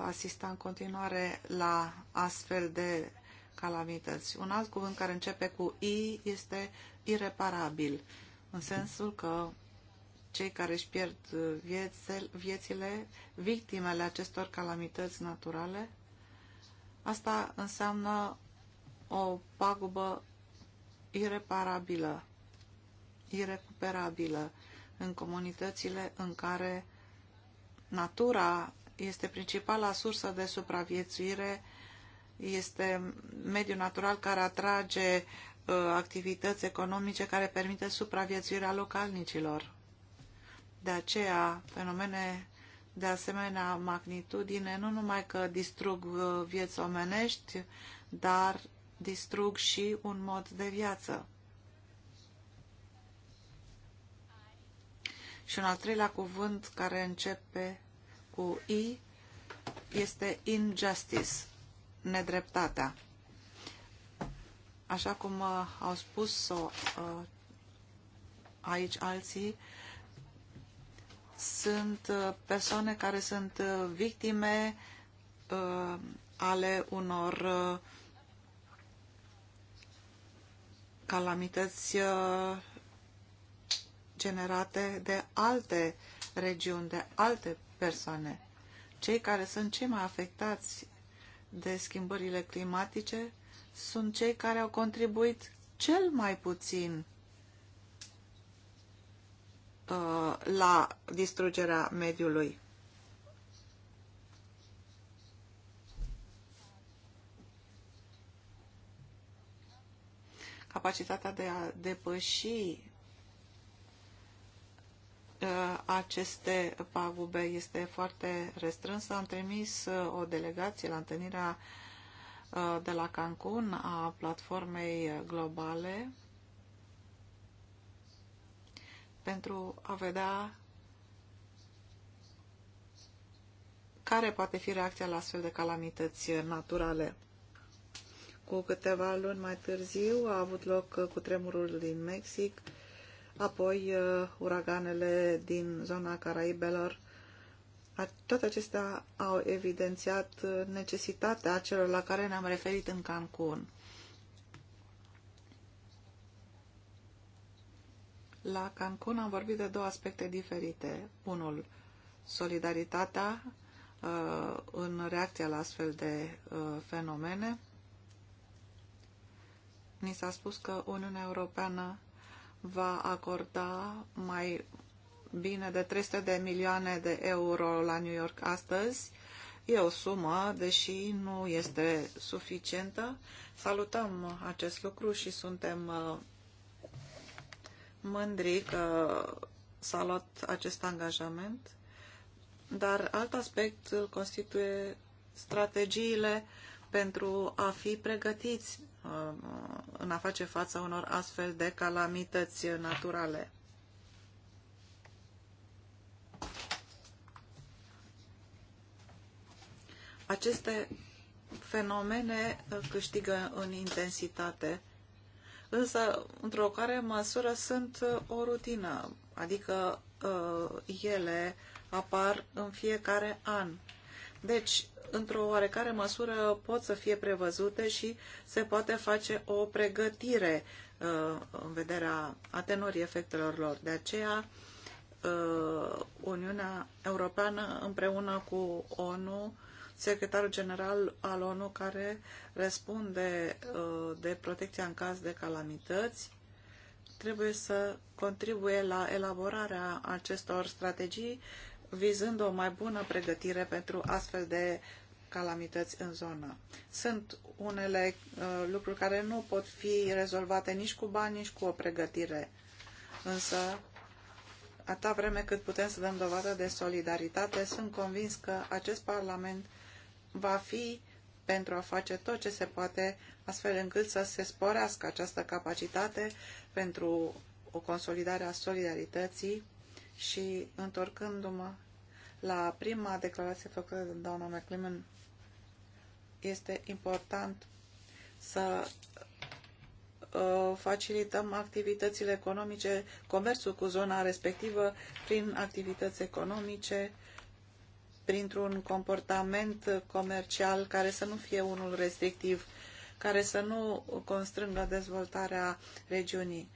asista în continuare la astfel de calamități. Un alt cuvânt care începe cu I este ireparabil, în sensul că cei care își pierd uh, viețile, victimele acestor calamități naturale, asta înseamnă o pagubă ireparabilă, irecuperabilă în comunitățile în care natura este principala sursă de supraviețuire este mediul natural care atrage uh, activități economice care permite supraviețuirea localnicilor. De aceea, fenomene de asemenea magnitudine nu numai că distrug uh, vieți omenești, dar distrug și un mod de viață. Și un al treilea cuvânt care începe cu I este injustice nedreptatea. Așa cum uh, au spus-o uh, aici alții, sunt uh, persoane care sunt uh, victime uh, ale unor uh, calamități uh, generate de alte regiuni, de alte persoane. Cei care sunt cei mai afectați de schimbările climatice sunt cei care au contribuit cel mai puțin uh, la distrugerea mediului. Capacitatea de a depăși Uh, aceste pagube este foarte restrânsă. Am trimis uh, o delegație la întâlnirea uh, de la Cancun a platformei globale pentru a vedea care poate fi reacția la astfel de calamități naturale. Cu câteva luni mai târziu a avut loc cutremurul din Mexic, apoi uh, uraganele din zona Caraibelor. Toate acestea au evidențiat uh, necesitatea celor la care ne-am referit în Cancun. La Cancun am vorbit de două aspecte diferite. Unul, solidaritatea uh, în reacția la astfel de fenomene. Ni s-a spus că Uniunea Europeană va acorda mai bine de 300 de milioane de euro la New York astăzi. E o sumă, deși nu este suficientă. Salutăm acest lucru și suntem uh, mândri că s-a luat acest angajament. Dar alt aspect îl constituie strategiile pentru a fi pregătiți în a face față unor astfel de calamități naturale. Aceste fenomene câștigă în intensitate, însă, într-o care măsură, sunt o rutină, adică uh, ele apar în fiecare an. Deci, într-o oarecare măsură pot să fie prevăzute și se poate face o pregătire uh, în vederea atenuării efectelor lor. De aceea, uh, Uniunea Europeană împreună cu ONU, secretarul general al ONU care răspunde uh, de protecția în caz de calamități, trebuie să contribuie la elaborarea acestor strategii vizând o mai bună pregătire pentru astfel de calamități în zonă. Sunt unele uh, lucruri care nu pot fi rezolvate nici cu bani, nici cu o pregătire. Însă, atâta vreme cât putem să dăm dovadă de solidaritate, sunt convins că acest Parlament va fi pentru a face tot ce se poate, astfel încât să se sporească această capacitate pentru o consolidare a solidarității și, întorcându-mă la prima declarație făcută de doamna McLean este important să uh, facilităm activitățile economice, comerțul cu zona respectivă prin activități economice, printr-un comportament comercial care să nu fie unul restrictiv, care să nu constrângă dezvoltarea regiunii.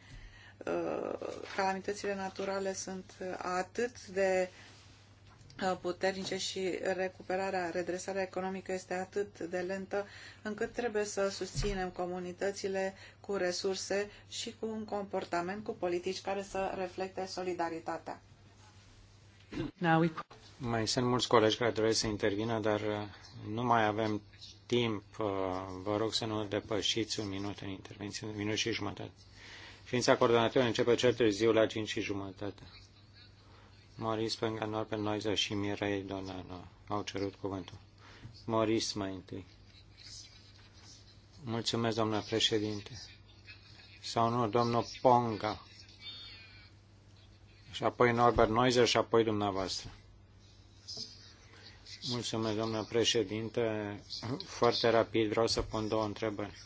Uh, calamitățile naturale sunt atât de uh, Uh, puternice și recuperarea, redresarea economică este atât de lentă încât trebuie să susținem comunitățile cu resurse și cu un comportament, cu politici care să reflecte solidaritatea. Mai sunt mulți colegi care doresc să intervină, dar uh, nu mai avem timp. Uh, vă rog să nu depășiți un minut în intervenție, un minut și jumătate. Ședința coordonatorilor începe cel târziu la 5 și jumătate. Moris nor pe Noiza și Mirei Donano au cerut cuvântul. Moris mai întâi. Mulțumesc, domnule președinte. Sau nu, domnul Ponga. Și apoi Norbert Noizer și apoi dumneavoastră. Mulțumesc, domnule președinte. Foarte rapid vreau să pun două întrebări.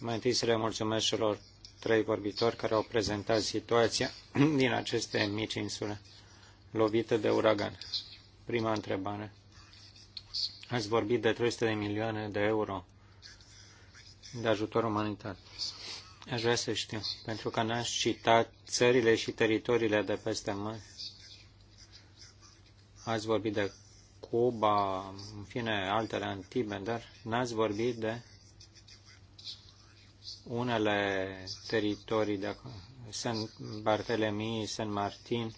Mai întâi să le mulțumesc celor trei vorbitori care au prezentat situația din aceste mici insule lovite de uragan. Prima întrebare. Ați vorbit de 300 de milioane de euro de ajutor umanitar. Aș vrea să știu, pentru că n-aș cita țările și teritoriile de peste mări. Ați vorbit de Cuba, în fine, altele antibe, dar n-ați vorbit de unele teritorii de acolo. San Bartolomei, San Martin,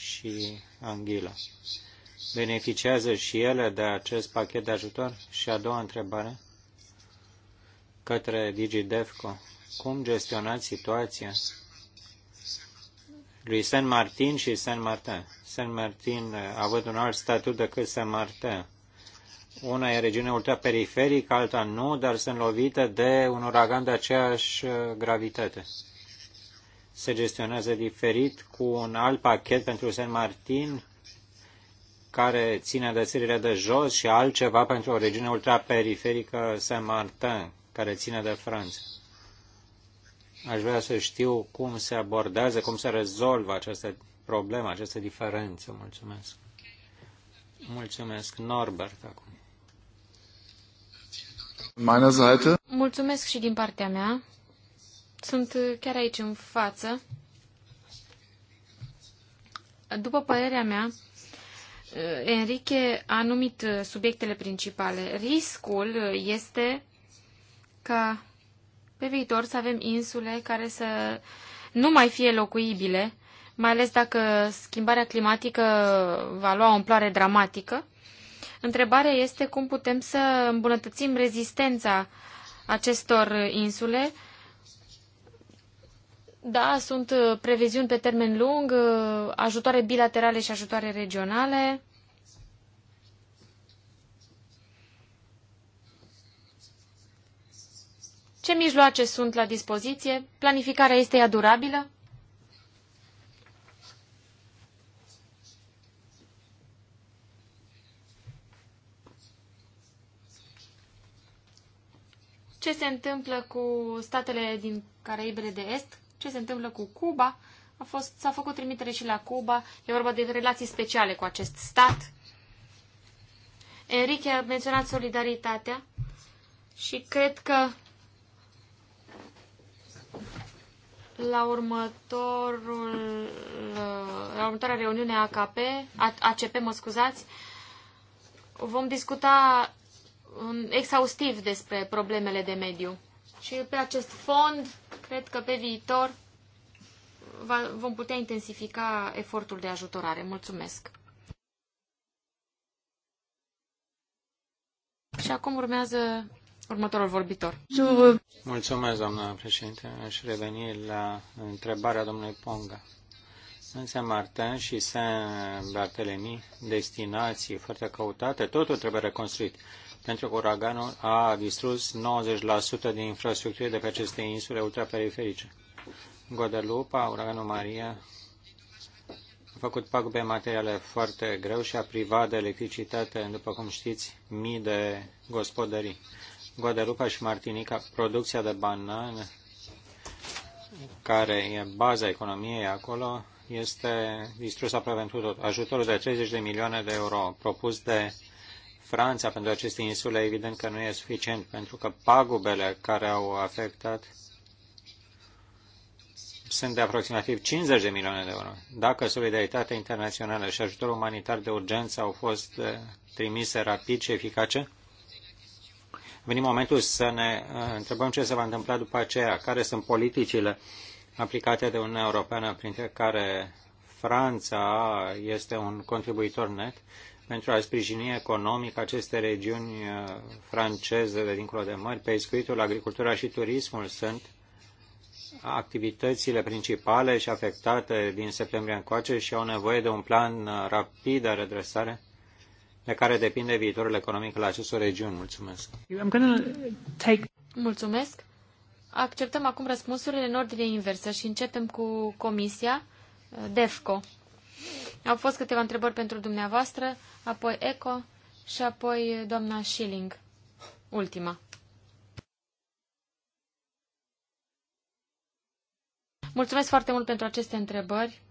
și Anghila. Beneficiază și ele de acest pachet de ajutor? Și a doua întrebare către DigiDevco. Cum gestionați situația lui Saint Martin și San Martin? San Martin a avut un alt statut decât San Martin. Una e regiune ultraperiferică, alta nu, dar sunt lovite de un uragan de aceeași gravitate se gestionează diferit cu un alt pachet pentru San Martin care ține de țările de jos și altceva pentru o regiune ultraperiferică San Martin care ține de Franța. Aș vrea să știu cum se abordează, cum se rezolvă această problemă, această diferență. Mulțumesc. Mulțumesc, Norbert, acum. Mulțumesc și din partea mea. Sunt uh, chiar aici în față. După părerea mea, uh, Enrique a numit uh, subiectele principale. Riscul este ca pe viitor să avem insule care să nu mai fie locuibile, mai ales dacă schimbarea climatică va lua o amploare dramatică. Întrebarea este cum putem să îmbunătățim rezistența acestor insule da, sunt uh, previziuni pe termen lung, uh, ajutoare bilaterale și ajutoare regionale. Ce mijloace sunt la dispoziție? Planificarea este ea durabilă? Ce se întâmplă cu statele din Caraibele de Est? ce se întâmplă cu Cuba. A fost, s-a făcut trimitere și la Cuba. E vorba de relații speciale cu acest stat. Enrique a menționat solidaritatea și cred că la următorul la următoarea reuniune AKP, ACP, mă scuzați, vom discuta exhaustiv despre problemele de mediu. Și pe acest fond cred că pe viitor vom putea intensifica efortul de ajutorare. Mulțumesc! Și acum urmează următorul vorbitor. Mulțumesc, doamnă președinte. Aș reveni la întrebarea domnului Ponga. În Saint-Martin și Saint-Barthélemy, destinații foarte căutate, totul trebuie reconstruit pentru că uraganul a distrus 90% din infrastructurile de pe aceste insule ultraperiferice. Guadalupe, uraganul Maria, a făcut pagube materiale foarte greu și a privat de electricitate, după cum știți, mii de gospodării. Guadalupe și Martinica, producția de banane, care e baza economiei acolo, este distrusă aproape tot. Ajutorul de 30 de milioane de euro propus de Franța pentru aceste insule, evident că nu e suficient, pentru că pagubele care au afectat sunt de aproximativ 50 de milioane de euro. Dacă solidaritatea internațională și ajutorul umanitar de urgență au fost eh, trimise rapid și eficace, venit momentul să ne eh, întrebăm ce se va întâmpla după aceea, care sunt politicile aplicate de Uniunea Europeană, printre care Franța este un contribuitor net, pentru a sprijini economic aceste regiuni uh, franceze de dincolo de mări. Pescuitul, agricultura și turismul sunt activitățile principale și afectate din septembrie încoace și au nevoie de un plan uh, rapid de redresare de care depinde viitorul economic al acestor regiuni. Mulțumesc. Take... Mulțumesc. Acceptăm acum răspunsurile în ordine inversă și începem cu Comisia uh, DEFCO. Au fost câteva întrebări pentru dumneavoastră, apoi ECO și apoi doamna Schilling. Ultima. Mulțumesc foarte mult pentru aceste întrebări.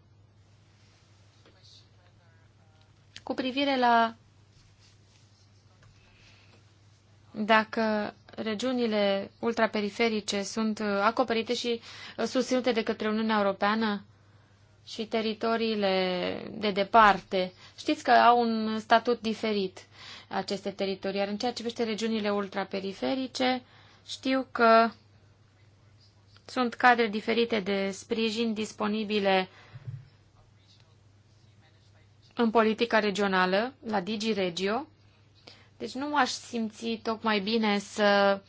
Cu privire la dacă regiunile ultraperiferice sunt acoperite și susținute de către Uniunea Europeană, și teritoriile de departe. Știți că au un statut diferit aceste teritorii, iar în ceea ce privește regiunile ultraperiferice, știu că sunt cadre diferite de sprijin disponibile în politica regională, la DigiRegio. Deci nu aș simți tocmai bine să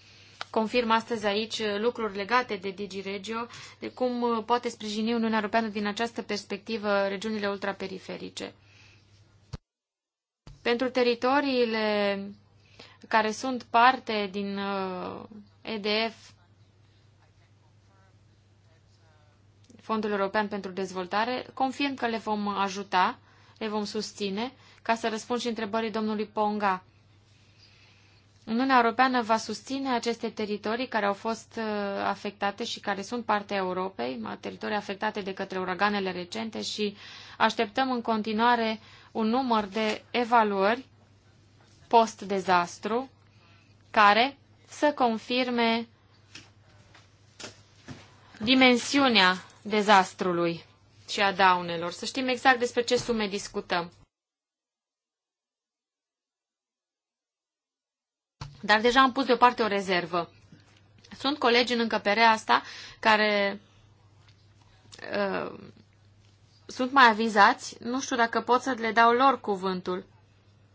confirm astăzi aici lucruri legate de DigiRegio, de cum uh, poate sprijini Uniunea Europeană din această perspectivă regiunile ultraperiferice. Pentru teritoriile care sunt parte din uh, EDF, Fondul European pentru Dezvoltare, confirm că le vom ajuta, le vom susține, ca să răspund și întrebării domnului Ponga. Uniunea Europeană va susține aceste teritorii care au fost uh, afectate și care sunt parte a Europei, teritorii afectate de către uraganele recente și așteptăm în continuare un număr de evaluări post-dezastru care să confirme dimensiunea dezastrului și a daunelor, să știm exact despre ce sume discutăm. Dar deja am pus deoparte o rezervă. Sunt colegi în încăperea asta care uh, sunt mai avizați. Nu știu dacă pot să le dau lor cuvântul.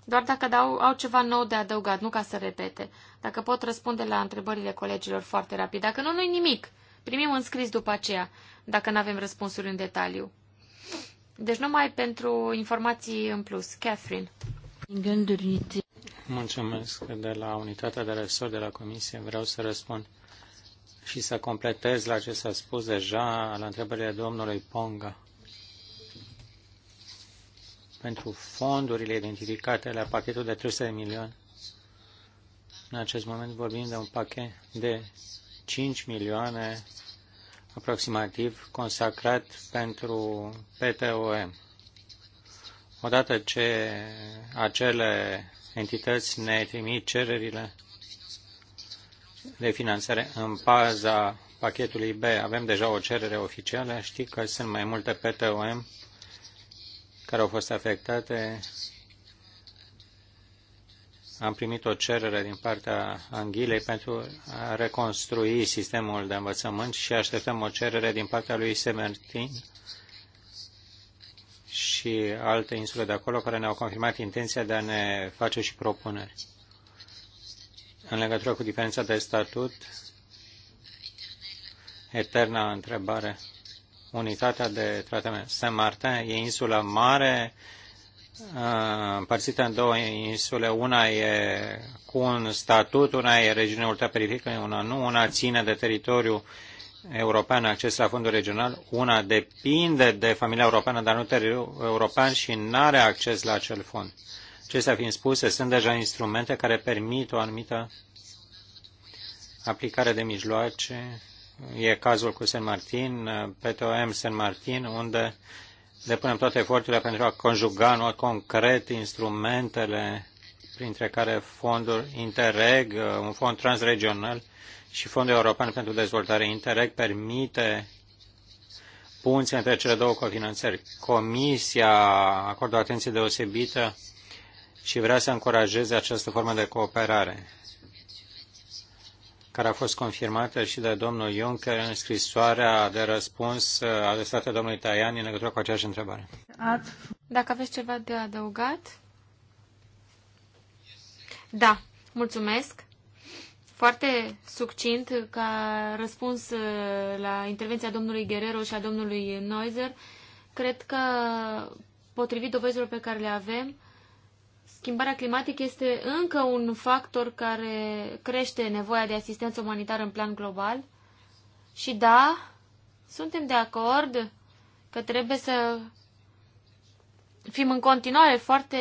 Doar dacă dau, au ceva nou de adăugat, nu ca să repete. Dacă pot răspunde la întrebările colegilor foarte rapid. Dacă nu, nu-i nimic. Primim un scris după aceea, dacă nu avem răspunsuri în detaliu. Deci numai pentru informații în plus. Catherine. Mulțumesc de la unitatea de resort de la Comisie. Vreau să răspund și să completez la ce s-a spus deja la întrebările domnului Ponga. Pentru fondurile identificate la pachetul de 300 de milioane, în acest moment vorbim de un pachet de 5 milioane aproximativ consacrat pentru PTOM. Odată ce acele entități ne trimit cererile de finanțare în paza pachetului B. Avem deja o cerere oficială. Știi că sunt mai multe PTOM care au fost afectate. Am primit o cerere din partea Anghilei pentru a reconstrui sistemul de învățământ și așteptăm o cerere din partea lui Semertin și alte insule de acolo care ne-au confirmat intenția de a ne face și propuneri. În legătură cu diferența de statut, eterna întrebare, unitatea de tratament. Saint Martin e insula mare, uh, împărțită în două insule. Una e cu un statut, una e regiune ultraperifică, una nu, una ține de teritoriu european acces la fondul regional, una depinde de familia europeană, dar nu teritoriul european și nu are acces la acel fond. Acestea fiind spuse, sunt deja instrumente care permit o anumită aplicare de mijloace. E cazul cu San Martin, PTOM San Martin, unde depunem toate eforturile pentru a conjuga în mod concret instrumentele, printre care fondul Interreg, un fond transregional și Fondul European pentru Dezvoltare Interreg permite punți între cele două cofinanțări. Comisia acordă o atenție deosebită și vrea să încurajeze această formă de cooperare, care a fost confirmată și de domnul Juncker în scrisoarea de răspuns adresată domnului Tajani în legătură cu aceeași întrebare. Dacă aveți ceva de adăugat? Da, mulțumesc. Foarte succint, ca răspuns uh, la intervenția domnului Guerrero și a domnului Noizer, cred că, potrivit dovezilor pe care le avem, schimbarea climatică este încă un factor care crește nevoia de asistență umanitară în plan global. Și da, suntem de acord că trebuie să fim în continuare foarte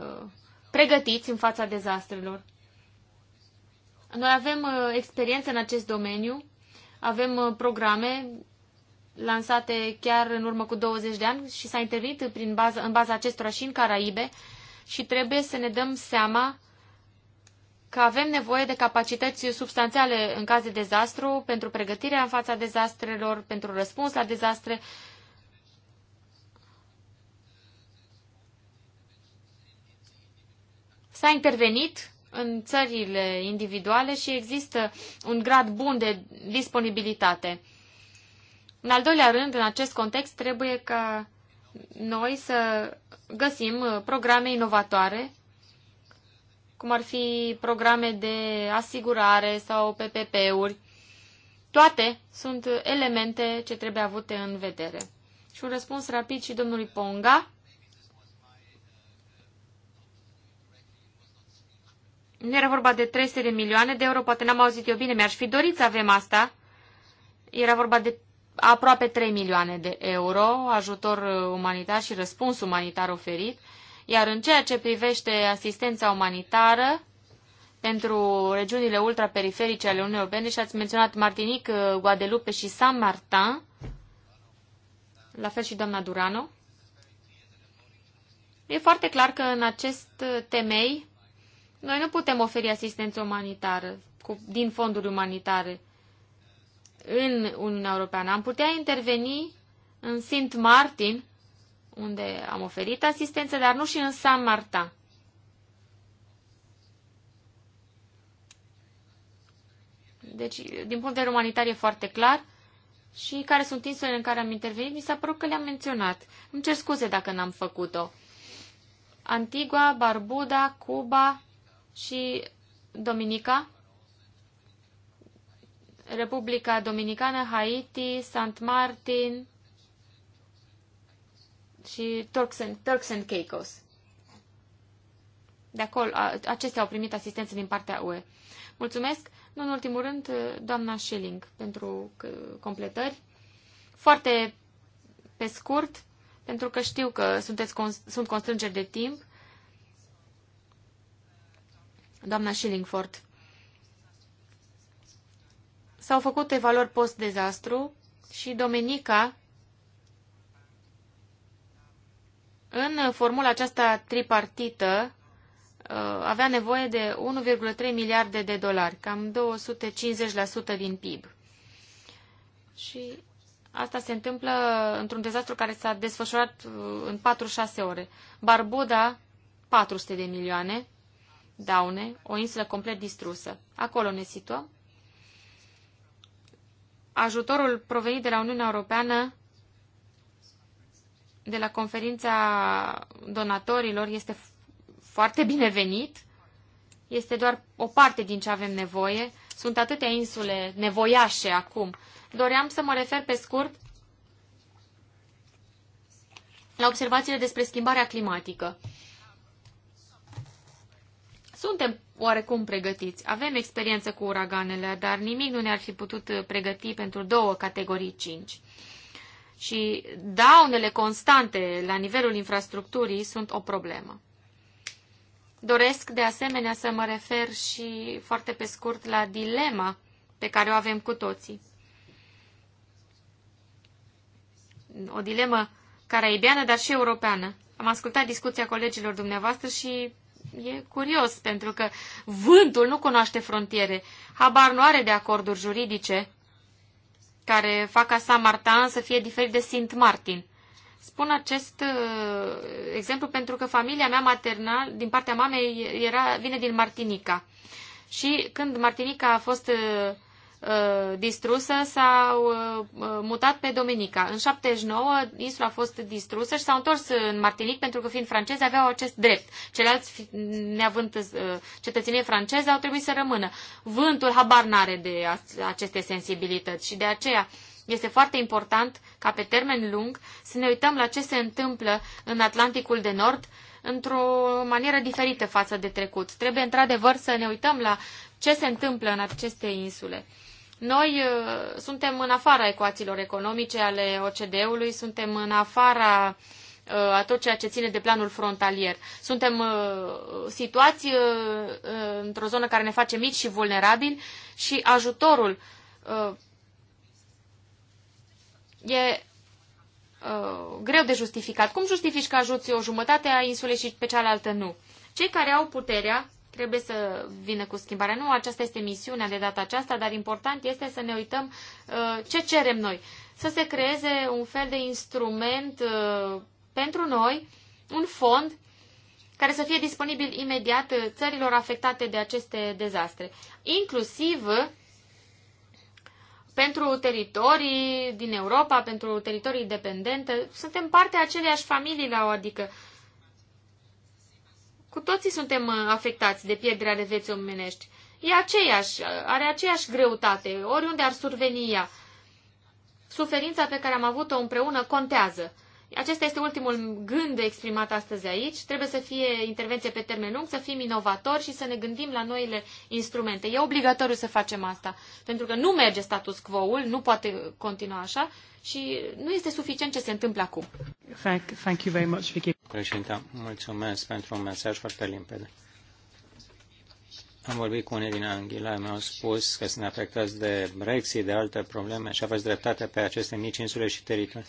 uh, pregătiți în fața dezastrelor. Noi avem uh, experiență în acest domeniu, avem uh, programe lansate chiar în urmă cu 20 de ani și s-a intervenit prin bază, în baza acestora și în Caraibe și trebuie să ne dăm seama că avem nevoie de capacități substanțiale în caz de dezastru, pentru pregătirea în fața dezastrelor, pentru răspuns la dezastre. S-a intervenit în țările individuale și există un grad bun de disponibilitate. În al doilea rând, în acest context, trebuie ca noi să găsim programe inovatoare, cum ar fi programe de asigurare sau PPP-uri. Toate sunt elemente ce trebuie avute în vedere. Și un răspuns rapid și domnului Ponga. Nu era vorba de 300 de milioane de euro, poate n-am auzit eu bine, mi-aș fi dorit să avem asta. Era vorba de aproape 3 milioane de euro, ajutor uh, umanitar și răspuns umanitar oferit. Iar în ceea ce privește asistența umanitară pentru regiunile ultraperiferice ale Uniunii Europene, și ați menționat Martinic, uh, Guadeloupe și San martin la fel și doamna Durano, e foarte clar că în acest uh, temei noi nu putem oferi asistență umanitară cu, din fonduri umanitare în Uniunea Europeană. Am putea interveni în Sint Martin, unde am oferit asistență, dar nu și în San Martin. Deci, din punct de vedere umanitar e foarte clar și care sunt insulele în care am intervenit, mi s-a părut că le-am menționat. Îmi cer scuze dacă n-am făcut-o. Antigua, Barbuda, Cuba, și Dominica, Republica Dominicană, Haiti, St. Martin și Turks and, Turks and Caicos. De acolo, acestea au primit asistență din partea UE. Mulțumesc, nu în ultimul rând, doamna Schilling, pentru completări. Foarte pe scurt, pentru că știu că sunteți, sunt constrângeri de timp doamna Schillingford. S-au făcut evaluări post-dezastru și Domenica, în formula aceasta tripartită, uh, avea nevoie de 1,3 miliarde de dolari, cam 250% din PIB. Și asta se întâmplă într-un dezastru care s-a desfășurat uh, în 4-6 ore. Barbuda, 400 de milioane daune, o insulă complet distrusă. Acolo ne situăm. Ajutorul provenit de la Uniunea Europeană, de la conferința donatorilor, este foarte binevenit. Este doar o parte din ce avem nevoie. Sunt atâtea insule nevoiașe acum. Doream să mă refer pe scurt la observațiile despre schimbarea climatică. Suntem oarecum pregătiți. Avem experiență cu uraganele, dar nimic nu ne-ar fi putut pregăti pentru două categorii 5. Și daunele constante la nivelul infrastructurii sunt o problemă. Doresc de asemenea să mă refer și foarte pe scurt la dilema pe care o avem cu toții. O dilemă caraibiană, dar și europeană. Am ascultat discuția colegilor dumneavoastră și E curios, pentru că vântul nu cunoaște frontiere. Habar nu are de acorduri juridice care fac ca San martin să fie diferit de Sint-Martin. Spun acest uh, exemplu pentru că familia mea maternă, din partea mamei, era, vine din Martinica. Și când Martinica a fost uh, Uh, distrusă, s-au uh, uh, mutat pe Dominica. În 79 insula a fost distrusă și s-au întors în Martinic pentru că fiind francezi aveau acest drept. Ceilalți, neavând cetățenie franceză, au trebuit să rămână. Vântul habar n-are de aceste sensibilități și de aceea este foarte important ca pe termen lung să ne uităm la ce se întâmplă în Atlanticul de Nord într-o manieră diferită față de trecut. Trebuie într-adevăr să ne uităm la ce se întâmplă în aceste insule. Noi uh, suntem în afara ecuațiilor economice ale OCDE-ului, suntem în afara uh, a tot ceea ce ține de planul frontalier. Suntem uh, situați într-o zonă care ne face mici și vulnerabili și ajutorul e greu de justificat. Cum justifici că ajuți o jumătate a insulei și pe cealaltă nu? Cei care au puterea trebuie să vină cu schimbarea. Nu, aceasta este misiunea de data aceasta, dar important este să ne uităm uh, ce cerem noi. Să se creeze un fel de instrument uh, pentru noi, un fond care să fie disponibil imediat uh, țărilor afectate de aceste dezastre, inclusiv pentru teritorii din Europa, pentru teritorii dependente. Suntem parte a aceleași familii la o, adică cu toții suntem uh, afectați de pierderea de vieți omenești. E aceeași, uh, are aceeași greutate, oriunde ar surveni ea. Suferința pe care am avut-o împreună contează. Acesta este ultimul gând exprimat astăzi aici. Trebuie să fie intervenție pe termen lung, să fim inovatori și să ne gândim la noile instrumente. E obligatoriu să facem asta, pentru că nu merge status quo-ul, nu poate continua așa și nu este suficient ce se întâmplă acum. Thank, thank you very much, Vicky. Președinte, mulțumesc pentru un mesaj foarte limpede. Am vorbit cu unii din Anghila, mi-au spus că sunt afectați de Brexit, de alte probleme și aveți dreptate pe aceste mici insule și teritorii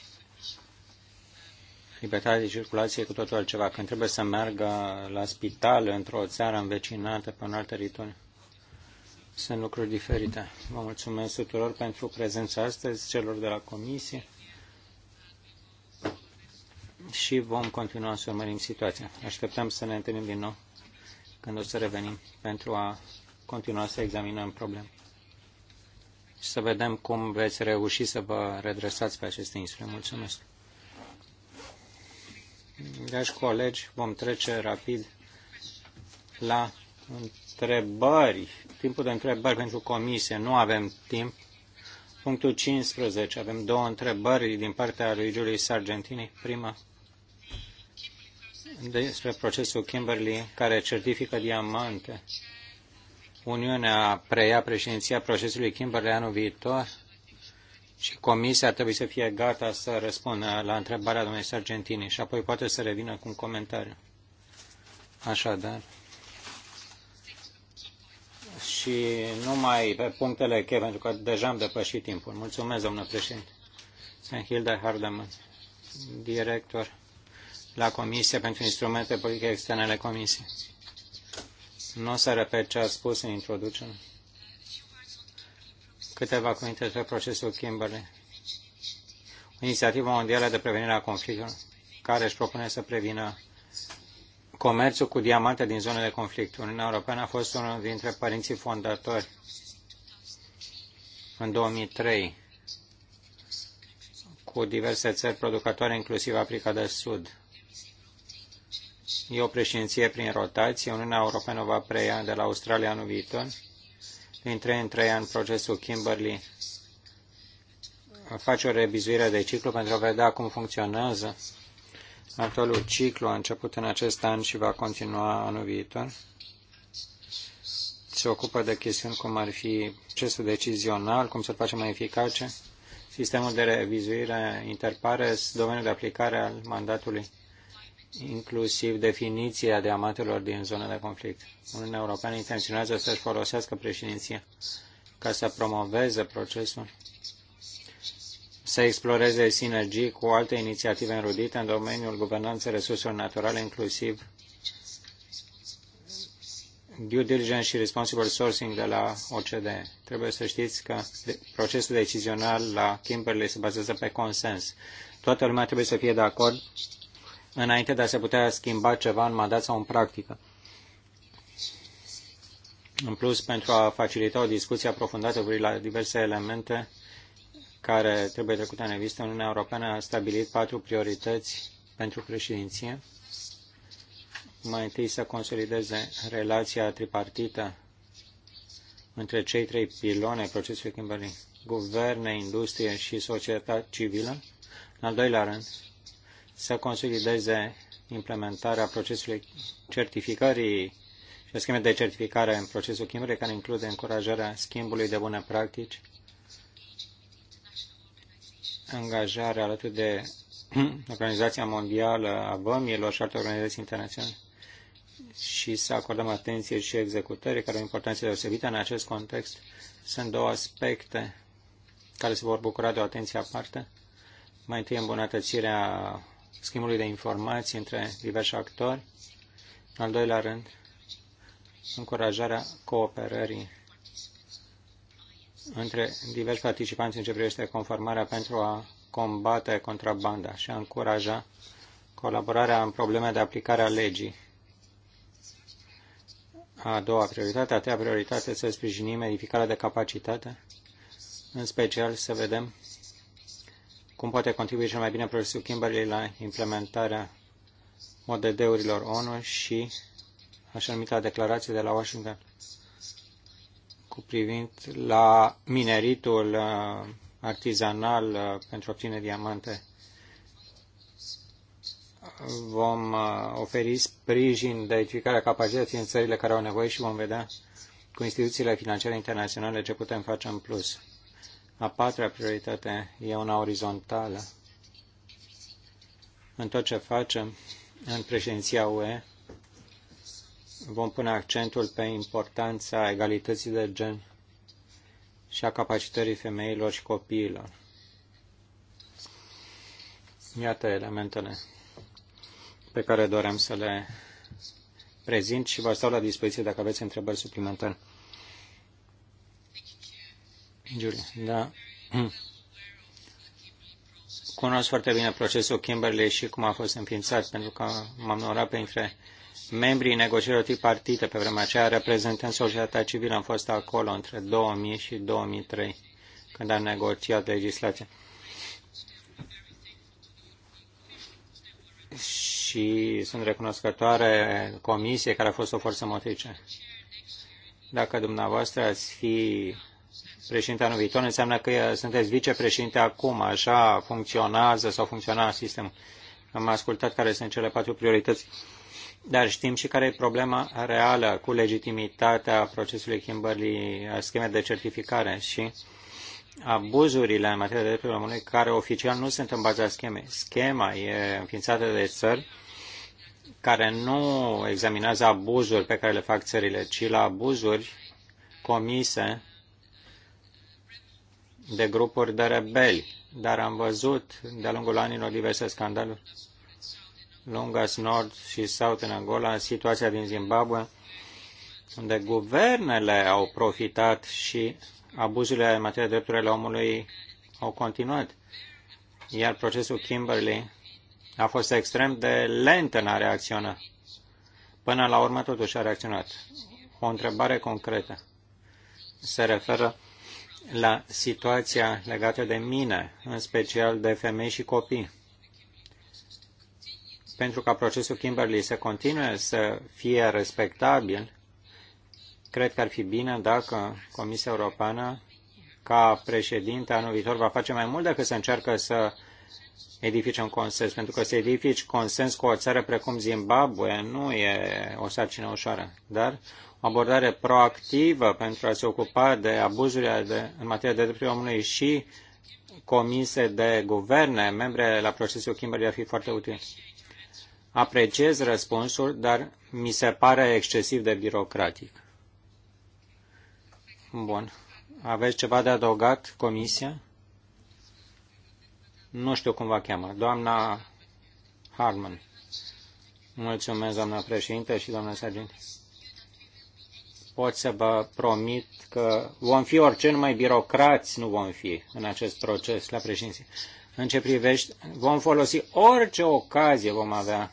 libertatea de circulație cu totul altceva. Când trebuie să meargă la spital într-o țară învecinată pe un alt teritoriu, sunt lucruri diferite. Vă mulțumesc tuturor pentru prezența astăzi, celor de la comisie și vom continua să urmărim situația. Așteptăm să ne întâlnim din nou când o să revenim pentru a continua să examinăm probleme și să vedem cum veți reuși să vă redresați pe aceste insule. Mulțumesc! Dragi colegi, vom trece rapid la întrebări. Timpul de întrebări pentru comisie. Nu avem timp. Punctul 15. Avem două întrebări din partea lui Julius Sargentini. Prima despre procesul Kimberley care certifică diamante. Uniunea preia președinția procesului Kimberley anul viitor și comisia trebuie să fie gata să răspundă la întrebarea domnului Sargentini și apoi poate să revină cu un comentariu. Așadar. Și numai pe punctele cheie, pentru că deja am depășit timpul. Mulțumesc, domnule președinte. Sunt Hilda Hardeman, director la Comisie pentru Instrumente Politice Externe ale Comisiei. Nu o să repet ce a spus în introducere. Câteva cuvinte despre procesul Kimberley. inițiativă Mondială de Prevenire a conflictului care își propune să prevină comerțul cu diamante din zone de conflict. Uniunea Europeană a fost unul dintre părinții fondatori în 2003 cu diverse țări producătoare, inclusiv Africa de Sud. E o președinție prin rotație. Uniunea Europeană va preia de la Australia anul viitor din 3 în 3 ani procesul Kimberley face o revizuire de ciclu pentru a vedea cum funcționează. Actualul ciclu a început în acest an și va continua anul viitor. Se ocupă de chestiuni cum ar fi procesul decizional, cum să-l facem mai eficace, sistemul de revizuire interpares, domeniul de aplicare al mandatului inclusiv definiția de diamantelor din zona de conflict. Uniunea Europeană intenționează să-și folosească președinția ca să promoveze procesul, să exploreze sinergii cu alte inițiative înrudite în domeniul guvernanței resurselor naturale, inclusiv due diligence și responsible sourcing de la OCDE. Trebuie să știți că procesul decizional la Kimberley se bazează pe consens. Toată lumea trebuie să fie de acord înainte de a se putea schimba ceva în mandat sau în practică. În plus, pentru a facilita o discuție aprofundată cu la diverse elemente care trebuie trecute în revistă, Uniunea Europeană a stabilit patru priorități pentru președinție. Mai întâi să consolideze relația tripartită între cei trei piloni ai procesului schimbării, guverne, industrie și societate civilă. În al doilea rând, să consolideze implementarea procesului certificării și scheme de certificare în procesul chimbului, care include încurajarea schimbului de bune practici, angajarea alături de Organizația Mondială a Vămilor și alte organizații internaționale și să acordăm atenție și executării, care au importanță deosebită în acest context. Sunt două aspecte care se vor bucura de o atenție aparte. Mai întâi îmbunătățirea schimbului de informații între diversi actori. În al doilea rând, încurajarea cooperării între diversi participanți în ce privește conformarea pentru a combate contrabanda și a încuraja colaborarea în probleme de aplicare a legii. A doua prioritate, a treia prioritate, să sprijinim edificarea de capacitate, în special să vedem cum poate contribui cel mai bine profesorul Kimberley la implementarea modedeurilor ONU și așa numită declarație de la Washington cu privind la mineritul uh, artizanal uh, pentru obține diamante. Vom uh, oferi sprijin de edificarea capacității în țările care au nevoie și vom vedea cu instituțiile financiare internaționale ce putem face în plus. A patra prioritate e una orizontală. În tot ce facem, în președinția UE, vom pune accentul pe importanța egalității de gen și a capacitării femeilor și copiilor. Iată elementele pe care doream să le prezint și vă stau la dispoziție dacă aveți întrebări suplimentare. Julie, da. Cunosc foarte bine procesul Kimberley și cum a fost înființat, pentru că m-am norat printre membrii negocierilor tripartite pe vremea aceea, reprezentând societatea civilă, am fost acolo între 2000 și 2003, când am negociat legislația. Și sunt recunoscătoare comisiei care a fost o forță motrice. Dacă dumneavoastră ați fi președinte anul viitor, înseamnă că uh, sunteți vicepreședinte acum, așa funcționează sau funcționa sistemul. Am ascultat care sunt cele patru priorități, dar știm și care e problema reală cu legitimitatea procesului schimbării scheme de certificare și abuzurile în materie de drepturi omului care oficial nu sunt în baza schemei. Schema e înființată de țări care nu examinează abuzuri pe care le fac țările, ci la abuzuri comise de grupuri de rebeli, dar am văzut de-a lungul anilor diverse scandaluri. Lungas Nord și South în Angola, situația din Zimbabwe, unde guvernele au profitat și abuzurile în materie de drepturile omului au continuat. Iar procesul Kimberley a fost extrem de lent în a reacționa. Până la urmă, totuși a reacționat. O întrebare concretă se referă la situația legată de mine, în special de femei și copii. Pentru ca procesul Kimberley să continue să fie respectabil, cred că ar fi bine dacă Comisia Europeană, ca președinte anul viitor, va face mai mult decât să încearcă să edifice un consens, pentru că să edifici consens cu o țară precum Zimbabwe nu e o sarcină ușoară, dar abordare proactivă pentru a se ocupa de abuzurile de, în materie de drepturi omului și comise de guverne, membre la procesul Kimberley ar fi foarte util. Apreciez răspunsul, dar mi se pare excesiv de birocratic. Bun. Aveți ceva de adăugat, comisia? Nu știu cum va cheamă. Doamna Harman. Mulțumesc, doamna președinte și doamna Sergent pot să vă promit că vom fi orice numai birocrați nu vom fi în acest proces la președinție. În ce privește, vom folosi orice ocazie vom avea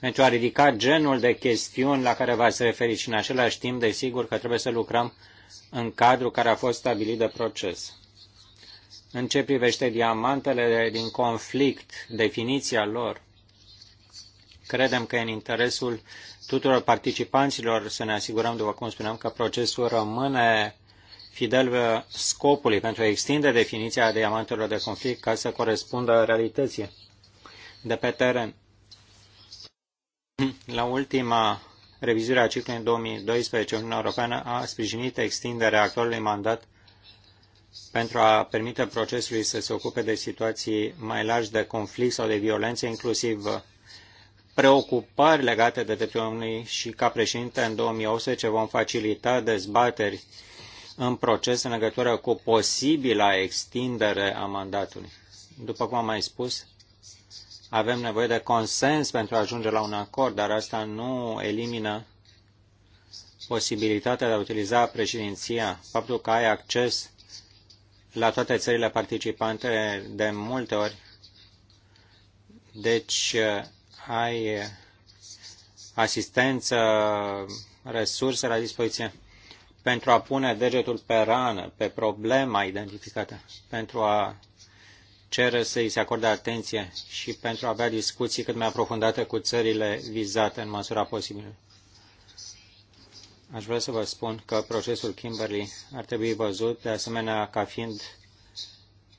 pentru a ridica genul de chestiuni la care v-ați referit și în același timp, desigur, că trebuie să lucrăm în cadrul care a fost stabilit de proces. În ce privește diamantele din conflict, definiția lor, credem că e în interesul tuturor participanților să ne asigurăm, după cum spuneam, că procesul rămâne fidel scopului pentru a extinde definiția diamantelor de conflict ca să corespundă realității de pe teren. La ultima revizuire a ciclului în 2012, Uniunea Europeană a sprijinit extinderea actualului mandat pentru a permite procesului să se ocupe de situații mai largi de conflict sau de violență, inclusiv preocupări legate de drepturile omului și ca președinte în 2018 vom facilita dezbateri în proces în legătură cu posibila extindere a mandatului. După cum am mai spus, avem nevoie de consens pentru a ajunge la un acord, dar asta nu elimină posibilitatea de a utiliza președinția, faptul că ai acces la toate țările participante de multe ori. Deci ai uh, asistență, resurse la dispoziție pentru a pune degetul pe rană, pe problema identificată, pentru a cere să îi se acorde atenție și pentru a avea discuții cât mai aprofundate cu țările vizate în măsura posibilă. Aș vrea să vă spun că procesul Kimberley ar trebui văzut de asemenea ca fiind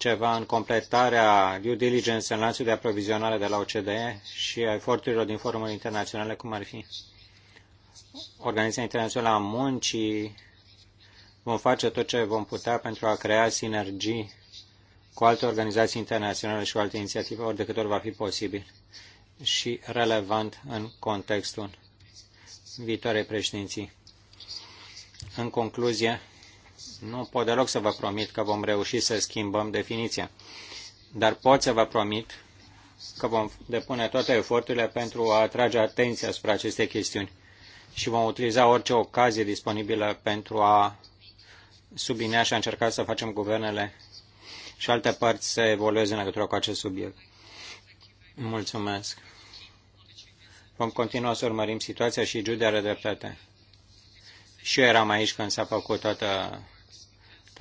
ceva în completarea due diligence în lanțul de aprovizionare de la OCDE și a eforturilor din forumurile internaționale, cum ar fi Organizația Internațională a Muncii. Vom face tot ce vom putea pentru a crea sinergii cu alte organizații internaționale și cu alte inițiative, ori de câte ori va fi posibil și relevant în contextul viitoarei președinții. În concluzie, nu pot deloc să vă promit că vom reuși să schimbăm definiția, dar pot să vă promit că vom depune toate eforturile pentru a atrage atenția asupra acestei chestiuni și vom utiliza orice ocazie disponibilă pentru a sublinea și a încerca să facem guvernele și alte părți să evolueze în legătură cu acest subiect. Mulțumesc. Vom continua să urmărim situația și Judy are dreptate. Și eu eram aici când s-a făcut toată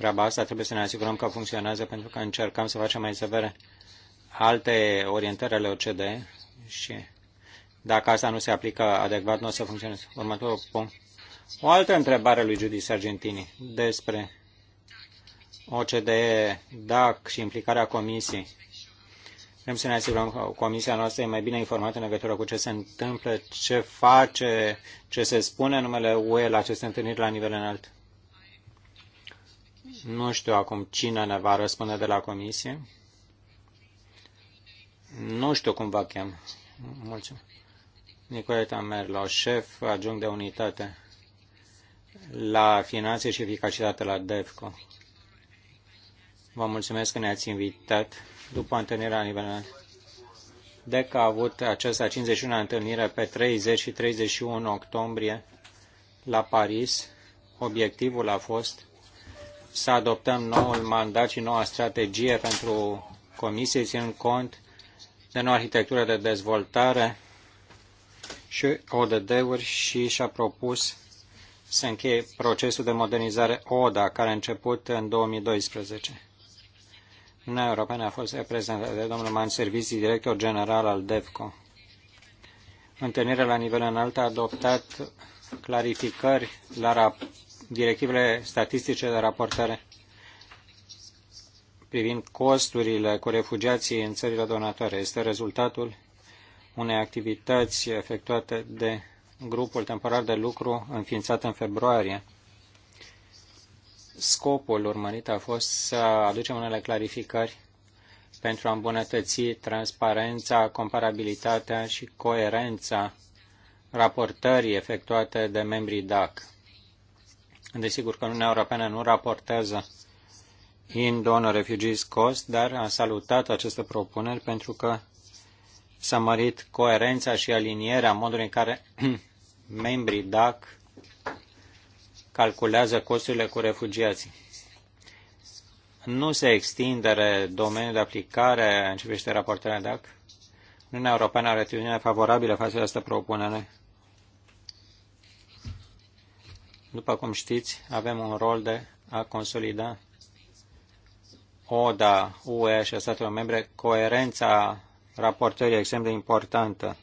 treaba asta, trebuie să ne asigurăm că funcționează pentru că încercăm să facem mai severe alte orientări ale OCD și dacă asta nu se aplică adecvat, nu o să funcționeze. Următorul punct. O altă întrebare lui Judy Sargentini despre OCD, DAC și implicarea comisiei. Vrem să ne asigurăm că comisia noastră e mai bine informată în legătură cu ce se întâmplă, ce face, ce se spune în numele UE la aceste întâlniri la nivel înalt. Nu știu acum cine ne va răspunde de la comisie. Nu știu cum vă chem. Mulțumesc. Nicoleta Merlo, șef adjunct de unitate la finanțe și eficacitate la DEFCO. Vă mulțumesc că ne-ați invitat după întâlnirea la nivel DEC a avut această 51 întâlnire pe 30 și 31 octombrie la Paris. Obiectivul a fost să adoptăm noul mandat și noua strategie pentru Comisie, ținând cont de noua arhitectură de dezvoltare și ODD-uri și și-a propus să încheie procesul de modernizare ODA, care a început în 2012. Uniunea Europeană a fost reprezentată de domnul Man director general al DEVCO. Întâlnirea la nivel înalt a adoptat clarificări la rap- directivele statistice de raportare privind costurile cu refugiații în țările donatoare. Este rezultatul unei activități efectuate de grupul temporar de lucru înființat în februarie. Scopul urmărit a fost să aducem unele clarificări pentru a îmbunătăți transparența, comparabilitatea și coerența raportării efectuate de membrii DAC. Desigur că Uniunea Europeană nu raportează in donor refugees cost, dar a salutat aceste propuneri pentru că s-a mărit coerența și alinierea modului în care membrii DAC calculează costurile cu refugiații. Nu se extindere domeniul de aplicare în ce privește raportarea DAC. Uniunea Europeană are atitudine favorabilă față de această propunere După cum știți, avem un rol de a consolida ODA, UE și a membre, coerența raportării extrem de importantă.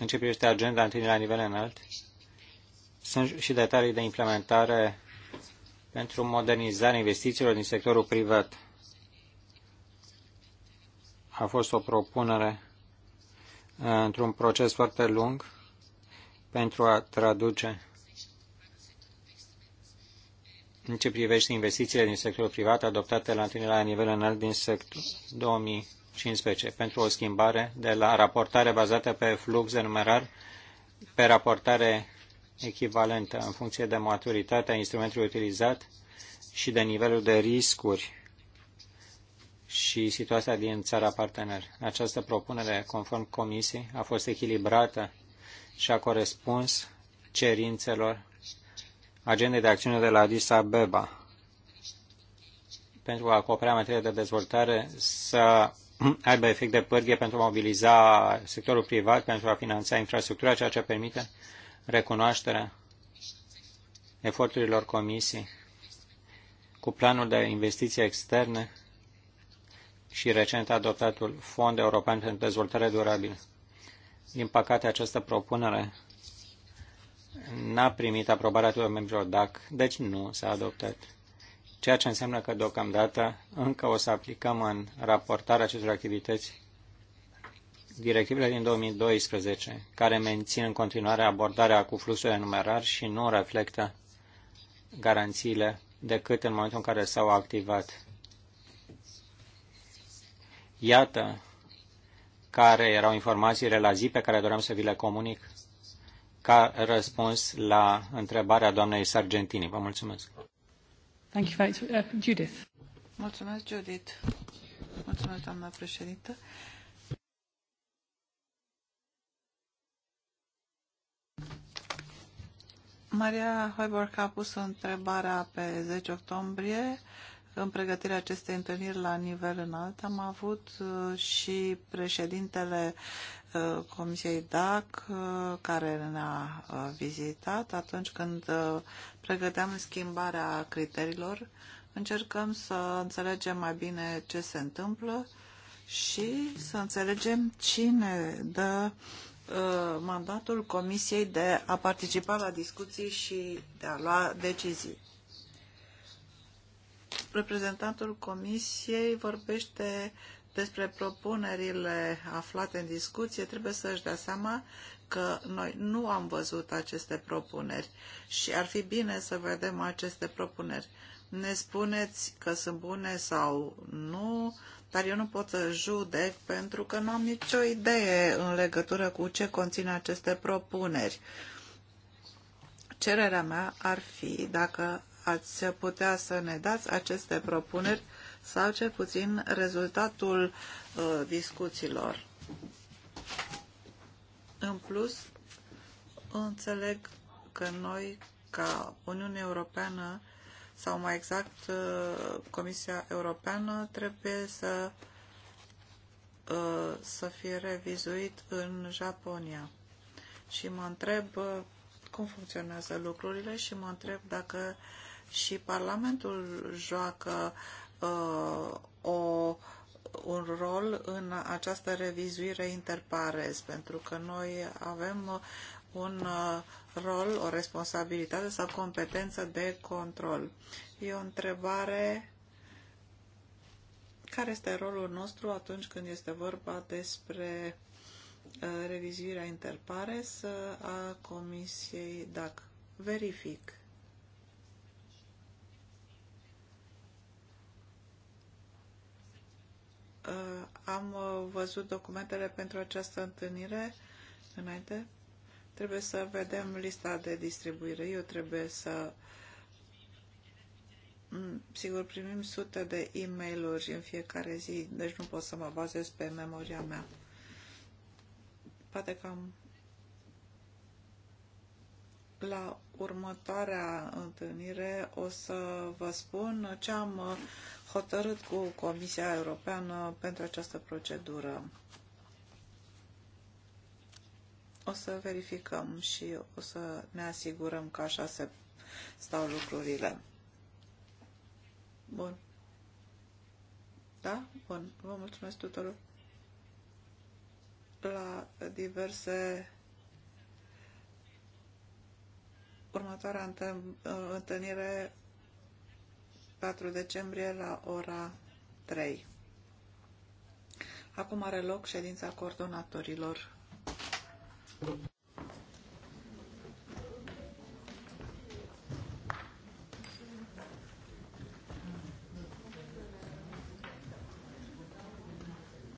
În ce privește agenda întâlnirii la nivel înalt, sunt și detalii de implementare pentru modernizarea investițiilor din sectorul privat. A fost o propunere într-un proces foarte lung pentru a traduce în ce privește investițiile din sectorul privat adoptate la întâlnirea la nivel înalt din sectorul 2015 pentru o schimbare de la raportare bazată pe flux de numerar pe raportare echivalentă în funcție de maturitatea instrumentului utilizat și de nivelul de riscuri și situația din țara partener. Această propunere, conform Comisiei, a fost echilibrată și a corespuns cerințelor agendei de acțiune de la Addis Abeba pentru a acoperi materie de dezvoltare să aibă efect de pârghie pentru a mobiliza sectorul privat pentru a finanța infrastructura, ceea ce permite recunoașterea eforturilor comisii cu planul de investiții externe și recent adoptatul Fond European pentru Dezvoltare Durabilă. Din păcate, această propunere n-a primit aprobarea tuturor membrilor DAC, deci nu s-a adoptat. Ceea ce înseamnă că deocamdată încă o să aplicăm în raportarea acestor activități directivele din 2012, care mențin în continuare abordarea cu de numerar și nu reflectă garanțiile decât în momentul în care s-au activat. Iată care erau informațiile la zi pe care doream să vi le comunic ca răspuns la întrebarea doamnei Sargentini. Vă mulțumesc. Thank you, uh, Judith. Mulțumesc, Judith. Mulțumesc, doamna președintă. Maria Hoiberg a pus întrebarea pe 10 octombrie în pregătirea acestei întâlniri la nivel înalt am avut uh, și președintele uh, Comisiei DAC uh, care ne-a vizitat atunci când pregăteam schimbarea criteriilor. Încercăm să înțelegem mai bine ce se întâmplă și să înțelegem cine dă mandatul Comisiei de a participa la discuții și de a lua decizii reprezentantul Comisiei vorbește despre propunerile aflate în discuție, trebuie să își dea seama că noi nu am văzut aceste propuneri și ar fi bine să vedem aceste propuneri. Ne spuneți că sunt bune sau nu, dar eu nu pot să judec pentru că nu am nicio idee în legătură cu ce conțin aceste propuneri. Cererea mea ar fi dacă ați putea să ne dați aceste propuneri sau cel puțin rezultatul uh, discuțiilor. În plus, înțeleg că noi, ca Uniunea Europeană, sau mai exact uh, Comisia Europeană, trebuie să, uh, să fie revizuit în Japonia. Și mă întreb uh, cum funcționează lucrurile și mă întreb dacă uh, și Parlamentul joacă uh, o, un rol în această revizuire interpares, pentru că noi avem un uh, rol, o responsabilitate sau competență de control. E o întrebare care este rolul nostru atunci când este vorba despre uh, revizuirea interpares uh, a Comisiei DAC. Verific Uh, am uh, văzut documentele pentru această întâlnire înainte. Trebuie să vedem lista de distribuire. Eu trebuie să... Mm, sigur, primim sute de e mail în fiecare zi, deci nu pot să mă bazez pe memoria mea. Poate că am la următoarea întâlnire o să vă spun ce am uh, hotărât cu Comisia Europeană pentru această procedură. O să verificăm și o să ne asigurăm că așa se stau lucrurile. Bun. Da? Bun. Vă mulțumesc tuturor. La diverse următoarea întâlnire 4 decembrie la ora 3. Acum are loc ședința coordonatorilor.